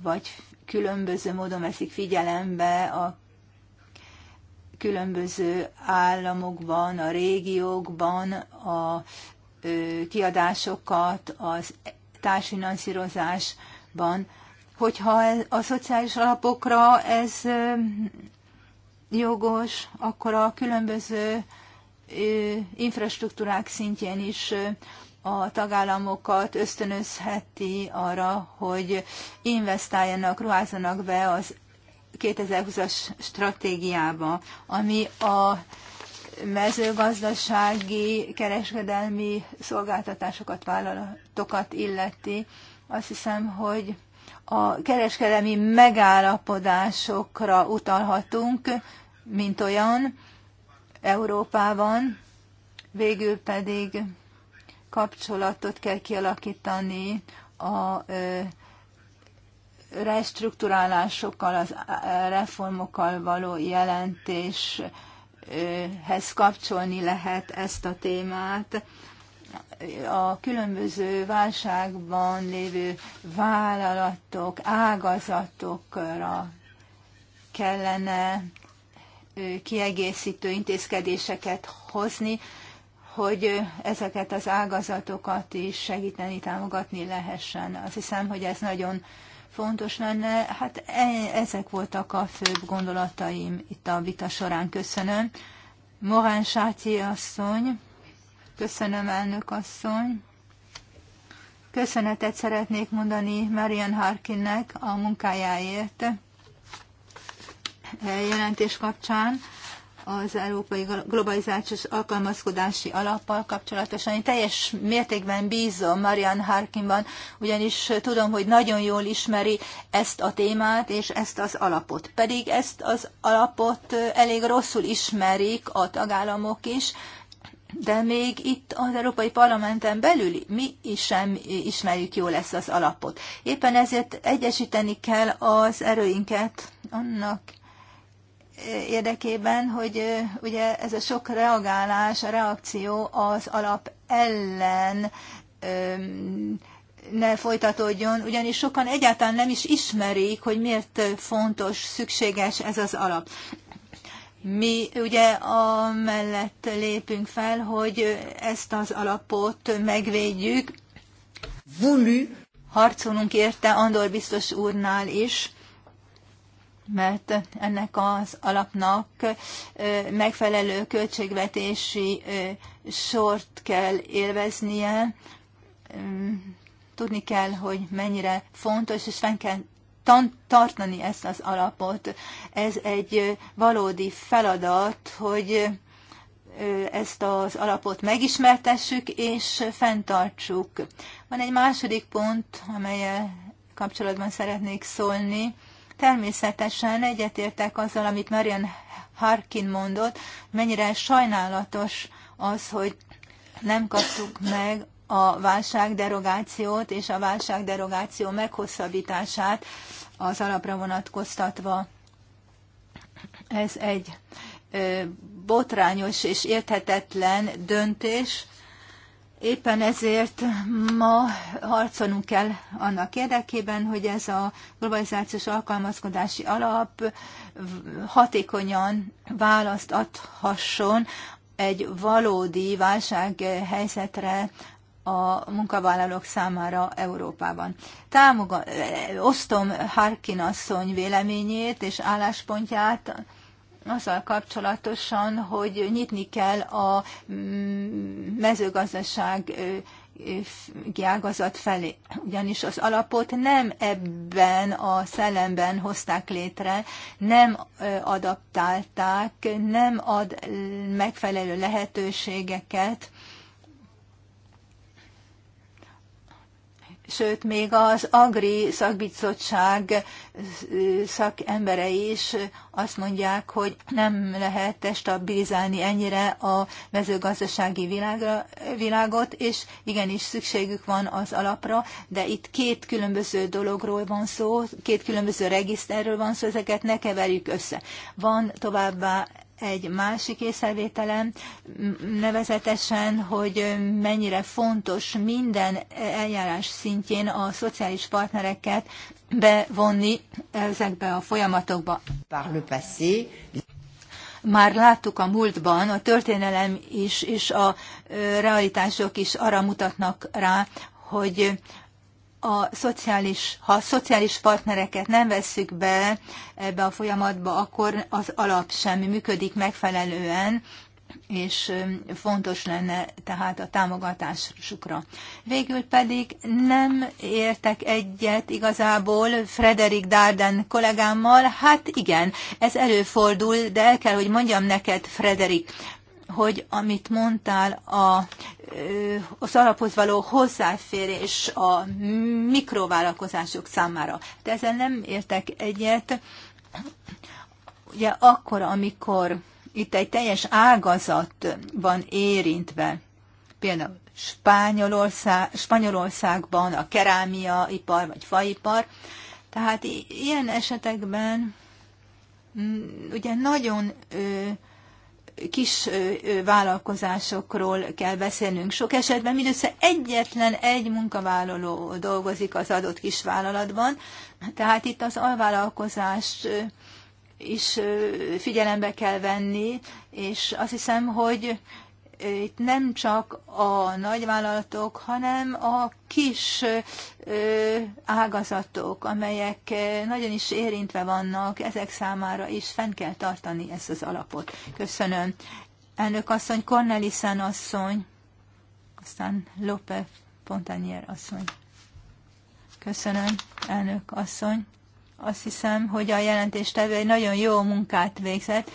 vagy különböző módon veszik figyelembe a különböző államokban, a régiókban a kiadásokat, az társfinanszírozásban, hogyha a szociális alapokra ez jogos, akkor a különböző infrastruktúrák szintjén is a tagállamokat ösztönözheti arra, hogy investáljanak, ruházzanak be az 2020-as stratégiába, ami a mezőgazdasági, kereskedelmi szolgáltatásokat, vállalatokat illeti. Azt hiszem, hogy a kereskedelmi megállapodásokra utalhatunk, mint olyan Európában, végül pedig kapcsolatot kell kialakítani a restruktúrálásokkal, az reformokkal való jelentéshez kapcsolni lehet ezt a témát. A különböző válságban lévő vállalatok, ágazatokra kellene kiegészítő intézkedéseket hozni, hogy ezeket az ágazatokat is segíteni, támogatni lehessen. Azt hiszem, hogy ez nagyon fontos lenne. Hát e- ezek voltak a főbb gondolataim itt a vita során. Köszönöm. Morán Sátyi asszony, köszönöm elnök asszony. Köszönetet szeretnék mondani Marian Harkinnek a munkájáért jelentés kapcsán az Európai Globalizációs Alkalmazkodási Alappal kapcsolatosan. Én teljes mértékben bízom Marian Harkinban, ugyanis tudom, hogy nagyon jól ismeri ezt a témát és ezt az alapot. Pedig ezt az alapot elég rosszul ismerik a tagállamok is, de még itt az Európai Parlamenten belül mi is sem ismerjük jól ezt az alapot. Éppen ezért egyesíteni kell az erőinket annak érdekében, hogy ugye ez a sok reagálás, a reakció az alap ellen ne folytatódjon, ugyanis sokan egyáltalán nem is ismerik, hogy miért fontos, szükséges ez az alap. Mi ugye amellett lépünk fel, hogy ezt az alapot megvédjük. Voulu. Harcolunk érte Andor biztos úrnál is mert ennek az alapnak megfelelő költségvetési sort kell élveznie, tudni kell, hogy mennyire fontos, és fenn kell tartani ezt az alapot. Ez egy valódi feladat, hogy ezt az alapot megismertessük és fenntartsuk. Van egy második pont, amelyel kapcsolatban szeretnék szólni. Természetesen egyetértek azzal, amit Marian Harkin mondott, mennyire sajnálatos az, hogy nem kaptuk meg a válságderogációt és a válságderogáció meghosszabbítását az alapra vonatkoztatva. Ez egy botrányos és érthetetlen döntés, Éppen ezért ma harcolnunk kell annak érdekében, hogy ez a globalizációs alkalmazkodási alap hatékonyan választ adhasson egy valódi válsághelyzetre a munkavállalók számára Európában. Támogat, osztom Harkin asszony véleményét és álláspontját, azzal kapcsolatosan, hogy nyitni kell a mm, mezőgazdaság ágazat felé. Ugyanis az alapot nem ebben a szellemben hozták létre, nem adaptálták, nem ad megfelelő lehetőségeket sőt még az Agri szakbizottság szakemberei is azt mondják, hogy nem lehet stabilizálni ennyire a mezőgazdasági világra, világot, és igenis szükségük van az alapra, de itt két különböző dologról van szó, két különböző regiszterről van szó, ezeket ne keverjük össze. Van továbbá egy másik észrevételem, nevezetesen, hogy mennyire fontos minden eljárás szintjén a szociális partnereket bevonni ezekbe a folyamatokba. Már láttuk a múltban, a történelem is, és a realitások is arra mutatnak rá, hogy a szociális, ha a szociális partnereket nem vesszük be ebbe a folyamatba, akkor az alap semmi működik megfelelően, és fontos lenne tehát a támogatásukra. Végül pedig nem értek egyet igazából Frederik Darden kollégámmal. Hát igen, ez előfordul, de el kell, hogy mondjam neked, Frederik, hogy amit mondtál, a, az alaphoz való hozzáférés a mikrovállalkozások számára. De hát ezzel nem értek egyet. Ugye akkor, amikor itt egy teljes ágazat van érintve, például Spanyolország, Spanyolországban a kerámia ipar vagy faipar, tehát ilyen esetekben ugye nagyon ö, kis vállalkozásokról kell beszélnünk. Sok esetben mindössze egyetlen egy munkavállaló dolgozik az adott kis vállalatban, tehát itt az alvállalkozást is figyelembe kell venni, és azt hiszem, hogy itt nem csak a nagyvállalatok, hanem a kis ágazatok, amelyek nagyon is érintve vannak, ezek számára is fenn kell tartani ezt az alapot. Köszönöm. Elnök asszony, Cornelissen asszony, aztán Lope Pontanier asszony. Köszönöm, elnök asszony. Azt hiszem, hogy a jelentéstevő egy nagyon jó munkát végzett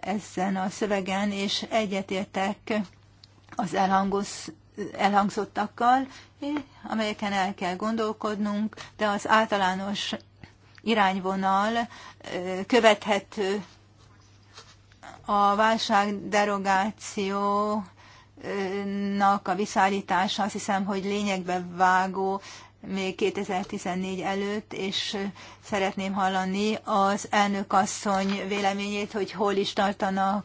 ezen a szövegen, és egyetértek az elhangos, elhangzottakkal, amelyeken el kell gondolkodnunk, de az általános irányvonal követhető a válság derogációnak a visszaállítása azt hiszem, hogy lényegbe vágó még 2014 előtt, és szeretném hallani az asszony véleményét, hogy hol is tartanak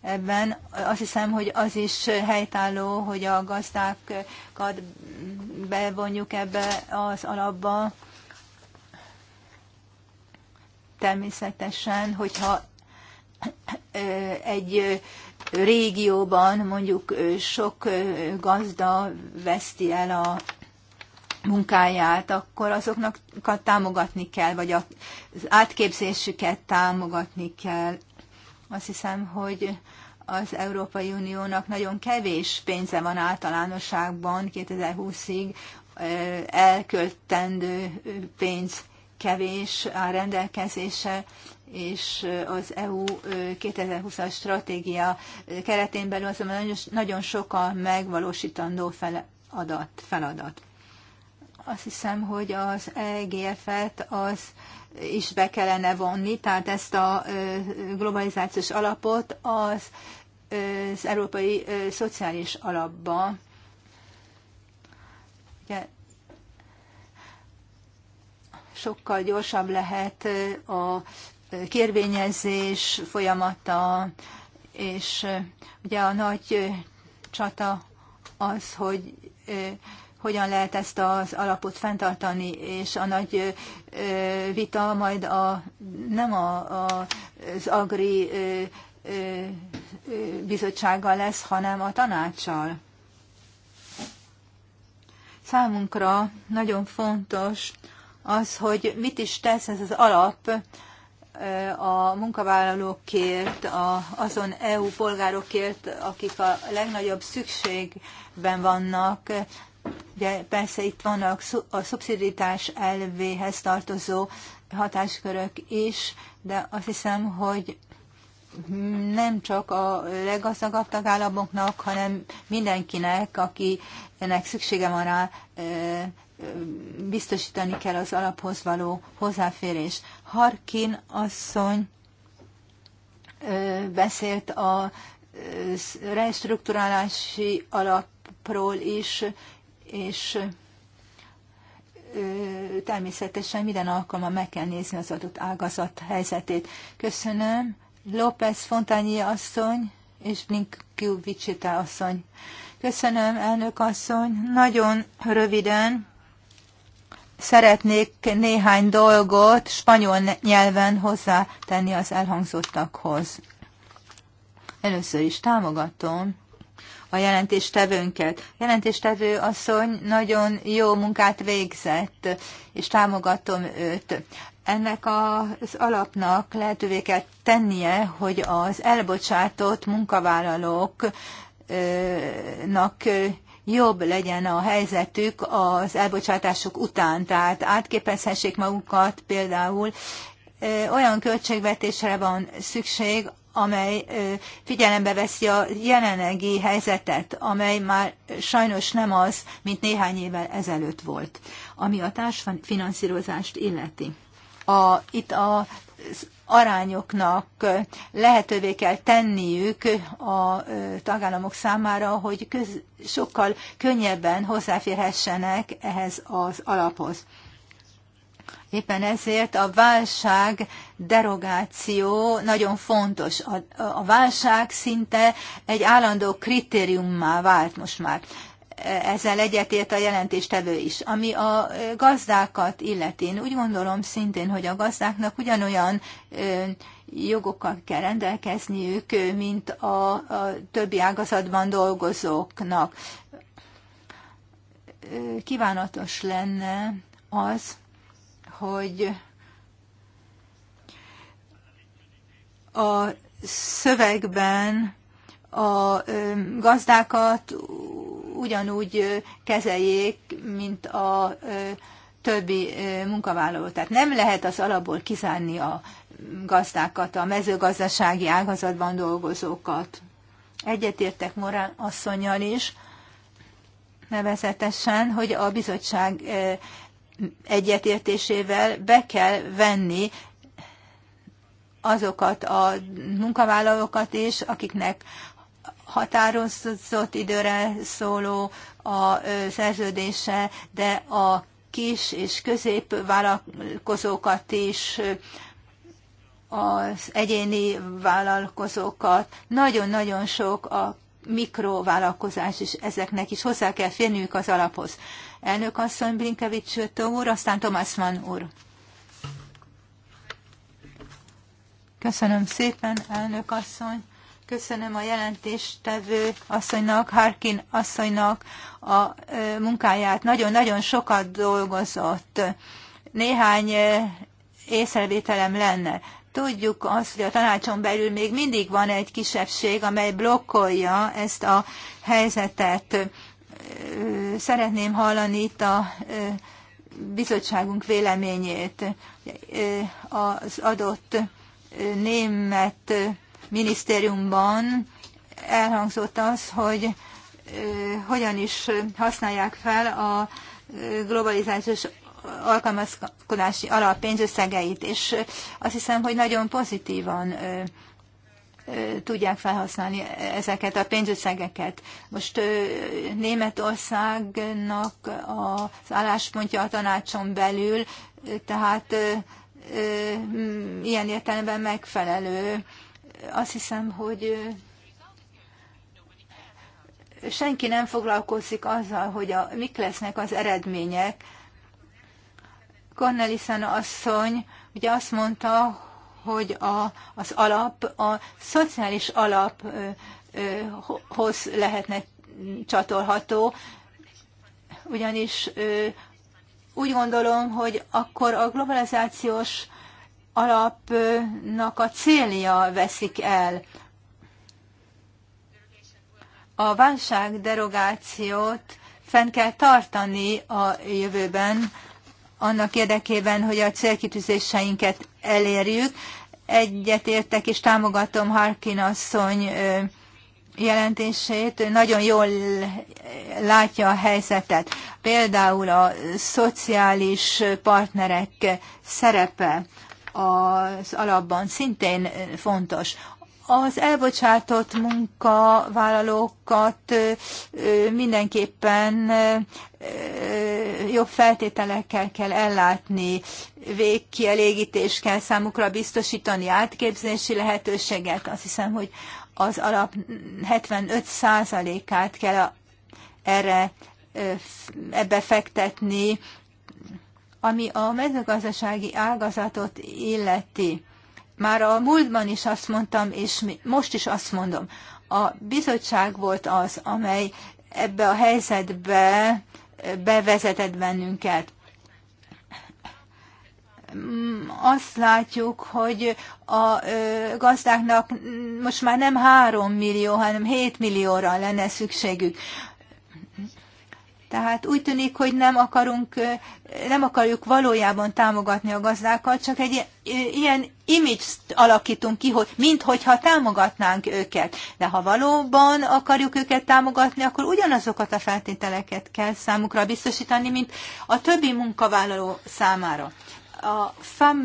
ebben. Azt hiszem, hogy az is helytálló, hogy a gazdákat bevonjuk ebbe az alapba. Természetesen, hogyha egy régióban mondjuk sok gazda veszti el a munkáját, akkor azoknakat támogatni kell, vagy az átképzésüket támogatni kell. Azt hiszem, hogy az Európai Uniónak nagyon kevés pénze van általánosságban 2020-ig, elköltendő pénz kevés a rendelkezése, és az EU 2020-as stratégia keretén belül azonban nagyon, sok a megvalósítandó feladat. Azt hiszem, hogy az EGF-et az is be kellene vonni, tehát ezt a globalizációs alapot az, az Európai Szociális Alapba. Ugye, sokkal gyorsabb lehet a kérvényezés folyamata, és ugye a nagy csata az, hogy hogyan lehet ezt az alapot fenntartani, és a nagy vita majd a, nem a, a, az Agri bizottsággal lesz, hanem a tanácssal. Számunkra nagyon fontos az, hogy mit is tesz ez az alap a munkavállalókért, a, azon EU polgárokért, akik a legnagyobb szükségben vannak, Ugye persze itt vannak a szubszidítás elvéhez tartozó hatáskörök is, de azt hiszem, hogy nem csak a leggazdagabb tagállamoknak, hanem mindenkinek, akinek szüksége van rá, biztosítani kell az alaphoz való hozzáférés. Harkin asszony beszélt a restruktúrálási alapról is, és természetesen minden alkalommal meg kell nézni az adott ágazat helyzetét. Köszönöm. López Fontányi asszony és Blinkiu Vicsita asszony. Köszönöm, elnök asszony. Nagyon röviden szeretnék néhány dolgot spanyol nyelven hozzátenni az elhangzottakhoz. Először is támogatom a jelentéstevőnket. A jelentéstevő asszony nagyon jó munkát végzett, és támogatom őt. Ennek az alapnak lehetővé kell tennie, hogy az elbocsátott munkavállalóknak jobb legyen a helyzetük az elbocsátásuk után, tehát átképezhessék magukat például olyan költségvetésre van szükség, amely figyelembe veszi a jelenlegi helyzetet, amely már sajnos nem az, mint néhány évvel ezelőtt volt, ami a társfinanszírozást illeti. A, itt a arányoknak lehetővé kell tenniük a tagállamok számára, hogy köz, sokkal könnyebben hozzáférhessenek ehhez az alaphoz. Éppen ezért a válság derogáció nagyon fontos. A, a válság szinte egy állandó kritériummá vált most már. Ezzel egyetért a jelentéstevő is. Ami a gazdákat illeti, úgy gondolom szintén, hogy a gazdáknak ugyanolyan jogokkal kell rendelkezniük, mint a, a többi ágazatban dolgozóknak. Kívánatos lenne az, hogy a szövegben a gazdákat ugyanúgy kezeljék, mint a többi munkavállaló. Tehát nem lehet az alapból kizárni a gazdákat, a mezőgazdasági ágazatban dolgozókat. Egyetértek Morán asszonyjal is, nevezetesen, hogy a bizottság egyetértésével be kell venni azokat a munkavállalókat is, akiknek határozott időre szóló a szerződése, de a kis és középvállalkozókat is, az egyéni vállalkozókat, nagyon-nagyon sok a mikrovállalkozás, is ezeknek is hozzá kell férniük az alaphoz. Elnök asszony Brinkevics úr, aztán Thomas Mann úr. Köszönöm szépen, elnök asszony. Köszönöm a jelentéstevő asszonynak, Harkin asszonynak a munkáját. Nagyon-nagyon sokat dolgozott. Néhány észrevételem lenne. Tudjuk azt, hogy a tanácson belül még mindig van egy kisebbség, amely blokkolja ezt a helyzetet szeretném hallani itt a bizottságunk véleményét az adott német minisztériumban elhangzott az, hogy hogyan is használják fel a globalizációs alkalmazkodási alap pénzösszegeit, és azt hiszem, hogy nagyon pozitívan tudják felhasználni ezeket a pénzösszegeket. Most Németországnak az álláspontja a tanácson belül, tehát ilyen értelemben megfelelő. Azt hiszem, hogy senki nem foglalkozik azzal, hogy a, mik lesznek az eredmények. Cornelissen asszony ugye azt mondta, hogy a, az alap, a szociális alaphoz lehetne csatolható, ugyanis úgy gondolom, hogy akkor a globalizációs alapnak a célja veszik el. A válság derogációt fenn kell tartani a jövőben annak érdekében, hogy a célkitűzéseinket elérjük. Egyetértek és támogatom Harkin asszony jelentését, nagyon jól látja a helyzetet. Például a szociális partnerek szerepe az alapban szintén fontos. Az elbocsátott munkavállalókat mindenképpen jobb feltételekkel kell ellátni, végkielégítést kell számukra biztosítani, átképzési lehetőséget. Azt hiszem, hogy az alap 75%-át kell erre ebbe fektetni, ami a mezőgazdasági ágazatot illeti már a múltban is azt mondtam, és most is azt mondom, a bizottság volt az, amely ebbe a helyzetbe eh, bevezetett bennünket. Mm, azt látjuk, hogy a eh, gazdáknak most már nem 3 millió, hanem 7 millióra lenne szükségük. Tehát úgy tűnik, hogy nem, akarunk, nem akarjuk valójában támogatni a gazdákat, csak egy ilyen image alakítunk ki, hogy minthogyha támogatnánk őket. De ha valóban akarjuk őket támogatni, akkor ugyanazokat a feltételeket kell számukra biztosítani, mint a többi munkavállaló számára. A FAM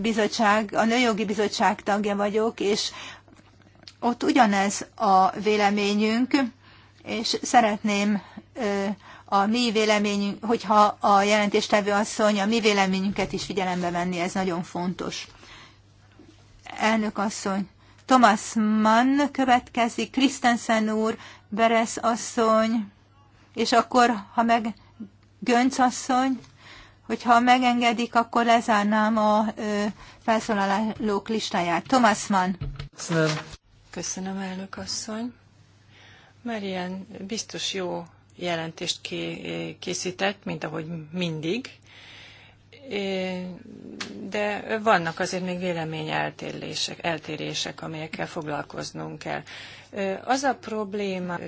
bizottság, a Nőjogi Bizottság tagja vagyok, és ott ugyanez a véleményünk, és szeretném a mi véleményünk, hogyha a jelentéstevő asszony a mi véleményünket is figyelembe venni, ez nagyon fontos. Elnök asszony, Thomas Mann következik, Krisztensen úr, Beres asszony, és akkor, ha meg Gönc asszony, hogyha megengedik, akkor lezárnám a ö, felszólalók listáját. Thomas Mann. Köszönöm, Köszönöm elnök asszony. Marian, biztos jó jelentést eh, készített, mint ahogy mindig, eh, de vannak azért még véleményeltérések, eltérések, amelyekkel foglalkoznunk kell. Eh, az a probléma,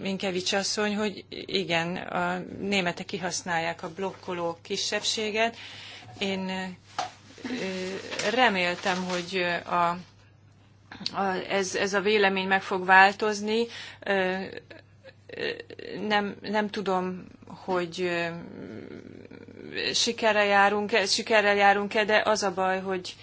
Minkevics asszony, hogy igen, a németek kihasználják a blokkoló kisebbséget. Én reméltem, hogy a ez, ez a vélemény meg fog változni nem, nem tudom, hogy sikerrel járunk-e, sikerrel járunk-e, de az a baj, hogy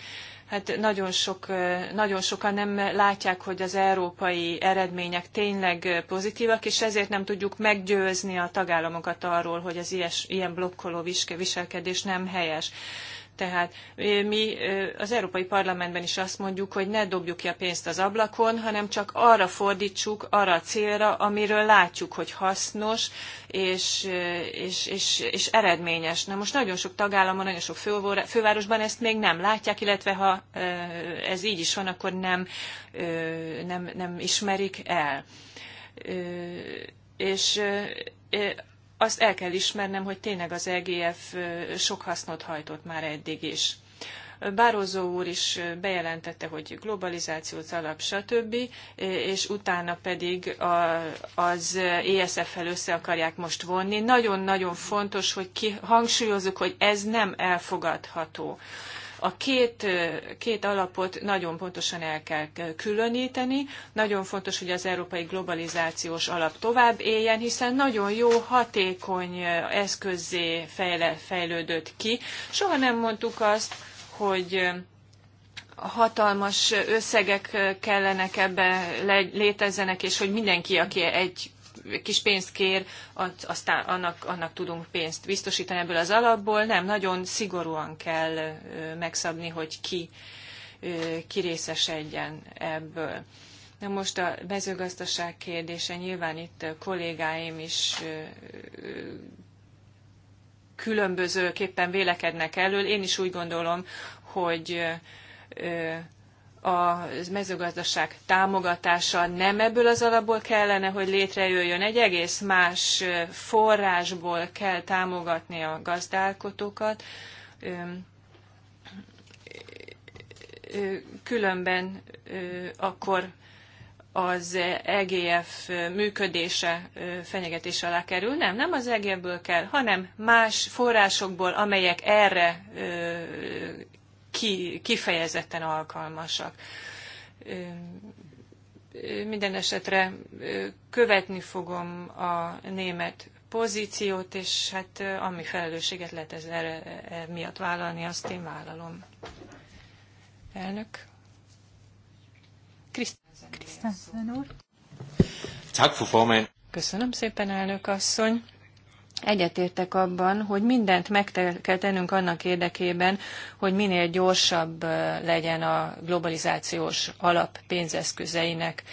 hát nagyon, sok, nagyon sokan nem látják, hogy az európai eredmények tényleg pozitívak, és ezért nem tudjuk meggyőzni a tagállamokat arról, hogy az ilyes, ilyen blokkoló viselkedés nem helyes. Tehát mi az Európai Parlamentben is azt mondjuk, hogy ne dobjuk ki a pénzt az ablakon, hanem csak arra fordítsuk, arra a célra, amiről látjuk, hogy hasznos és, és, és, és eredményes. Na most nagyon sok tagállamon, nagyon sok fővárosban ezt még nem látják, illetve ha ez így is van, akkor nem, nem, nem ismerik el. És azt el kell ismernem, hogy tényleg az EGF sok hasznot hajtott már eddig is. Bározó úr is bejelentette, hogy globalizációt alap, stb., és utána pedig a, az ESF-fel össze akarják most vonni. Nagyon-nagyon fontos, hogy hangsúlyozzuk, hogy ez nem elfogadható. A két, két alapot nagyon pontosan el kell különíteni. Nagyon fontos, hogy az európai globalizációs alap tovább éljen, hiszen nagyon jó, hatékony eszközzé fejle, fejlődött ki. Soha nem mondtuk azt, hogy hatalmas összegek kellenek ebbe, létezzenek, és hogy mindenki, aki egy kis pénzt kér, aztán annak, annak tudunk pénzt biztosítani ebből az alapból. Nem, nagyon szigorúan kell megszabni, hogy ki, ki részesedjen ebből. Na most a mezőgazdaság kérdése, nyilván itt a kollégáim is különbözőképpen vélekednek elől. Én is úgy gondolom, hogy a mezőgazdaság támogatása nem ebből az alapból kellene, hogy létrejöjjön, egy egész más forrásból kell támogatni a gazdálkodókat, különben akkor az EGF működése fenyegetés alá kerül. Nem, nem az EGF-ből kell, hanem más forrásokból, amelyek erre ki, kifejezetten alkalmasak. Minden esetre követni fogom a német pozíciót, és hát ami felelősséget lehet ez erre, erre miatt vállalni, azt én vállalom. Elnök. Krisztán. úr. Köszönöm szépen, elnök asszony egyetértek abban, hogy mindent meg kell tennünk annak érdekében, hogy minél gyorsabb eh, legyen a globalizációs alap pénzeszközeinek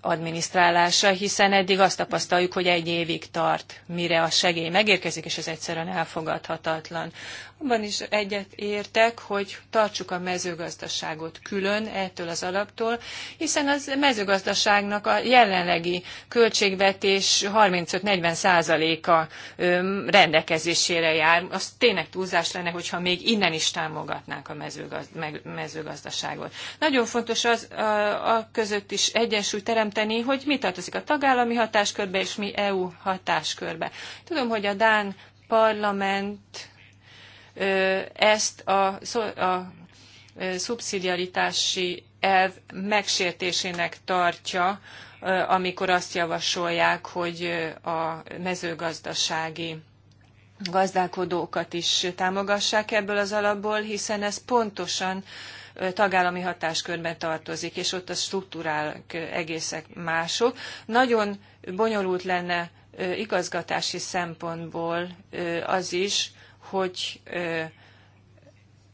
adminisztrálása, hiszen eddig azt tapasztaljuk, hogy egy évig tart, mire a segély megérkezik, és ez egyszerűen elfogadhatatlan. Abban is egyet értek, hogy tartsuk a mezőgazdaságot külön ettől az alaptól, hiszen az mezőgazdaságnak a jelenlegi költségvetés 35-40 százaléka rendelkezésére jár. Az tényleg túlzás lenne, hogyha még innen is támogatnák a mezőgazdaságot. Nagyon fontos az a között is egyet egyensúlyt teremteni, hogy mi tartozik a tagállami hatáskörbe és mi EU hatáskörbe. Tudom, hogy a Dán parlament ezt a, a szubszidiaritási elv megsértésének tartja, amikor azt javasolják, hogy a mezőgazdasági gazdálkodókat is támogassák ebből az alapból, hiszen ez pontosan tagállami hatáskörbe tartozik, és ott a struktúrák egészek mások. Nagyon bonyolult lenne igazgatási szempontból az is, hogy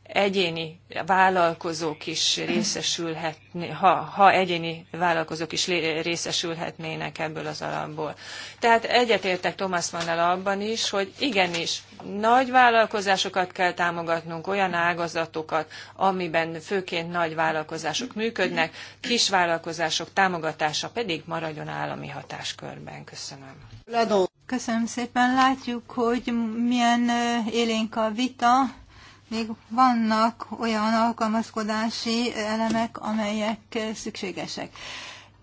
egyéni vállalkozók is részesülhetnének, ha, ha egyéni vállalkozók is részesülhetnének ebből az alapból. Tehát egyetértek Thomas Mannel abban is, hogy igenis nagy vállalkozásokat kell támogatnunk, olyan ágazatokat, amiben főként nagy vállalkozások működnek, kis vállalkozások támogatása pedig maradjon állami hatáskörben. Köszönöm. Köszönöm szépen. Látjuk, hogy milyen élénk a vita még vannak olyan alkalmazkodási elemek, amelyek szükségesek.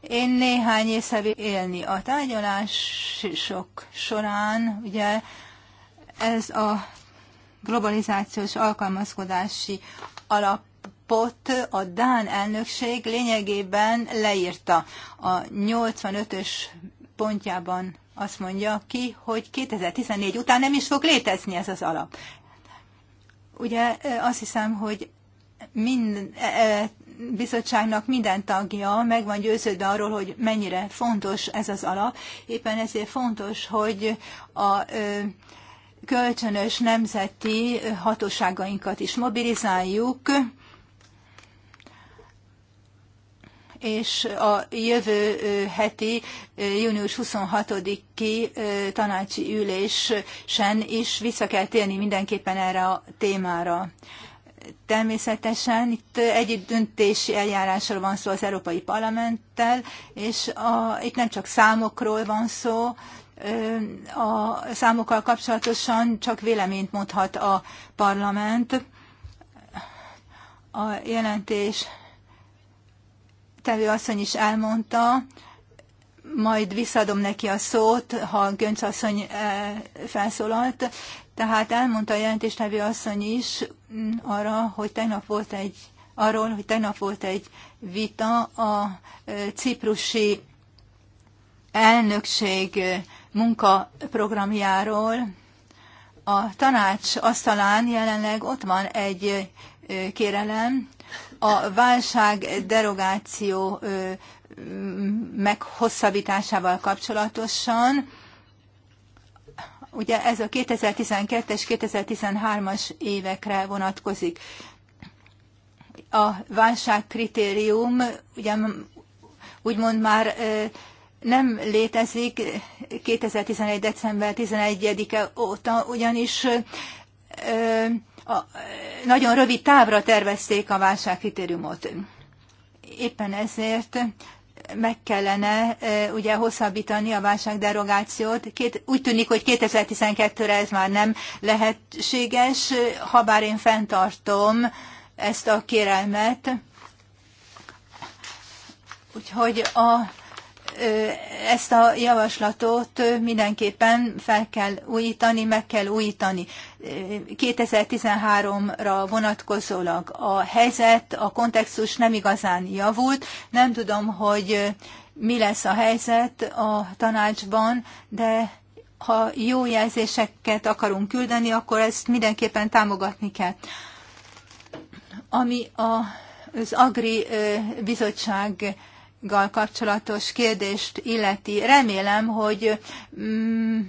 Én néhány észrevé élni a tárgyalások során, ugye ez a globalizációs alkalmazkodási alapot a Dán elnökség lényegében leírta. A 85-ös pontjában azt mondja ki, hogy 2014 után nem is fog létezni ez az alap. Ugye azt hiszem, hogy mind, bizottságnak minden tagja meg van győződve arról, hogy mennyire fontos ez az alap. Éppen ezért fontos, hogy a kölcsönös nemzeti hatóságainkat is mobilizáljuk, és a jövő heti június 26-i tanácsi ülésen is vissza kell térni mindenképpen erre a témára. Természetesen itt együtt döntési eljárásról van szó az Európai Parlamenttel, és a, itt nem csak számokról van szó, a számokkal kapcsolatosan csak véleményt mondhat a parlament. A jelentés Tevő asszony is elmondta, majd visszadom neki a szót, ha Gönc asszony eh, felszólalt. Tehát elmondta a jelentéstevő asszony is mm, arra, hogy tegnap volt egy, arról, hogy tegnap volt egy vita a eh, ciprusi elnökség eh, munkaprogramjáról. A tanács asztalán jelenleg ott van egy kérelem a válság derogáció meghosszabbításával kapcsolatosan. Ugye ez a 2012-es, 2013-as évekre vonatkozik. A válság kritérium ugye úgymond már nem létezik 2011. december 11-e óta, ugyanis a, nagyon rövid távra tervezték a válságkritériumot. Éppen ezért meg kellene e, ugye hosszabbítani a válságderogációt. Két, úgy tűnik, hogy 2012-re ez már nem lehetséges, ha bár én fenntartom ezt a kérelmet. Úgyhogy a, e, ezt a javaslatot mindenképpen fel kell újítani, meg kell újítani. 2013-ra vonatkozólag a helyzet, a kontextus nem igazán javult. Nem tudom, hogy mi lesz a helyzet a tanácsban, de ha jó jelzéseket akarunk küldeni, akkor ezt mindenképpen támogatni kell. Ami a, az Agri bizottság gal kapcsolatos kérdést illeti. Remélem, hogy mm,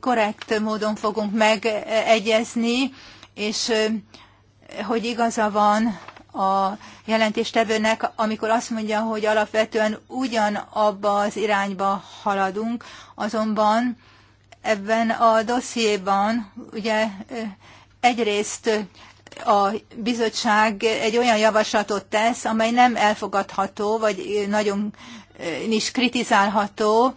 korrekt módon fogunk megegyezni, és hogy igaza van a jelentéstevőnek, amikor azt mondja, hogy alapvetően ugyanabba az irányba haladunk, azonban ebben a dossziéban ugye egyrészt a bizottság egy olyan javaslatot tesz, amely nem elfogadható, vagy nagyon eh, is kritizálható.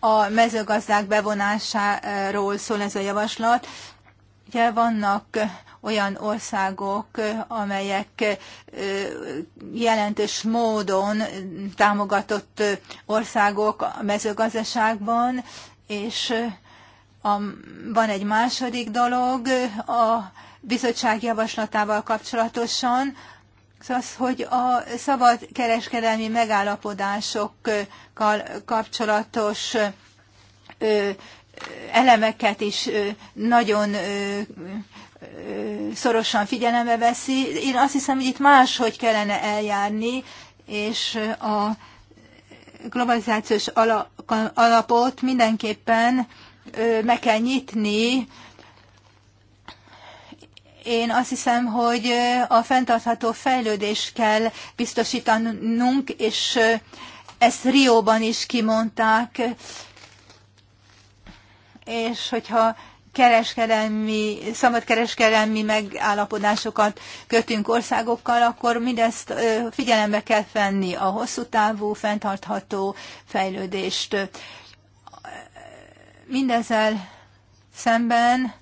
A mezőgazdák bevonásáról szól ez a javaslat. Ugye vannak olyan országok, amelyek eh, jelentős módon támogatott országok a mezőgazdaságban, és eh, a, van egy második dolog, a bizottság javaslatával kapcsolatosan, az szóval az, hogy a szabad kereskedelmi megállapodásokkal kapcsolatos elemeket is nagyon szorosan figyelembe veszi. Én azt hiszem, hogy itt máshogy kellene eljárni, és a globalizációs alapot mindenképpen meg kell nyitni én azt hiszem, hogy a fenntartható fejlődés kell biztosítanunk, és ezt Rióban is kimondták, és hogyha kereskedelmi, szabadkereskedelmi megállapodásokat kötünk országokkal, akkor mindezt figyelembe kell venni a hosszú távú, fenntartható fejlődést. Mindezzel szemben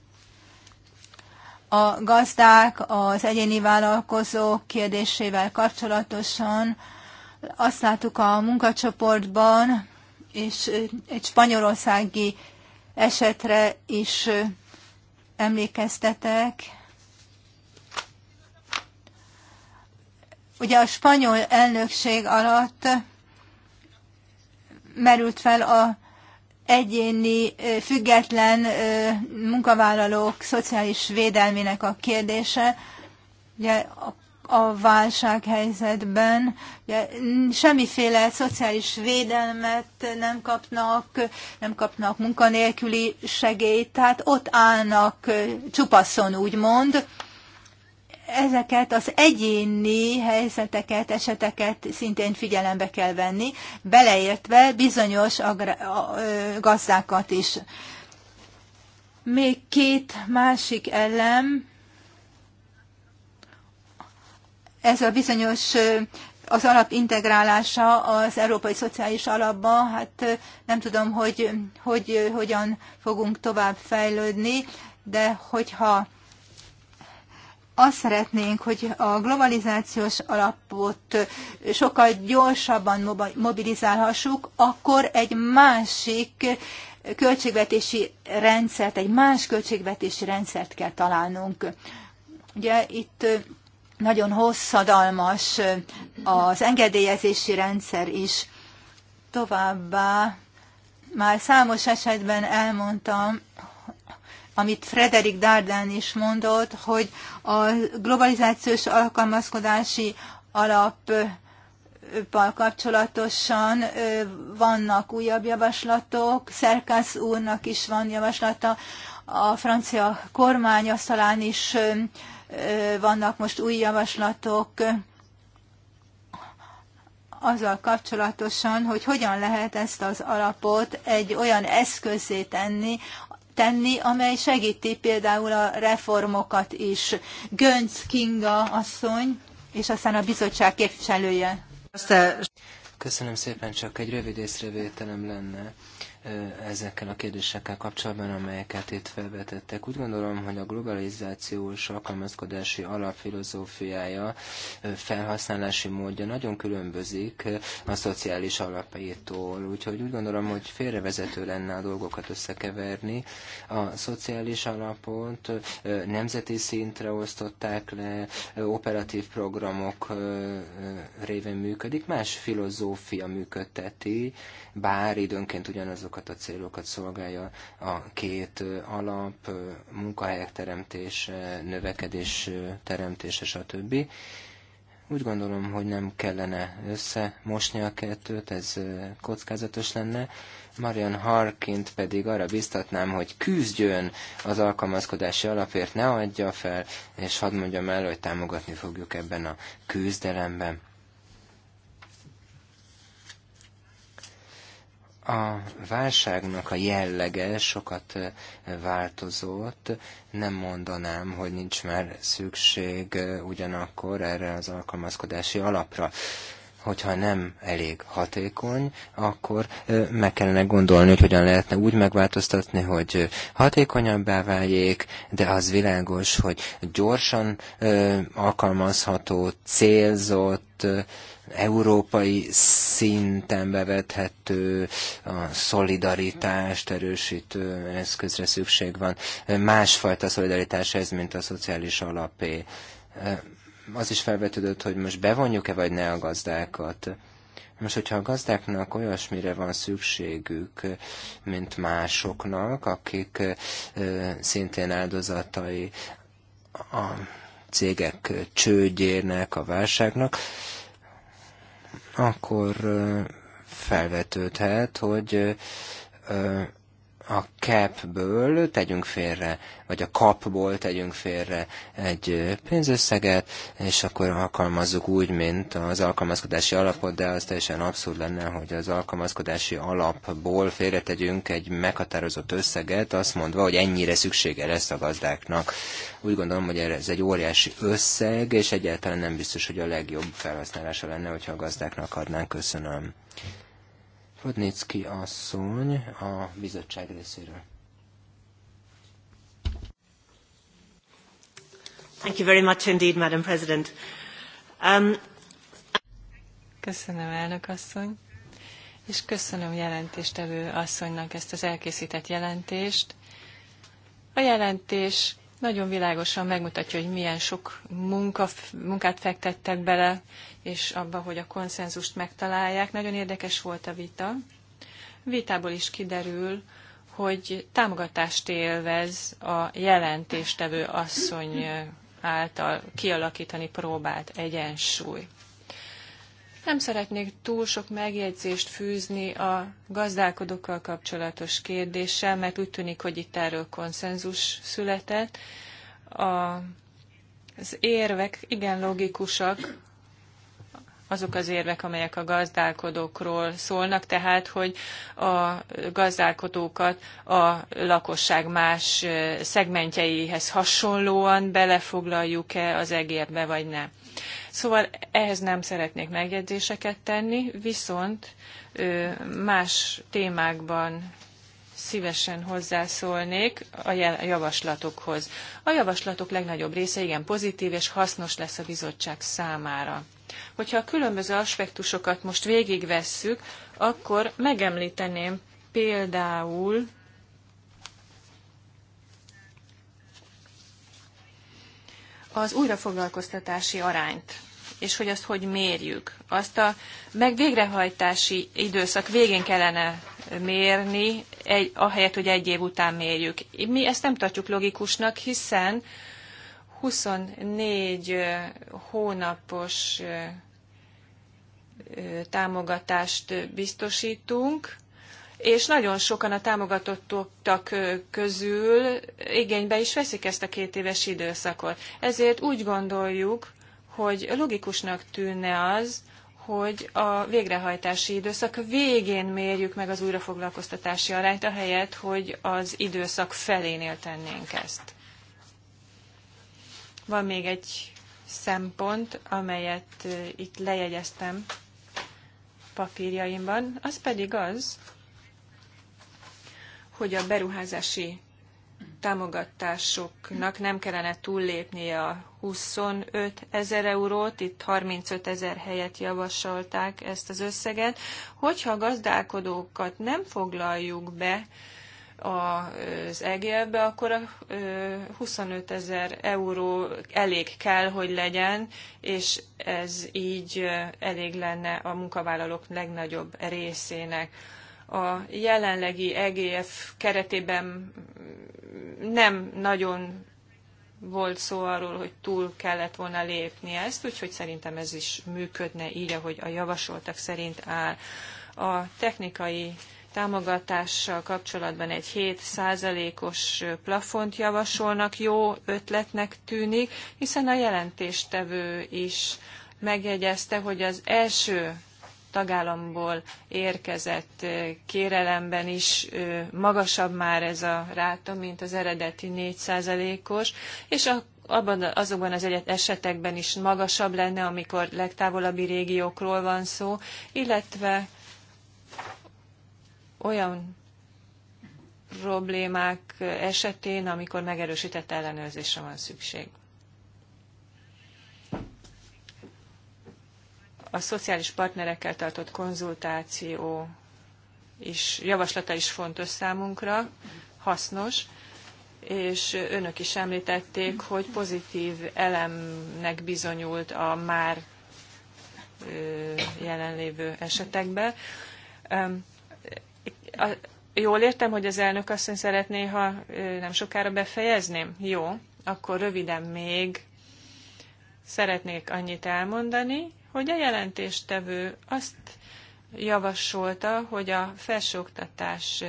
a gazdák, az egyéni vállalkozók kérdésével kapcsolatosan azt láttuk a munkacsoportban, és egy spanyolországi esetre is emlékeztetek. Ugye a spanyol elnökség alatt merült fel a egyéni, független munkavállalók szociális védelmének a kérdése. Ugye a válsághelyzetben ugye, semmiféle szociális védelmet nem kapnak, nem kapnak munkanélküli segélyt, tehát ott állnak csupaszon, úgymond ezeket az egyéni helyzeteket, eseteket szintén figyelembe kell venni, beleértve bizonyos gazdákat is. Még két másik elem, ez a bizonyos az alap integrálása az Európai Szociális Alapba, hát nem tudom, hogy, hogy hogyan fogunk tovább fejlődni, de hogyha azt szeretnénk, hogy a globalizációs alapot sokkal gyorsabban mobilizálhassuk, akkor egy másik költségvetési rendszert, egy más költségvetési rendszert kell találnunk. Ugye itt nagyon hosszadalmas az engedélyezési rendszer is. Továbbá már számos esetben elmondtam, amit Frederik Darden is mondott, hogy a globalizációs alkalmazkodási alap kapcsolatosan vannak újabb javaslatok, Szerkász úrnak is van javaslata, a francia kormány asztalán is vannak most új javaslatok azzal kapcsolatosan, hogy hogyan lehet ezt az alapot egy olyan eszközé tenni, tenni, amely segíti például a reformokat is. Gönc Kinga asszony, és aztán a bizottság képviselője. Köszönöm szépen, csak egy rövid észrevételem lenne ezekkel a kérdésekkel kapcsolatban, amelyeket itt felvetettek. Úgy gondolom, hogy a globalizációs alkalmazkodási alapfilozófiája, felhasználási módja nagyon különbözik a szociális alapjaitól, úgyhogy úgy gondolom, hogy félrevezető lenne a dolgokat összekeverni. A szociális alapot nemzeti szintre osztották le, operatív programok révén működik, más filozófia működteti, bár időnként ugyanazok azokat a célokat szolgálja a két alap, munkahelyek teremtése, növekedés teremtése, stb. Úgy gondolom, hogy nem kellene összemosni a kettőt, ez kockázatos lenne. Marian Harkint pedig arra biztatnám, hogy küzdjön az alkalmazkodási alapért, ne adja fel, és hadd mondjam el, hogy támogatni fogjuk ebben a küzdelemben. A válságnak a jellege sokat változott, nem mondanám, hogy nincs már szükség ugyanakkor erre az alkalmazkodási alapra hogyha nem elég hatékony, akkor meg kellene gondolni, hogy hogyan lehetne úgy megváltoztatni, hogy hatékonyabbá váljék, de az világos, hogy gyorsan alkalmazható, célzott, európai szinten bevethető, a szolidaritást erősítő eszközre szükség van. Másfajta szolidaritás ez, mint a szociális alapé. Az is felvetődött, hogy most bevonjuk-e vagy ne a gazdákat. Most, hogyha a gazdáknak olyasmire van szükségük, mint másoknak, akik szintén áldozatai a cégek csődjének, a válságnak, akkor felvetődhet, hogy a capből tegyünk félre, vagy a kapból tegyünk félre egy pénzösszeget, és akkor alkalmazzuk úgy, mint az alkalmazkodási alapot, de az teljesen abszurd lenne, hogy az alkalmazkodási alapból félretegyünk egy meghatározott összeget, azt mondva, hogy ennyire szüksége lesz a gazdáknak. Úgy gondolom, hogy ez egy óriási összeg, és egyáltalán nem biztos, hogy a legjobb felhasználása lenne, hogyha a gazdáknak adnánk. Köszönöm. Vodnicki asszony a bizottság részéről. Thank you very much indeed, Madam President. Um, Köszönöm, elnök asszony, és köszönöm jelentéstevő asszonynak ezt az elkészített jelentést. A jelentés nagyon világosan megmutatja, hogy milyen sok munka, munkát fektettek bele, és abba, hogy a konszenzust megtalálják. Nagyon érdekes volt a vita. Vitából is kiderül, hogy támogatást élvez a jelentéstevő asszony által kialakítani próbált egyensúly. Nem szeretnék túl sok megjegyzést fűzni a gazdálkodókkal kapcsolatos kérdéssel, mert úgy tűnik, hogy itt erről konszenzus született. A, az érvek igen logikusak azok az érvek, amelyek a gazdálkodókról szólnak, tehát, hogy a gazdálkodókat a lakosság más szegmentjeihez hasonlóan belefoglaljuk-e az egérbe, vagy nem. Szóval ehhez nem szeretnék megjegyzéseket tenni, viszont más témákban szívesen hozzászólnék a javaslatokhoz. A javaslatok legnagyobb része igen pozitív és hasznos lesz a bizottság számára. Hogyha a különböző aspektusokat most végigvesszük, akkor megemlíteném például az újrafoglalkoztatási arányt, és hogy azt hogy mérjük. Azt a meg végrehajtási időszak végén kellene mérni, egy, ahelyett, hogy egy év után mérjük. Mi ezt nem tartjuk logikusnak, hiszen 24 hónapos támogatást biztosítunk, és nagyon sokan a támogatottak közül igénybe is veszik ezt a két éves időszakot. Ezért úgy gondoljuk, hogy logikusnak tűnne az, hogy a végrehajtási időszak végén mérjük meg az újrafoglalkoztatási arányt, ahelyett, hogy az időszak felénél tennénk ezt. Van még egy szempont, amelyet itt lejegyeztem papírjaimban, az pedig az, hogy a beruházási támogatásoknak nem kellene túllépnie a 25 ezer eurót, itt 35 ezer helyet javasolták ezt az összeget. Hogyha a gazdálkodókat nem foglaljuk be az EGF-be, akkor a 25 ezer euró elég kell, hogy legyen, és ez így elég lenne a munkavállalók legnagyobb részének a jelenlegi EGF keretében nem nagyon volt szó arról, hogy túl kellett volna lépni ezt, úgyhogy szerintem ez is működne így, ahogy a javasoltak szerint áll. A technikai támogatással kapcsolatban egy 7%-os plafont javasolnak, jó ötletnek tűnik, hiszen a jelentéstevő is megjegyezte, hogy az első tagállamból érkezett kérelemben is magasabb már ez a ráta, mint az eredeti 4%-os, és a abban, azokban az egyet esetekben is magasabb lenne, amikor legtávolabbi régiókról van szó, illetve olyan problémák esetén, amikor megerősített ellenőrzésre van szükség. A szociális partnerekkel tartott konzultáció is, javaslata is fontos számunkra, hasznos, és önök is említették, hogy pozitív elemnek bizonyult a már jelenlévő esetekben. Jól értem, hogy az elnök asszony szeretné, ha nem sokára befejezném? Jó, akkor röviden még szeretnék annyit elmondani, hogy a jelentéstevő azt javasolta, hogy a felsőoktatás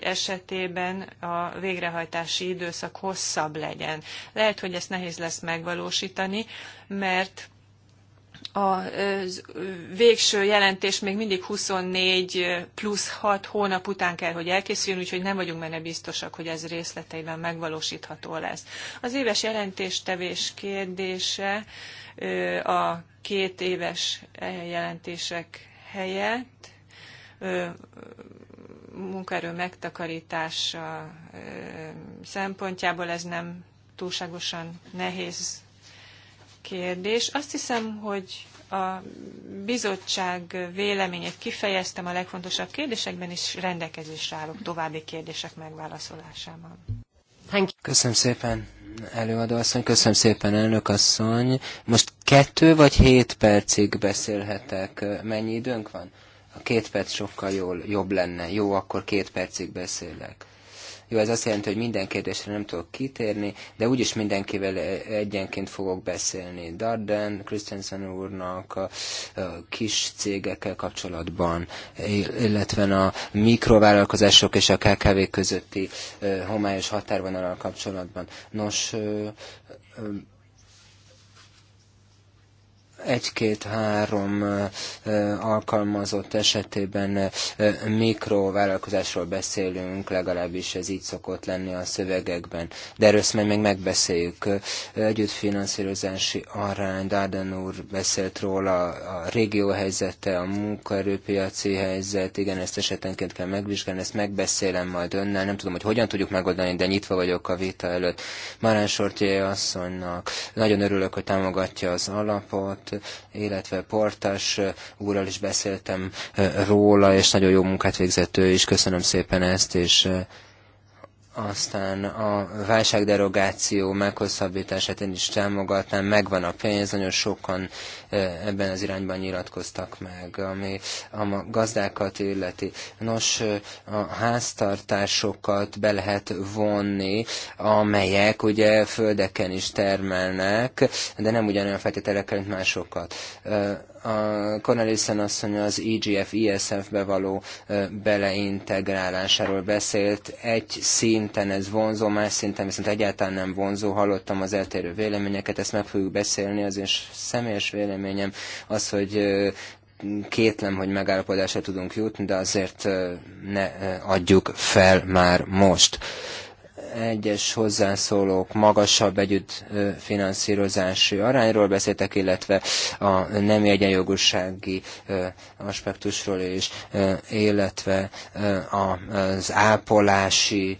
esetében a végrehajtási időszak hosszabb legyen. Lehet, hogy ezt nehéz lesz megvalósítani, mert a végső jelentés még mindig 24 plusz 6 hónap után kell, hogy elkészüljön, úgyhogy nem vagyunk benne biztosak, hogy ez részleteiben megvalósítható lesz. Az éves jelentéstevés kérdése a két éves jelentések helyett munkaerő megtakarítása szempontjából ez nem túlságosan nehéz kérdés. Azt hiszem, hogy a bizottság véleményét kifejeztem a legfontosabb kérdésekben, és rendelkezésre állok további kérdések megválaszolásában. Köszönöm szépen, előadóasszony, köszönöm szépen, elnökasszony. Most kettő vagy hét percig beszélhetek. Mennyi időnk van? A két perc sokkal jól, jobb lenne. Jó, akkor két percig beszélek. Jó, ez azt jelenti, hogy minden kérdésre nem tudok kitérni, de úgyis mindenkivel eh, egyenként fogok beszélni. Darden, Christensen úrnak, a, kis cégekkel kapcsolatban, eh, illetve a mikrovállalkozások és a KKV közötti eh, homályos határvonalal kapcsolatban. Nos, egy-két-három alkalmazott esetében mikrovállalkozásról beszélünk, legalábbis ez így szokott lenni a szövegekben. De erről ezt majd még megbeszéljük. Együttfinanszírozási arány, Darden úr beszélt róla, a régió helyzete, a munkaerőpiaci helyzet, igen, ezt esetenként kell megvizsgálni, ezt megbeszélem majd önnel, nem tudom, hogy hogyan tudjuk megoldani, de nyitva vagyok a vita előtt. Marán Sortjé asszonynak, nagyon örülök, hogy támogatja az alapot, illetve Portas úrral is beszéltem róla, és nagyon jó munkát végzett ő is, köszönöm szépen ezt, és aztán a válságderogáció meghosszabbítását én is támogatnám, megvan a pénz, nagyon sokan ebben az irányban nyilatkoztak meg, ami a gazdákat illeti. Nos, a háztartásokat be lehet vonni, amelyek ugye földeken is termelnek, de nem ugyanolyan feltételekkel, mint másokat a Cornelissen asszony az egf isf e be való beleintegrálásáról beszélt. Egy szinten ez vonzó, más szinten viszont egyáltalán nem vonzó. Hallottam az eltérő véleményeket, ezt meg fogjuk beszélni, az én személyes vélemény véleményem az, hogy kétlem, hogy megállapodásra tudunk jutni, de azért ne adjuk fel már most egyes hozzászólók magasabb együttfinanszírozási arányról beszéltek, illetve a nemi egyenjogúsági aspektusról is, illetve az ápolási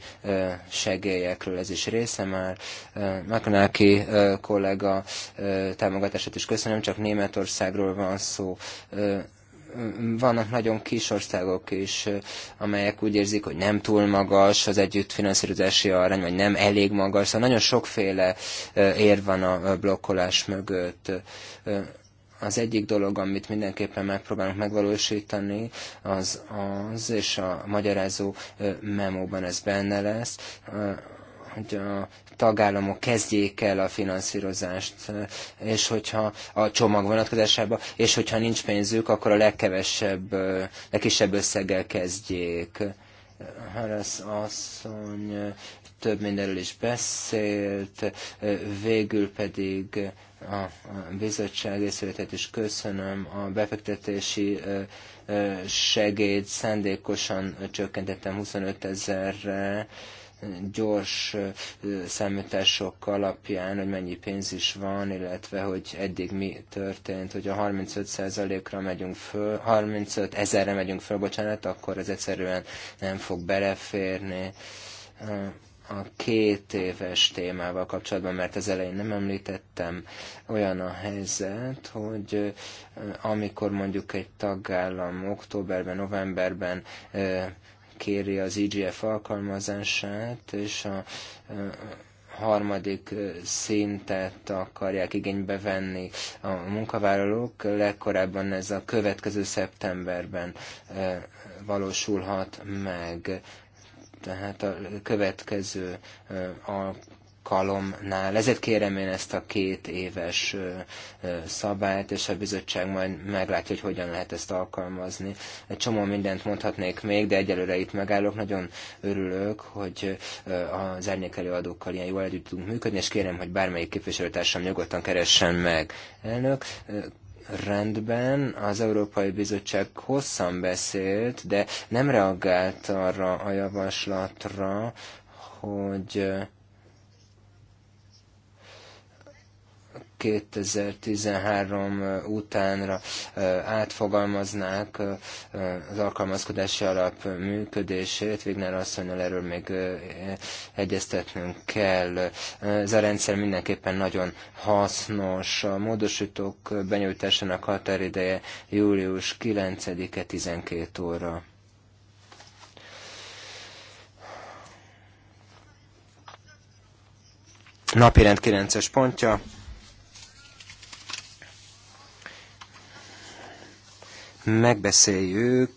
segélyekről. Ez is része már. Makonáki kollega támogatását is köszönöm, csak Németországról van szó vannak nagyon kis országok is, amelyek úgy érzik, hogy nem túl magas az együttfinanszírozási arány, vagy nem elég magas. Szóval nagyon sokféle ér van a blokkolás mögött az egyik dolog, amit mindenképpen megpróbálunk megvalósítani, az az, és a magyarázó memóban ez benne lesz, hogy a tagállamok kezdjék el a finanszírozást, és hogyha a csomag vonatkozásában, és hogyha nincs pénzük, akkor a legkevesebb, legkisebb összeggel kezdjék. Harasz asszony több mindenről is beszélt, végül pedig a bizottság részvételt is köszönöm, a befektetési segéd szándékosan csökkentettem 25 ezerre, gyors számítások alapján, hogy mennyi pénz is van, illetve hogy eddig mi történt, hogy a 35%-ra megyünk föl, 35 ezerre megyünk föl, bocsánat, akkor ez egyszerűen nem fog beleférni a két éves témával kapcsolatban, mert az elején nem említettem, olyan a helyzet, hogy amikor mondjuk egy tagállam októberben, novemberben kéri az IGF e alkalmazását, és a harmadik szintet akarják igénybe venni a munkavállalók. Legkorábban ez a következő szeptemberben e, valósulhat meg. Tehát a következő e, alkalomnál. Ezért kérem én ezt a két éves szabályt, és a bizottság majd meglátja, hogy hogyan lehet ezt alkalmazni. Egy csomó mindent mondhatnék még, de egyelőre itt megállok. Nagyon örülök, hogy az árnyékelőadókkal ilyen jól együtt tudunk működni, és kérem, hogy bármelyik képviselőtársam nyugodtan keressen meg. Elnök, rendben, az Európai Bizottság hosszan beszélt, de nem reagált arra a javaslatra, hogy 2013 utánra átfogalmaznák az alkalmazkodási alap működését. Vignár asszonynal erről még egyeztetnünk kell. Ez a rendszer mindenképpen nagyon hasznos. A módosítók benyújtásának határideje július 9-e 12 óra. Napirend 9-es pontja. megbeszéljük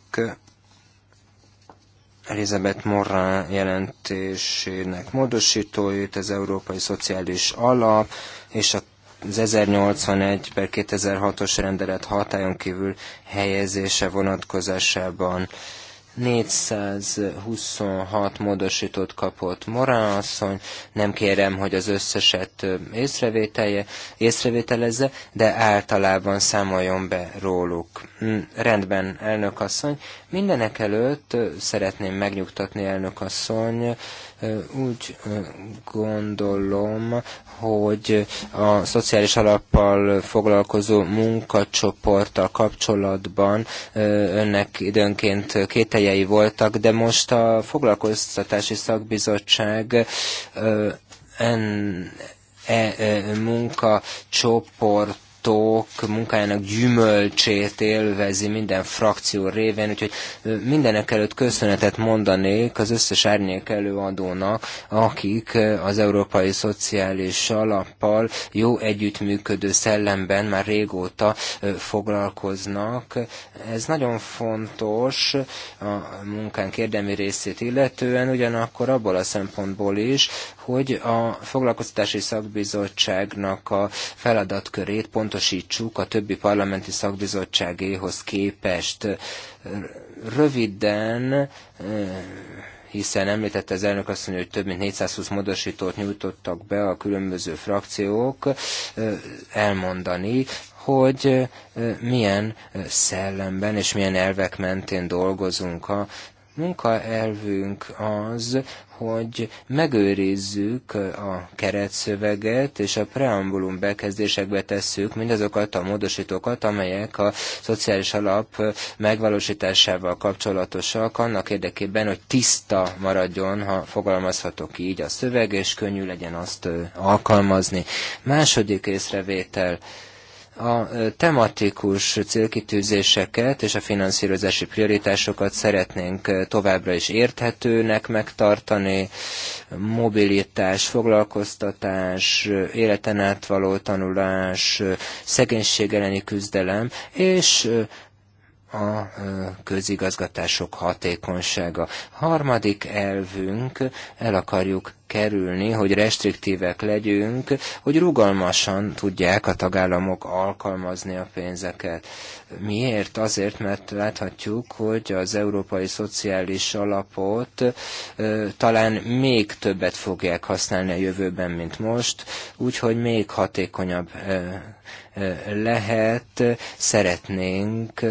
Elizabeth Morán jelentésének módosítóit, az Európai Szociális Alap és az 1081 per 2006-os rendelet hatályon kívül helyezése vonatkozásában 426 módosítót kapott Morán asszony, nem kérem, hogy az összeset észrevételje, észrevételezze, de általában számoljon be róluk. Mm, rendben, elnök asszony. Mindenek előtt szeretném megnyugtatni elnök asszony, úgy gondolom, hogy a szociális alappal foglalkozó munkacsoporttal kapcsolatban önnek időnként kételjei voltak, de most a foglalkoztatási szakbizottság en, e, e munkacsoport pártok munkájának gyümölcsét élvezi minden frakció révén, úgyhogy mindenek előtt köszönetet mondanék az összes árnyék előadónak, akik az Európai Szociális Alappal jó együttműködő szellemben már régóta foglalkoznak. Ez nagyon fontos a munkánk érdemi részét illetően, ugyanakkor abból a szempontból is, hogy a foglalkoztatási szakbizottságnak a feladatkörét pontosítsuk a többi parlamenti szakbizottságéhoz képest. Röviden eh, hiszen említette az elnök azt mondja, hogy több mint 420 módosítót nyújtottak be a különböző frakciók, eh, elmondani, hogy eh, milyen szellemben és milyen elvek mentén dolgozunk a munkaelvünk az, hogy megőrizzük a keretszöveget, és a preambulum bekezdésekbe tesszük mindazokat a módosítókat, amelyek a szociális alap megvalósításával kapcsolatosak, annak érdekében, hogy tiszta maradjon, ha fogalmazhatok így a szöveg, és könnyű legyen azt alkalmazni. Második észrevétel a tematikus célkitűzéseket és a finanszírozási prioritásokat szeretnénk továbbra is érthetőnek megtartani, mobilitás, foglalkoztatás, életen átvaló tanulás, szegénység elleni küzdelem, és a közigazgatások hatékonysága. Harmadik elvünk, el akarjuk kerülni, hogy restriktívek legyünk, hogy rugalmasan tudják a tagállamok alkalmazni a pénzeket. Miért? Azért, mert láthatjuk, hogy az Európai Szociális Alapot ö, talán még többet fogják használni a jövőben, mint most, úgyhogy még hatékonyabb ö, ö, lehet, szeretnénk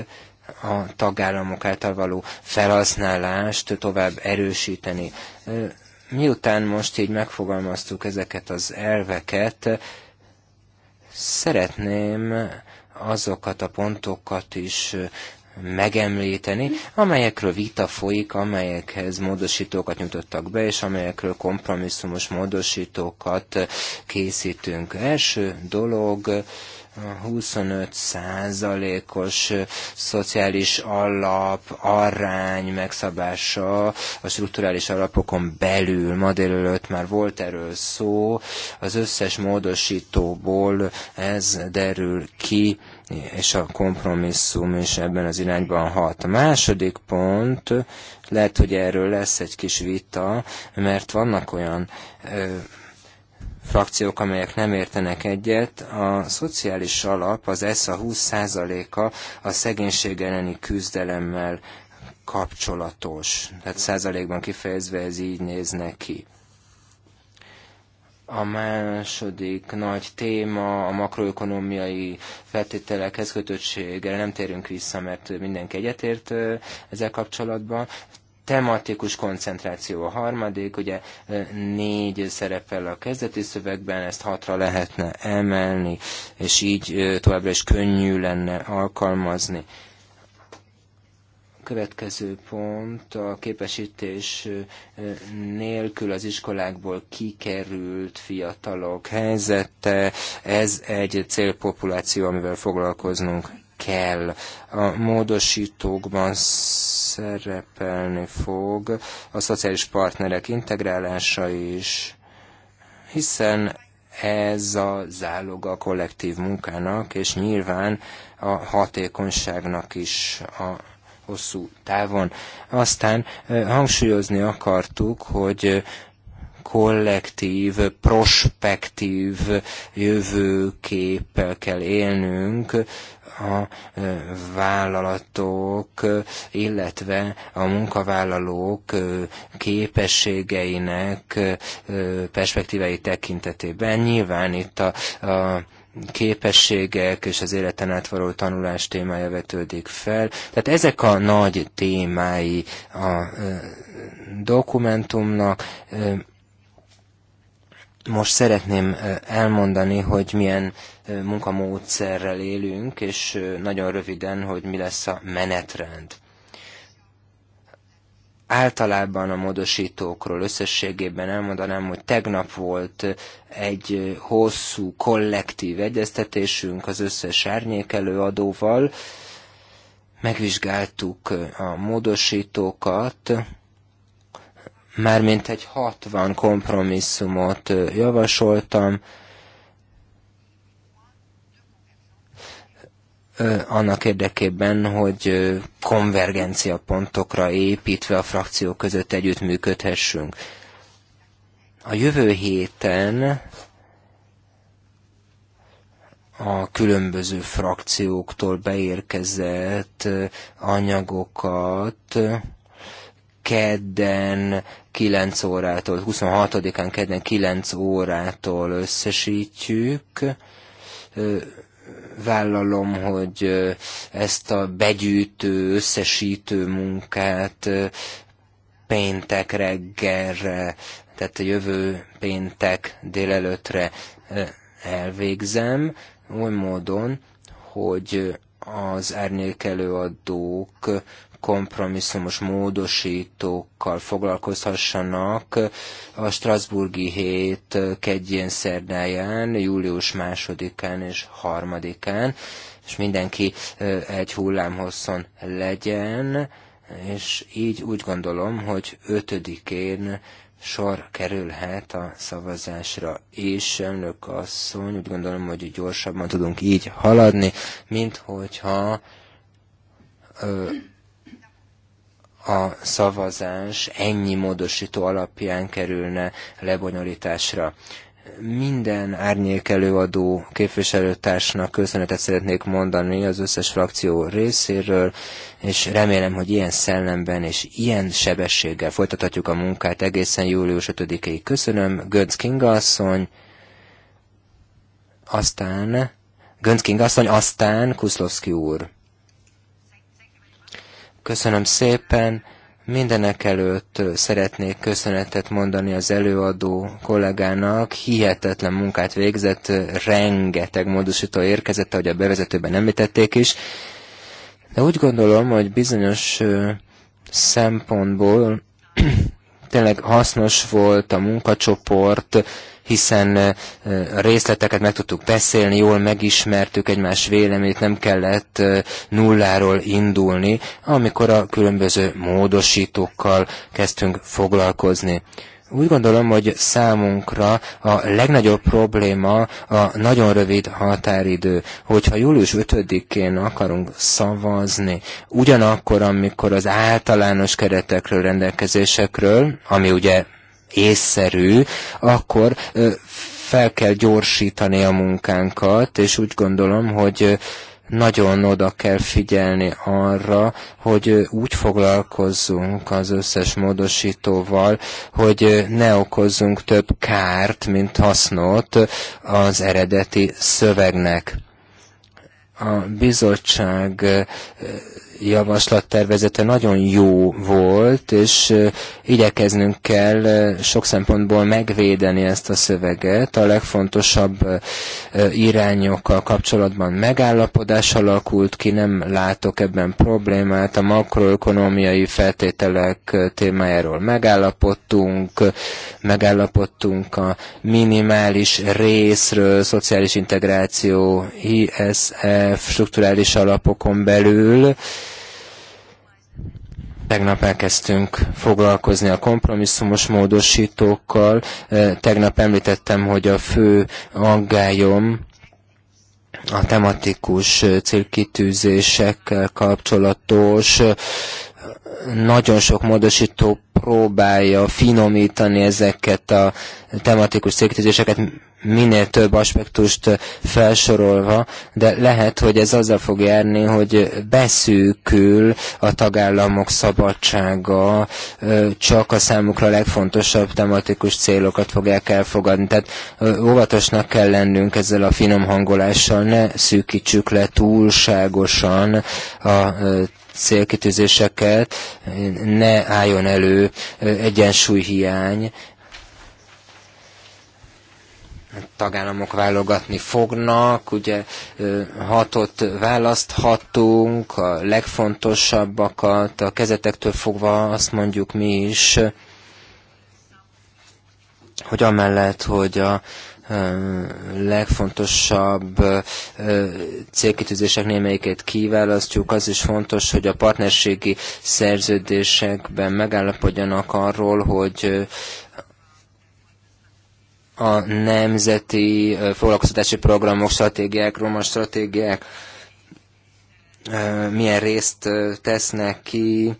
a tagállamok által való felhasználást tovább erősíteni. Miután most így megfogalmaztuk ezeket az elveket, szeretném azokat a pontokat is megemlíteni, amelyekről vita folyik, amelyekhez módosítókat nyújtottak be, és amelyekről kompromisszumos módosítókat készítünk. Első dolog, a 25 százalékos szociális alap arány megszabása a strukturális alapokon belül. Ma délelőtt már volt erről szó, az összes módosítóból ez derül ki, és a kompromisszum is ebben az irányban hat. A második pont, lehet, hogy erről lesz egy kis vita, mert vannak olyan ö, frakciók, amelyek nem értenek egyet. A szociális alap, az ESZA 20%-a a szegénység elleni küzdelemmel kapcsolatos. Tehát százalékban kifejezve ez így nézne ki. A második nagy téma a makroökonomiai feltételekhez kötöttségre nem térünk vissza, mert mindenki egyetért ezzel kapcsolatban tematikus koncentráció a harmadik, ugye négy szerepel a kezdeti szövegben, ezt hatra lehetne emelni, és így továbbra is könnyű lenne alkalmazni. Következő pont a képesítés nélkül az iskolákból kikerült fiatalok helyzete. Ez egy célpopuláció, amivel foglalkoznunk kell. A módosítókban szerepelni fog a szociális partnerek integrálása is, hiszen ez a záloga a kollektív munkának, és nyilván a hatékonyságnak is a hosszú távon. Aztán eh, hangsúlyozni akartuk, hogy kollektív, prospektív jövőképpel kell élnünk, a e, vállalatok, illetve a munkavállalók e, képességeinek e, perspektívei tekintetében. Nyilván itt a, a képességek és az életen átvaló tanulás témája vetődik fel. Tehát ezek a nagy témái a dokumentumnak most szeretném elmondani, hogy milyen munkamódszerrel élünk, és nagyon röviden, hogy mi lesz a menetrend. Általában a módosítókról összességében elmondanám, hogy tegnap volt egy hosszú kollektív egyeztetésünk az összes adóval megvizsgáltuk a módosítókat, mármint egy 60 kompromisszumot javasoltam, annak érdekében, hogy konvergencia pontokra építve a frakciók között együttműködhessünk. A jövő héten a különböző frakcióktól beérkezett anyagokat kedden 9 órától, 26-án kedden 9 órától összesítjük. Vállalom, hogy ezt a begyűjtő, összesítő munkát péntek reggelre, tehát a jövő péntek délelőttre elvégzem, oly módon, hogy az árnyékelőadók kompromisszumos módosítókkal foglalkozhassanak a Strasburgi hét kedjén szerdáján, július másodikán és harmadikán, és mindenki egy hullámhosszon legyen, és így úgy gondolom, hogy ötödikén sor kerülhet a szavazásra is. Elnök asszony, úgy gondolom, hogy gyorsabban tudunk így haladni, mint hogyha a szavazás ennyi módosító alapján kerülne lebonyolításra. Minden árnyék előadó képviselőtársnak köszönetet szeretnék mondani az összes frakció részéről, és remélem, hogy ilyen szellemben és ilyen sebességgel folytathatjuk a munkát egészen július 5-ig. Köszönöm, Gönc Kinga asszony, aztán, Gönc Kinga asszony, aztán Kuszlowski úr. Köszönöm szépen. Mindenek előtt szeretnék köszönetet mondani az előadó kollégának. Hihetetlen munkát végzett, rengeteg módosító érkezett, ahogy a bevezetőben említették is. De úgy gondolom, hogy bizonyos szempontból tényleg hasznos volt a munkacsoport, hiszen részleteket meg tudtuk beszélni, jól megismertük egymás véleményét, nem kellett nulláról indulni, amikor a különböző módosítókkal kezdtünk foglalkozni. Úgy gondolom, hogy számunkra a legnagyobb probléma a nagyon rövid határidő. Hogyha július 5-én akarunk szavazni, ugyanakkor, amikor az általános keretekről, rendelkezésekről, ami ugye észszerű, akkor fel kell gyorsítani a munkánkat, és úgy gondolom, hogy nagyon oda kell figyelni arra, hogy úgy foglalkozzunk az összes módosítóval, hogy ne okozzunk több kárt, mint hasznot az eredeti szövegnek. A bizottság javaslattervezete nagyon jó volt, és igyekeznünk kell sok szempontból megvédeni ezt a szöveget. A legfontosabb irányokkal kapcsolatban megállapodás alakult ki, nem látok ebben problémát. A makroökonomiai feltételek témájáról megállapodtunk, megállapodtunk a minimális részről, szociális integráció, ISF, strukturális alapokon belül, Tegnap elkezdtünk foglalkozni a kompromisszumos módosítókkal. Tegnap említettem, hogy a fő aggályom a tematikus célkitűzésekkel kapcsolatos nagyon sok módosító próbálja finomítani ezeket a tematikus célkitűzéseket, minél több aspektust felsorolva, de lehet, hogy ez azzal fog járni, hogy beszűkül a tagállamok szabadsága, csak a számukra legfontosabb tematikus célokat fogják elfogadni. Tehát óvatosnak kell lennünk ezzel a finom hangolással, ne szűkítsük le túlságosan a célkitűzéseket, ne álljon elő egyensúlyhiány, tagállamok válogatni fognak, ugye hatot választhatunk, a legfontosabbakat, a kezetektől fogva azt mondjuk mi is, hogy amellett, hogy a legfontosabb célkitűzések némelyikét kiválasztjuk. Az is fontos, hogy a partnerségi szerződésekben megállapodjanak arról, hogy a nemzeti foglalkoztatási programok, stratégiák, roma stratégiák milyen részt tesznek ki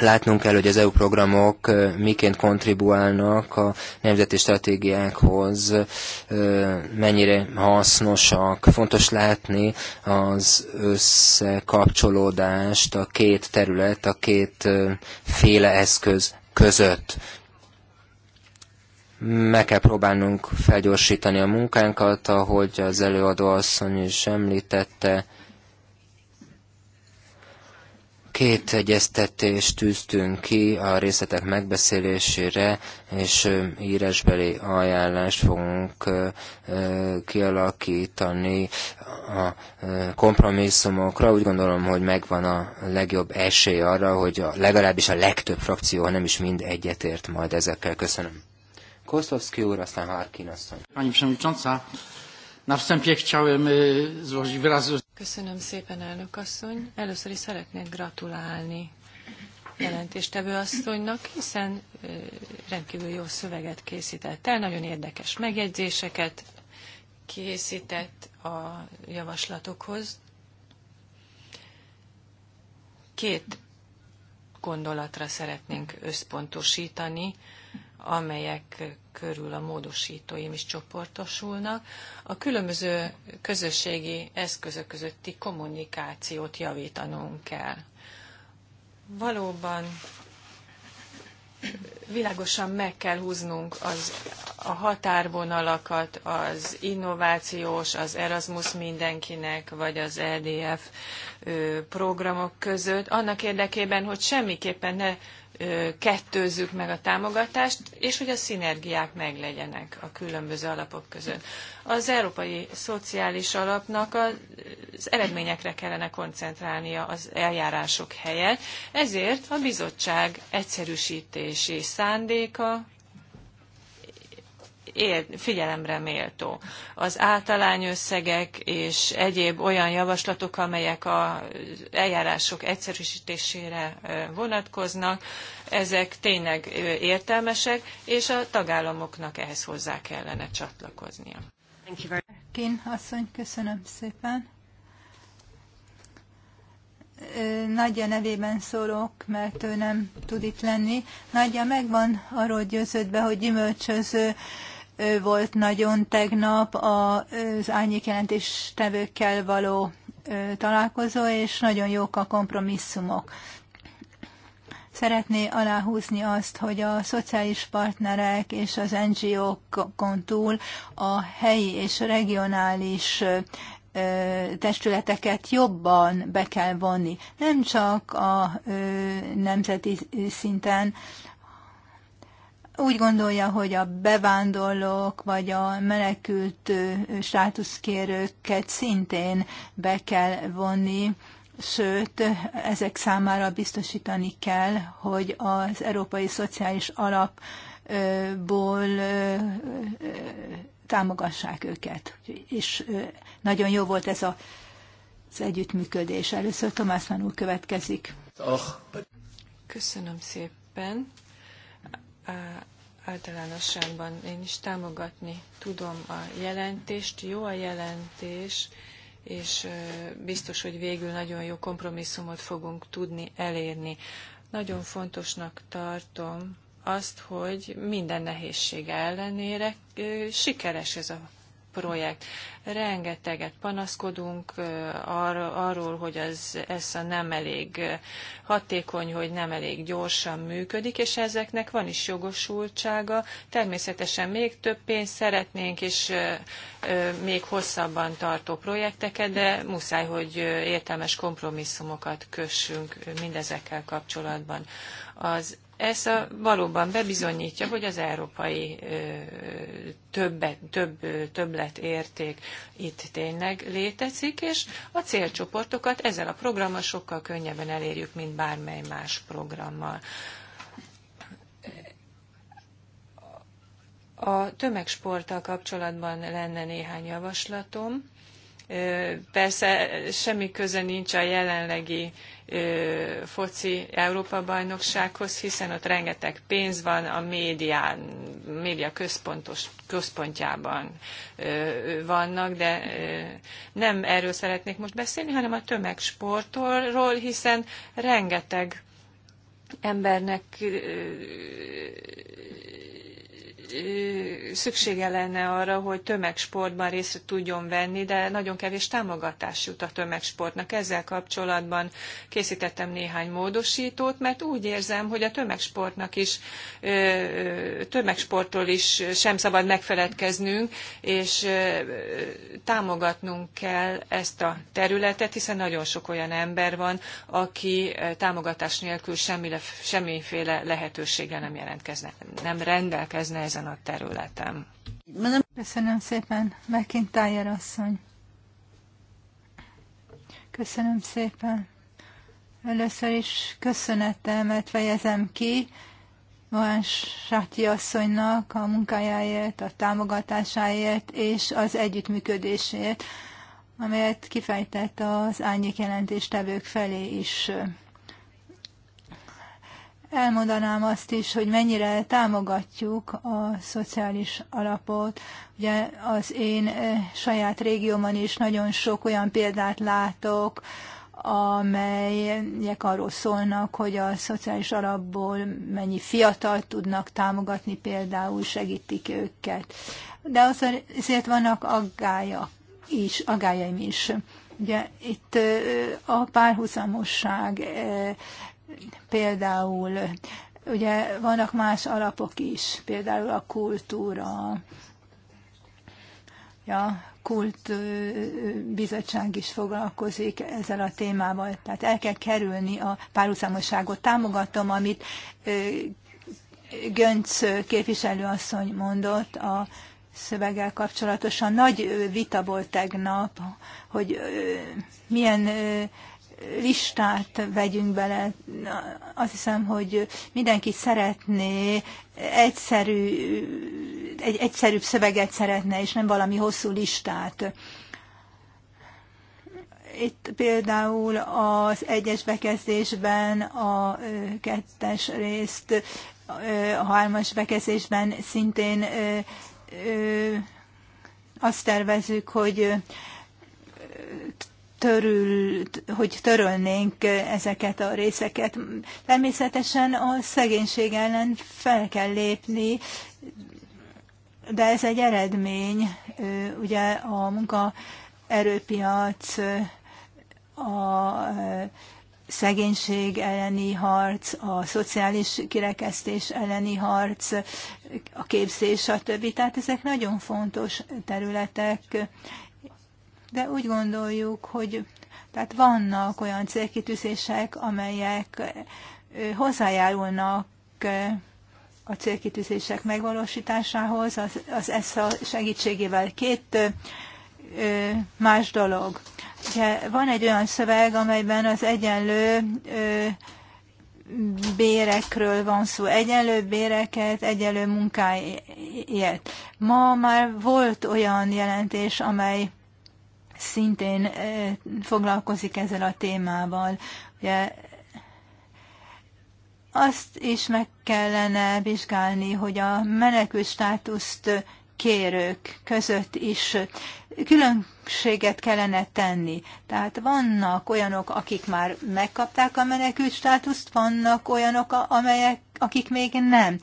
látnunk kell, hogy az EU programok miként kontribuálnak a nemzeti stratégiákhoz, mennyire hasznosak. Fontos látni az összekapcsolódást a két terület, a két féle eszköz között. Meg kell próbálnunk felgyorsítani a munkánkat, ahogy az előadó asszony is említette, Két egyeztetést tűztünk ki a részletek megbeszélésére, és írásbeli ajánlást fogunk kialakítani a kompromisszumokra. Úgy gondolom, hogy megvan a legjobb esély arra, hogy a, legalábbis a legtöbb frakció, ha nem is mind egyetért majd ezekkel. Köszönöm. Kosztovszki úr, aztán Harkin asszony. Pani Przewodnicząca, Na wstępie chciałem złożyć wyrazy... Köszönöm szépen, elnök asszony. Először is szeretnék gratulálni jelentéstevő asszonynak, hiszen rendkívül jó szöveget készített el, nagyon érdekes megjegyzéseket készített a javaslatokhoz. Két gondolatra szeretnénk összpontosítani, amelyek körül a módosítóim is csoportosulnak, a különböző közösségi eszközök közötti kommunikációt javítanunk kell. Valóban világosan meg kell húznunk az, a határvonalakat, az innovációs, az Erasmus mindenkinek, vagy az EDF programok között, annak érdekében, hogy semmiképpen ne kettőzzük meg a támogatást, és hogy a szinergiák meglegyenek a különböző alapok között. Az Európai Szociális Alapnak az eredményekre kellene koncentrálnia az eljárások helyett, ezért a bizottság egyszerűsítési szándéka ér, figyelemre méltó. Az összegek és egyéb olyan javaslatok, amelyek az eljárások egyszerűsítésére vonatkoznak, ezek tényleg értelmesek, és a tagállamoknak ehhez hozzá kellene csatlakoznia. Kín asszony, köszönöm szépen. Nagyja nevében szólok, mert ő nem tud itt lenni. Nagyja megvan arról győződve, hogy gyümölcsöző volt nagyon tegnap az árnyék jelentéstevőkkel való találkozó, és nagyon jók a kompromisszumok. Szeretné aláhúzni azt, hogy a szociális partnerek és az NGO-kon túl a helyi és regionális testületeket jobban be kell vonni. Nem csak a nemzeti szinten, úgy gondolja, hogy a bevándorlók vagy a menekült státuszkérőket szintén be kell vonni, sőt, ezek számára biztosítani kell, hogy az Európai Szociális Alapból támogassák őket. És nagyon jó volt ez a, az együttműködés. Először Tomás Manu következik. Köszönöm szépen általánosságban én is támogatni tudom a jelentést. Jó a jelentés, és biztos, hogy végül nagyon jó kompromisszumot fogunk tudni elérni. Nagyon fontosnak tartom azt, hogy minden nehézség ellenére sikeres ez a projekt. Rengeteget panaszkodunk ar- arról, hogy az ESZA nem elég hatékony, hogy nem elég gyorsan működik, és ezeknek van is jogosultsága. Természetesen még több pénzt szeretnénk, és még hosszabban tartó projekteket, de muszáj, hogy értelmes kompromisszumokat kössünk mindezekkel kapcsolatban. Az ez a, valóban bebizonyítja, hogy az európai többet, több, többletérték itt tényleg létezik, és a célcsoportokat ezzel a programmal sokkal könnyebben elérjük, mint bármely más programmal. A tömegsporttal kapcsolatban lenne néhány javaslatom. Persze semmi köze nincs a jelenlegi foci Európa-bajnoksághoz, hiszen ott rengeteg pénz van a médián, média központos, központjában vannak, de nem erről szeretnék most beszélni, hanem a tömegsportról, hiszen rengeteg embernek szüksége lenne arra, hogy tömegsportban részt tudjon venni, de nagyon kevés támogatás jut a tömegsportnak. Ezzel kapcsolatban készítettem néhány módosítót, mert úgy érzem, hogy a tömegsportnak is, tömegsporttól is sem szabad megfeledkeznünk, és támogatnunk kell ezt a területet, hiszen nagyon sok olyan ember van, aki támogatás nélkül semmiféle lehetőséggel nem jelentkezne, nem rendelkezne ez ezen a területen. Köszönöm szépen, McIntyre asszony. Köszönöm szépen. Először is köszönetemet fejezem ki Noán Sáti asszonynak a munkájáért, a támogatásáért és az együttműködésért, amelyet kifejtett az árnyék jelentéstevők felé is. Elmondanám azt is, hogy mennyire támogatjuk a szociális alapot. Ugye az én eh, saját régiómon is nagyon sok olyan példát látok, amelyek arról szólnak, hogy a szociális alapból mennyi fiatal tudnak támogatni, például segítik őket. De azért vannak aggája is, aggájaim is. Ugye itt eh, a párhuzamosság eh, Például ugye vannak más alapok is, például a kultúra, ja, kult bizottság is foglalkozik ezzel a témával. Tehát el kell kerülni a párhuzamoságot. Támogatom, amit Gönc képviselőasszony mondott a szöveggel kapcsolatosan. Nagy vita volt tegnap, hogy milyen listát vegyünk bele. Azt hiszem, hogy mindenki szeretné egyszerű, egy egyszerűbb szöveget szeretne, és nem valami hosszú listát. Itt például az egyes bekezdésben a kettes részt, a hármas bekezdésben szintén azt tervezzük, hogy törül, hogy törölnénk ezeket a részeket. Természetesen a szegénység ellen fel kell lépni, de ez egy eredmény. Ugye a munkaerőpiac, a szegénység elleni harc, a szociális kirekesztés elleni harc, a képzés, stb. Tehát ezek nagyon fontos területek, de úgy gondoljuk, hogy tehát vannak olyan célkitűzések, amelyek hozzájárulnak a célkitűzések megvalósításához az, az ESZA segítségével. Két más dolog. Ugye van egy olyan szöveg, amelyben az egyenlő bérekről van szó, egyenlő béreket, egyenlő munkáért. Ma már volt olyan jelentés, amely szintén foglalkozik ezzel a témával. Ugye azt is meg kellene vizsgálni, hogy a menekül státuszt kérők között is különbséget kellene tenni. Tehát vannak olyanok, akik már megkapták a menekült státuszt, vannak olyanok, amelyek, akik még nem.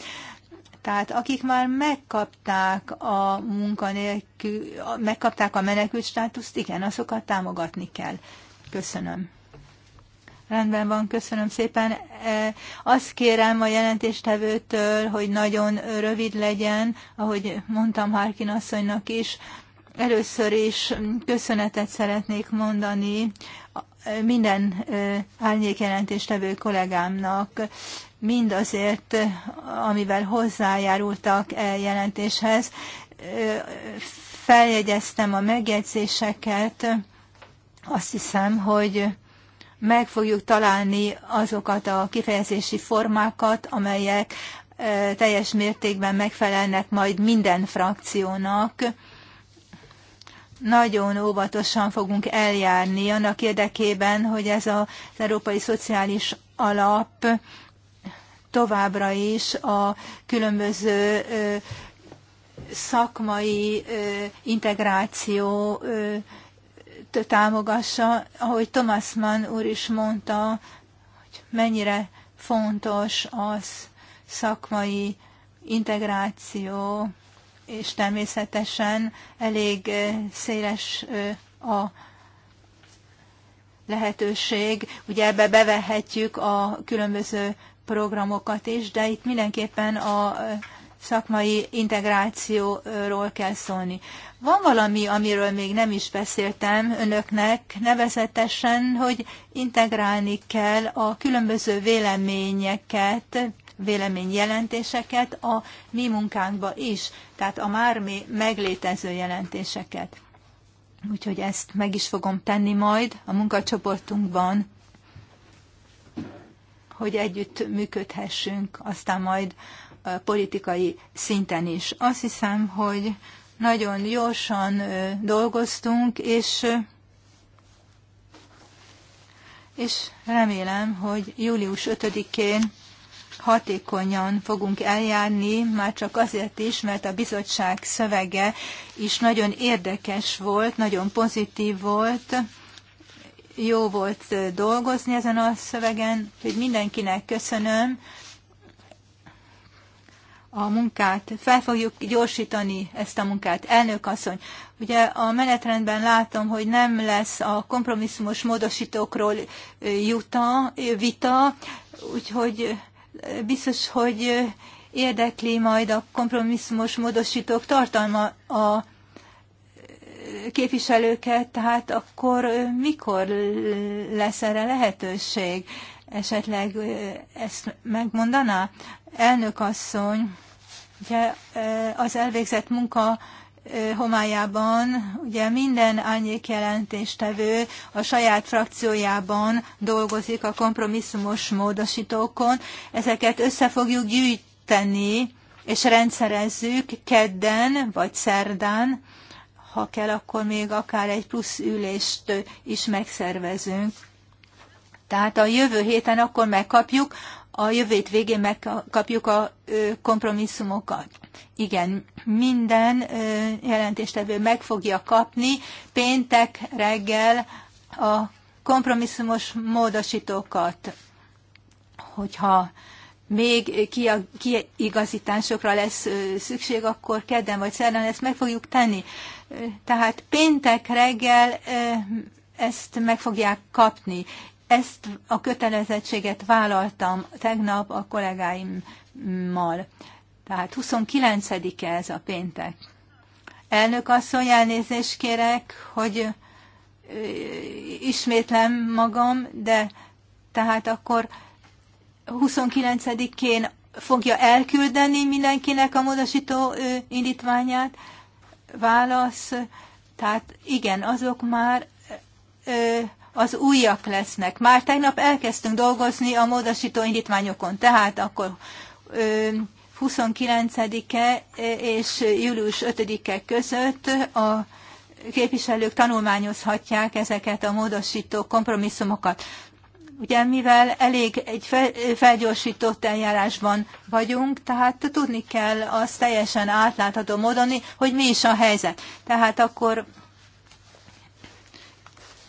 Tehát akik már megkapták a munkanélkül, megkapták a menekült státuszt, igen, azokat támogatni kell. Köszönöm. Rendben van, köszönöm szépen. E, azt kérem a jelentéstevőtől, hogy nagyon rövid legyen, ahogy mondtam Harkin asszonynak is. Először is köszönetet szeretnék mondani minden e, jelentéstevő kollégámnak mind azért, amivel hozzájárultak e jelentéshez. Feljegyeztem a megjegyzéseket, azt hiszem, hogy meg fogjuk találni azokat a kifejezési formákat, amelyek teljes mértékben megfelelnek majd minden frakciónak. Nagyon óvatosan fogunk eljárni annak érdekében, hogy ez az Európai Szociális Alap továbbra is a különböző szakmai integráció támogassa, ahogy Thomas Mann úr is mondta, hogy mennyire fontos az szakmai integráció, és természetesen elég széles a lehetőség. Ugye ebbe bevehetjük a különböző programokat is, de itt mindenképpen a szakmai integrációról kell szólni. Van valami, amiről még nem is beszéltem önöknek, nevezetesen, hogy integrálni kell a különböző véleményeket, véleményjelentéseket a mi munkánkba is, tehát a már mi meglétező jelentéseket. Úgyhogy ezt meg is fogom tenni majd a munkacsoportunkban hogy együtt működhessünk, aztán majd politikai szinten is. Azt hiszem, hogy nagyon gyorsan dolgoztunk, és, és remélem, hogy július 5-én hatékonyan fogunk eljárni, már csak azért is, mert a bizottság szövege is nagyon érdekes volt, nagyon pozitív volt, jó volt dolgozni ezen a szövegen, hogy mindenkinek köszönöm a munkát. Fel fogjuk gyorsítani ezt a munkát. Elnök asszony, ugye a menetrendben látom, hogy nem lesz a kompromisszumos módosítókról juta, vita, úgyhogy biztos, hogy érdekli majd a kompromisszumos módosítók tartalma a képviselőket, tehát akkor mikor lesz erre lehetőség? Esetleg ezt megmondaná? Elnök asszony, ugye az elvégzett munka homályában ugye minden ányék jelentéstevő a saját frakciójában dolgozik a kompromisszumos módosítókon. Ezeket össze fogjuk gyűjteni, és rendszerezzük kedden vagy szerdán ha kell, akkor még akár egy plusz ülést is megszervezünk. Tehát a jövő héten akkor megkapjuk, a jövét végén megkapjuk a kompromisszumokat. Igen, minden jelentéstevő meg fogja kapni péntek reggel a kompromisszumos módosítókat. Hogyha még kiigazításokra lesz szükség, akkor kedden vagy szerdán ezt meg fogjuk tenni. Tehát péntek reggel ezt meg fogják kapni. Ezt a kötelezettséget vállaltam tegnap a kollégáimmal. Tehát 29-e ez a péntek. Elnök asszony, elnézést kérek, hogy ismétlem magam, de tehát akkor 29-én fogja elküldeni mindenkinek a módosító indítványát? Válasz, tehát igen, azok már az újak lesznek. Már tegnap elkezdtünk dolgozni a módosító indítványokon, tehát akkor 29-e és július 5-e között a képviselők tanulmányozhatják ezeket a módosító kompromisszumokat. Ugye mivel elég egy felgyorsított eljárásban vagyunk, tehát tudni kell azt teljesen átlátható módon, hogy mi is a helyzet. Tehát akkor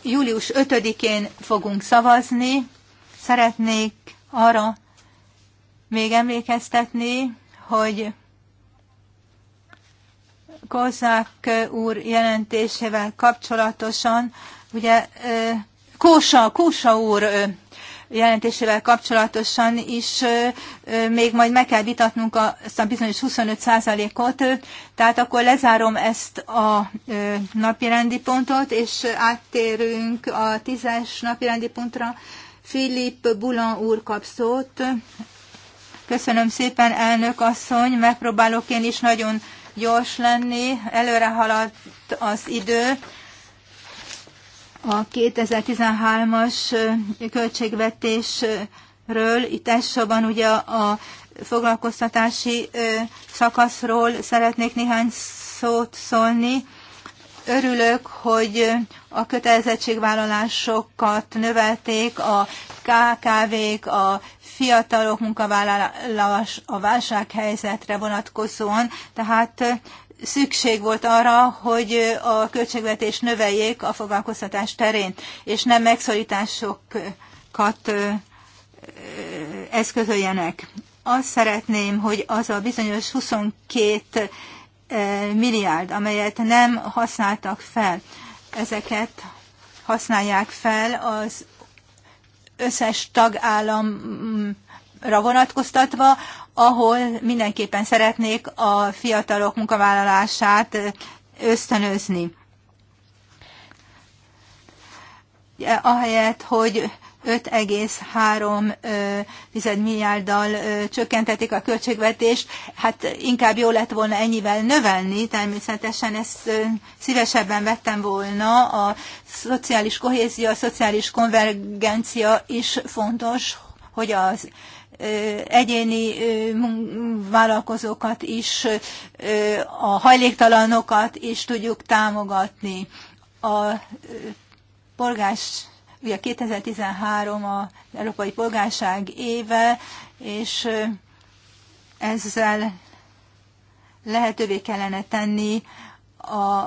július 5-én fogunk szavazni. Szeretnék arra még emlékeztetni, hogy Kozák úr jelentésével kapcsolatosan, ugye Kósa, Kósa úr jelentésével kapcsolatosan is még majd meg kell vitatnunk azt ezt a bizonyos 25%-ot, tehát akkor lezárom ezt a napirendi pontot, és áttérünk a tízes napirendi pontra. Philip Bulan úr kap szót. Köszönöm szépen, elnök asszony, megpróbálok én is nagyon gyors lenni, előre haladt az idő a 2013-as költségvetésről, itt elsősorban ugye a foglalkoztatási szakaszról szeretnék néhány szót szólni. Örülök, hogy a kötelezettségvállalásokat növelték, a KKV-k, a fiatalok munkavállalás a válsághelyzetre vonatkozóan, tehát szükség volt arra, hogy a költségvetés növeljék a foglalkoztatás terén, és nem megszorításokat eszközöljenek. Azt szeretném, hogy az a bizonyos 22 milliárd, amelyet nem használtak fel, ezeket használják fel az összes tagállam ra vonatkoztatva, ahol mindenképpen szeretnék a fiatalok munkavállalását ösztönözni. Ahelyett, hogy 5,3 milliárddal csökkentetik a költségvetést, hát inkább jó lett volna ennyivel növelni, természetesen ezt szívesebben vettem volna. A szociális kohézió, a szociális konvergencia is fontos, hogy az egyéni vállalkozókat is, a hajléktalanokat is tudjuk támogatni. A polgás, ugye 2013 az Európai Polgárság éve, és ezzel lehetővé kellene tenni a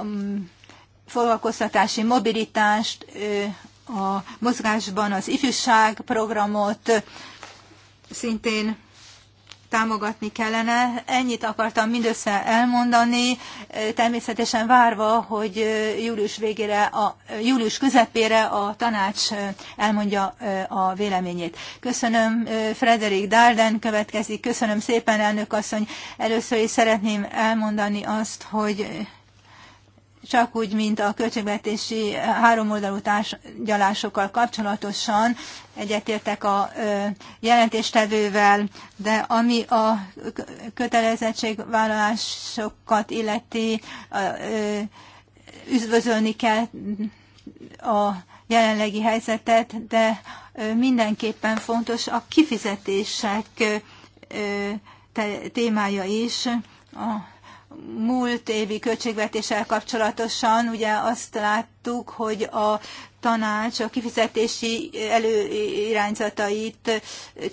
foglalkoztatási mobilitást, a mozgásban az ifjúság programot, szintén támogatni kellene. Ennyit akartam mindössze elmondani, természetesen várva, hogy július végére, a, július közepére a tanács elmondja a véleményét. Köszönöm Frederik Darden következik. Köszönöm szépen, elnök asszony. Először is szeretném elmondani azt, hogy csak úgy, mint a költségvetési háromoldalú tárgyalásokkal kapcsolatosan egyetértek a jelentéstevővel, de ami a kötelezettségvállalásokat illeti, üdvözölni kell a jelenlegi helyzetet, de mindenképpen fontos a kifizetések témája is. A múlt évi költségvetéssel kapcsolatosan ugye azt láttuk, hogy a tanács a kifizetési előirányzatait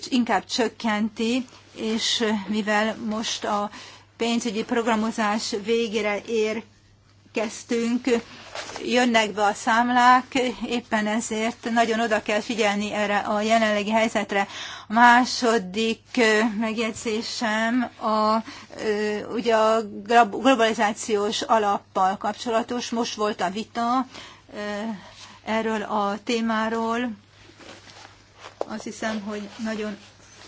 inkább csökkenti, és mivel most a pénzügyi programozás végére ér igyekeztünk, jönnek be a számlák, éppen ezért nagyon oda kell figyelni erre a jelenlegi helyzetre. A második megjegyzésem a, ugye a globalizációs alappal kapcsolatos. Most volt a vita erről a témáról. Azt hiszem, hogy nagyon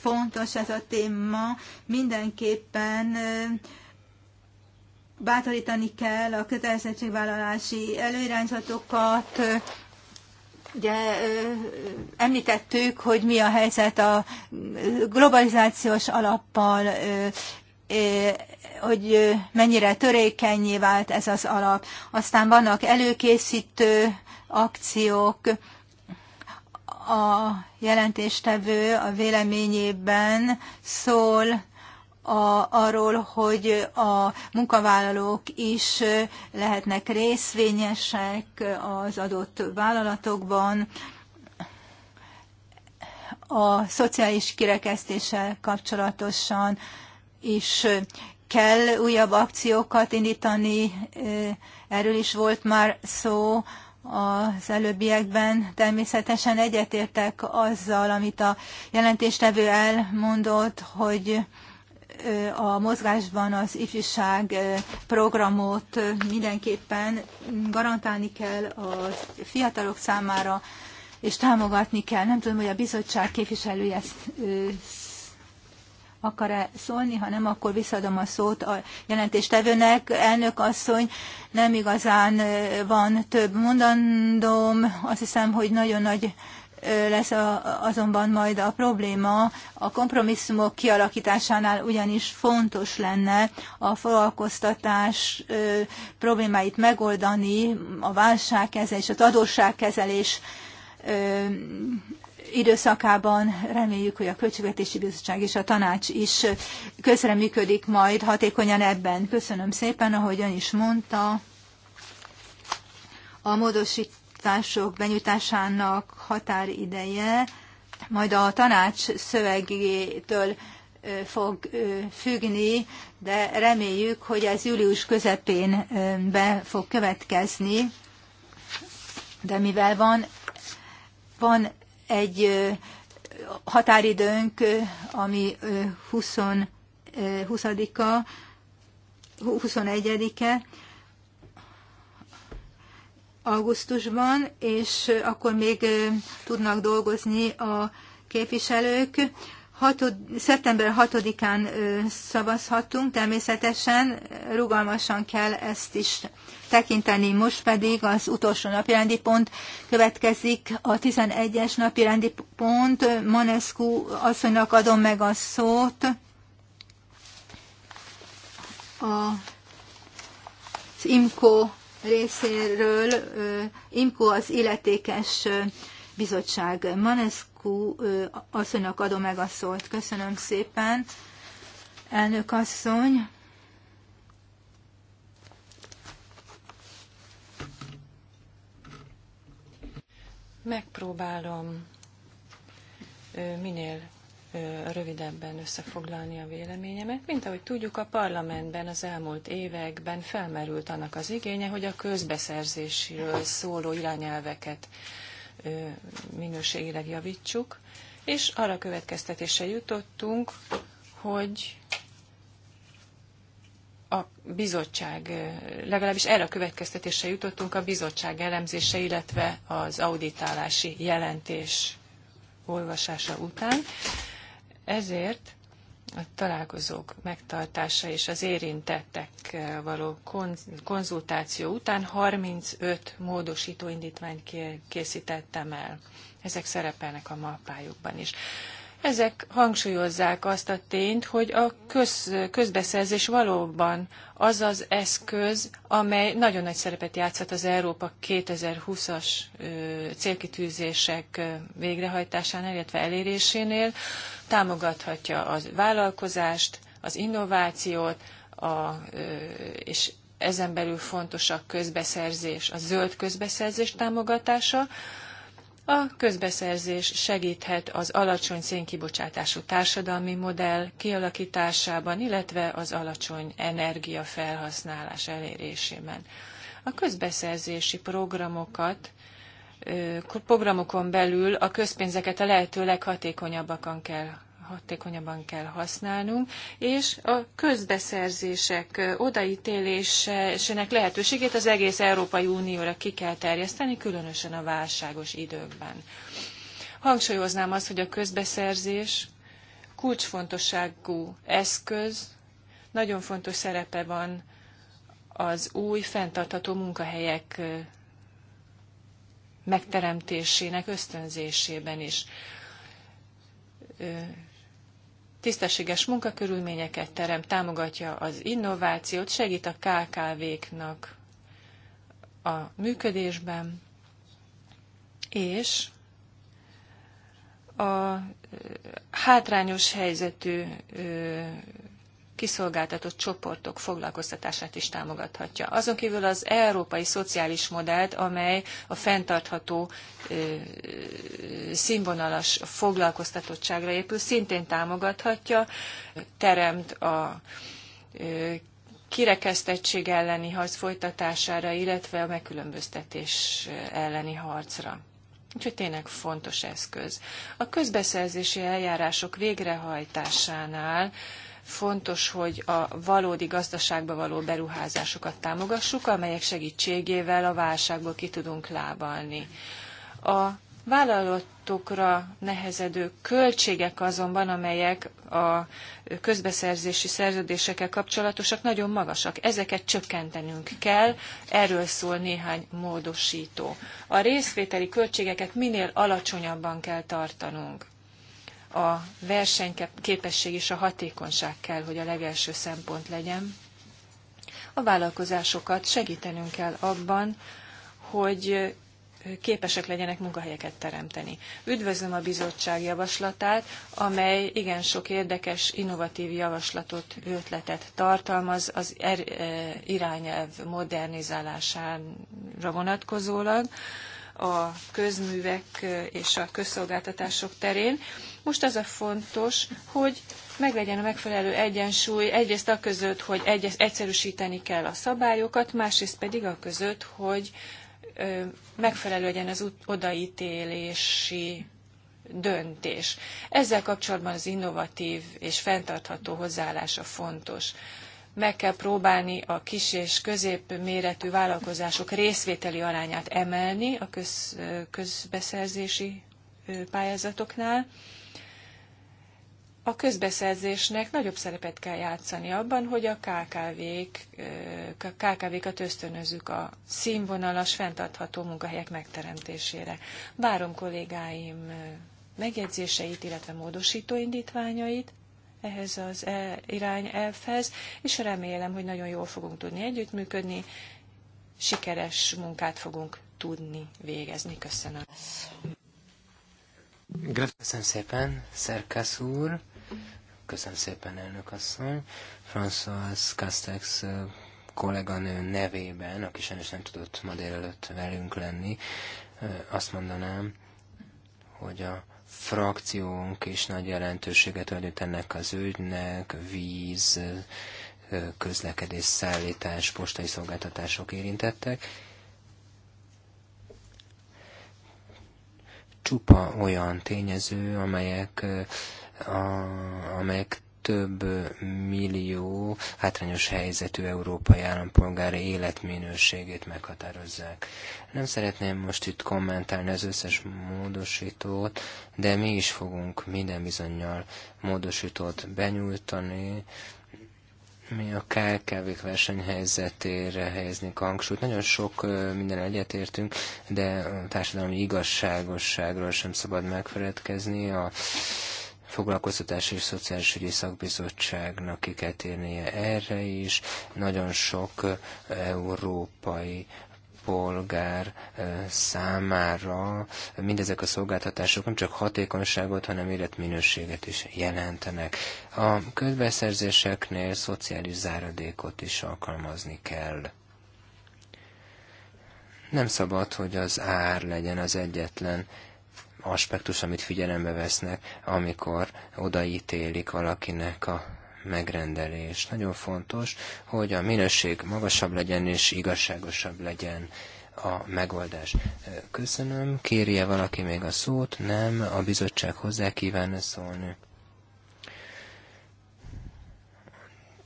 fontos ez a téma. Mindenképpen bátorítani kell a kötelezettségvállalási előirányzatokat. Ugye említettük, hogy mi a helyzet a globalizációs alappal, hogy mennyire törékenyé vált ez az alap. Aztán vannak előkészítő akciók, a jelentéstevő a véleményében szól a, arról, hogy a munkavállalók is lehetnek részvényesek az adott vállalatokban, a szociális kirekesztéssel kapcsolatosan is kell újabb akciókat indítani, erről is volt már szó az előbbiekben. Természetesen egyetértek azzal, amit a jelentéstevő elmondott, hogy a mozgásban az ifjúság programot mindenképpen garantálni kell a fiatalok számára, és támogatni kell. Nem tudom, hogy a bizottság képviselője ezt akar-e szólni, ha nem, akkor visszadom a szót a jelentéstevőnek. Elnök asszony, nem igazán van több mondandóm. Azt hiszem, hogy nagyon nagy lesz azonban majd a probléma. A kompromisszumok kialakításánál ugyanis fontos lenne a foglalkoztatás problémáit megoldani, a válságkezelés, az adósságkezelés időszakában reméljük, hogy a Költségvetési Bizottság és a tanács is közreműködik majd hatékonyan ebben. Köszönöm szépen, ahogy ön is mondta. A módosít módosítások benyújtásának határideje majd a tanács szövegétől fog függni, de reméljük, hogy ez július közepén be fog következni. De mivel van, van egy határidőnk, ami 20, 20 21-e, augusztusban, és akkor még tudnak dolgozni a képviselők. Hatod, szeptember 6-án szavazhatunk, természetesen rugalmasan kell ezt is tekinteni. Most pedig az utolsó napi rendi pont következik, a 11-es rendi pont. Manescu asszonynak adom meg a szót. A, az IMCO részéről Imko az illetékes bizottság. Manescu asszonynak adom meg a szót. Köszönöm szépen, elnök asszony. Megpróbálom minél rövidebben összefoglalni a véleményemet. Mint ahogy tudjuk, a parlamentben az elmúlt években felmerült annak az igénye, hogy a közbeszerzésről szóló irányelveket minőségileg javítsuk, és arra következtetése jutottunk, hogy a bizottság, legalábbis erre a következtetése jutottunk a bizottság elemzése, illetve az auditálási jelentés olvasása után. Ezért a találkozók megtartása és az érintettek eh, való konzultáció után 35 módosító indítványt készítettem el. Ezek szerepelnek a mappájukban is. Ezek hangsúlyozzák azt a tényt, hogy a köz, közbeszerzés valóban az az eszköz, amely nagyon nagy szerepet játszhat az Európa 2020-as célkitűzések végrehajtásánál, illetve elérésénél, támogathatja a vállalkozást, az innovációt, a, és ezen belül fontos a közbeszerzés, a zöld közbeszerzés támogatása, a közbeszerzés segíthet az alacsony szénkibocsátású társadalmi modell kialakításában, illetve az alacsony energiafelhasználás elérésében. A közbeszerzési programokat programokon belül a közpénzeket a lehető leghatékonyabbakan kell hatékonyabban kell használnunk, és a közbeszerzések odaítélésének lehetőségét az egész Európai Unióra ki kell terjeszteni, különösen a válságos időkben. Hangsúlyoznám azt, hogy a közbeszerzés kulcsfontosságú eszköz, nagyon fontos szerepe van az új fenntartható munkahelyek megteremtésének ösztönzésében is tisztességes munkakörülményeket terem, támogatja az innovációt, segít a KKV-knak a működésben, és a hátrányos helyzetű kiszolgáltatott csoportok foglalkoztatását is támogathatja. Azon kívül az európai szociális modellt, amely a fenntartható színvonalas foglalkoztatottságra épül, szintén támogathatja, teremt a kirekesztettség elleni harc folytatására, illetve a megkülönböztetés elleni harcra. Úgyhogy tényleg fontos eszköz. A közbeszerzési eljárások végrehajtásánál fontos, hogy a valódi gazdaságba való beruházásokat támogassuk, amelyek segítségével a válságból ki tudunk lábalni. A vállalatokra nehezedő költségek azonban, amelyek a közbeszerzési szerződésekkel kapcsolatosak, nagyon magasak. Ezeket csökkentenünk kell, erről szól néhány módosító. A részvételi költségeket minél alacsonyabban kell tartanunk a versenyképesség és a hatékonyság kell, hogy a legelső szempont legyen. A vállalkozásokat segítenünk kell abban, hogy képesek legyenek munkahelyeket teremteni. Üdvözlöm a bizottság javaslatát, amely igen sok érdekes, innovatív javaslatot, ötletet tartalmaz az er, e, irányelv modernizálására vonatkozólag a közművek és a közszolgáltatások terén. Most az a fontos, hogy meglegyen a megfelelő egyensúly egyrészt a között, hogy egyszerűsíteni kell a szabályokat, másrészt pedig a között, hogy megfelelő legyen az odaítélési döntés. Ezzel kapcsolatban az innovatív és fenntartható hozzáállása fontos meg kell próbálni a kis és középméretű vállalkozások részvételi arányát emelni a köz, közbeszerzési pályázatoknál. A közbeszerzésnek nagyobb szerepet kell játszani abban, hogy a KKV-k, KKV-kat ösztönözzük a színvonalas, fenntartható munkahelyek megteremtésére. Várom kollégáim megjegyzéseit, illetve módosító indítványait ehhez az e, irányelvhez, és remélem, hogy nagyon jól fogunk tudni együttműködni, sikeres munkát fogunk tudni végezni. Köszönöm. Köszönöm szépen, Szerkesz úr. Köszönöm szépen, elnök asszony. François Castex kolléganő nevében, aki sajnos nem tudott ma délelőtt velünk lenni, azt mondanám, hogy a frakciónk is nagy jelentőséget adott ennek az ügynek, víz, közlekedés, szállítás, postai szolgáltatások érintettek. Csupa olyan tényező, amelyek, a, amelyek több millió hátrányos helyzetű európai állampolgár életminőségét meghatározzák. Nem szeretném most itt kommentálni az összes módosítót, de mi is fogunk minden bizonyal módosítót benyújtani, mi a KKV-k versenyhelyzetére helyeznék a hangsúlyt. Nagyon sok minden egyetértünk, de a társadalmi igazságosságról sem szabad megfeledkezni. A foglalkoztatási és szociális ügyi szakbizottságnak ki kell térnie erre is. Nagyon sok európai polgár számára mindezek a szolgáltatások nem csak hatékonyságot, hanem életminőséget is jelentenek. A közbeszerzéseknél szociális záradékot is alkalmazni kell. Nem szabad, hogy az ár legyen az egyetlen aspektus, amit figyelembe vesznek, amikor odaítélik valakinek a megrendelés. Nagyon fontos, hogy a minőség magasabb legyen és igazságosabb legyen a megoldás. Köszönöm. Kérje valaki még a szót? Nem. A bizottság hozzá kívánna szólni.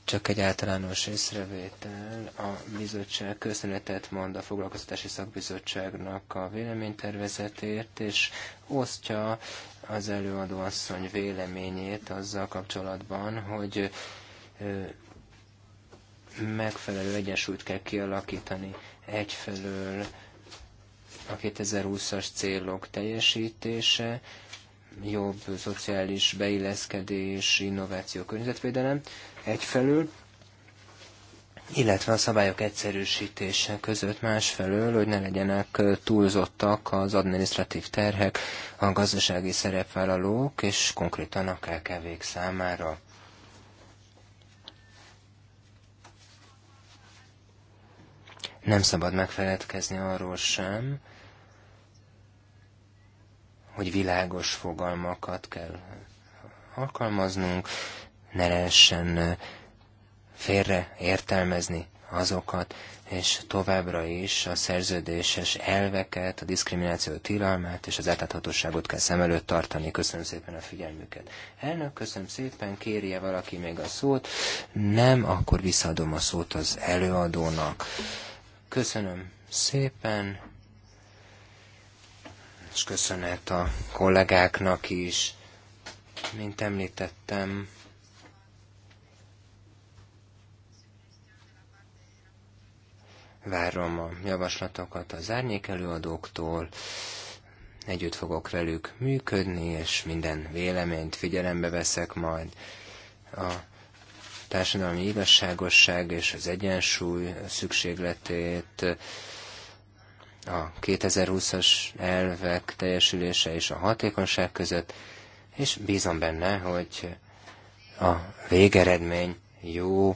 Csak egy általános észrevétel. A bizottság köszönetet mond a foglalkoztatási szakbizottságnak a véleménytervezetért, és osztja az előadóasszony véleményét azzal kapcsolatban, hogy megfelelő egyensúlyt kell kialakítani egyfelől a 2020-as célok teljesítése, jobb szociális beilleszkedés, innováció, környezetvédelem, egyfelől, illetve a szabályok egyszerűsítése között másfelől, hogy ne legyenek túlzottak az adminisztratív terhek a gazdasági szerepvállalók és konkrétan a kkv számára. Nem szabad megfeledkezni arról sem, hogy világos fogalmakat kell alkalmaznunk, ne lehessen félre értelmezni azokat, és továbbra is a szerződéses elveket, a diszkrimináció tilalmát és az átláthatóságot kell szem előtt tartani. Köszönöm szépen a figyelmüket. Elnök, köszönöm szépen, kérje valaki még a szót. Nem, akkor visszaadom a szót az előadónak. Köszönöm szépen, és köszönet a kollégáknak is. Mint említettem, várom a javaslatokat az árnyék előadóktól, együtt fogok velük működni, és minden véleményt figyelembe veszek majd. A társadalmi igazságosság és az egyensúly szükségletét, a 2020-as elvek teljesülése és a hatékonyság között, és bízom benne, hogy a végeredmény jó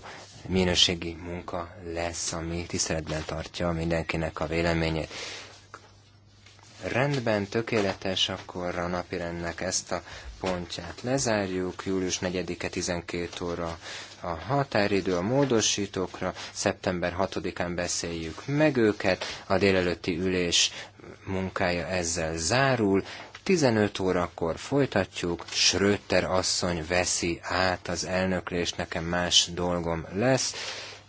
minőségi munka lesz, ami tiszteletben tartja mindenkinek a véleményét. Rendben, tökéletes, akkor a napi rendnek ezt a pontját lezárjuk. Július 4-e 12 óra a határidő a módosítókra, szeptember 6-án beszéljük meg őket, a délelőtti ülés munkája ezzel zárul. 15 órakor folytatjuk, Schröter asszony veszi át az elnöklést, nekem más dolgom lesz.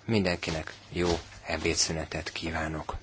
Mindenkinek jó ebédszünetet kívánok!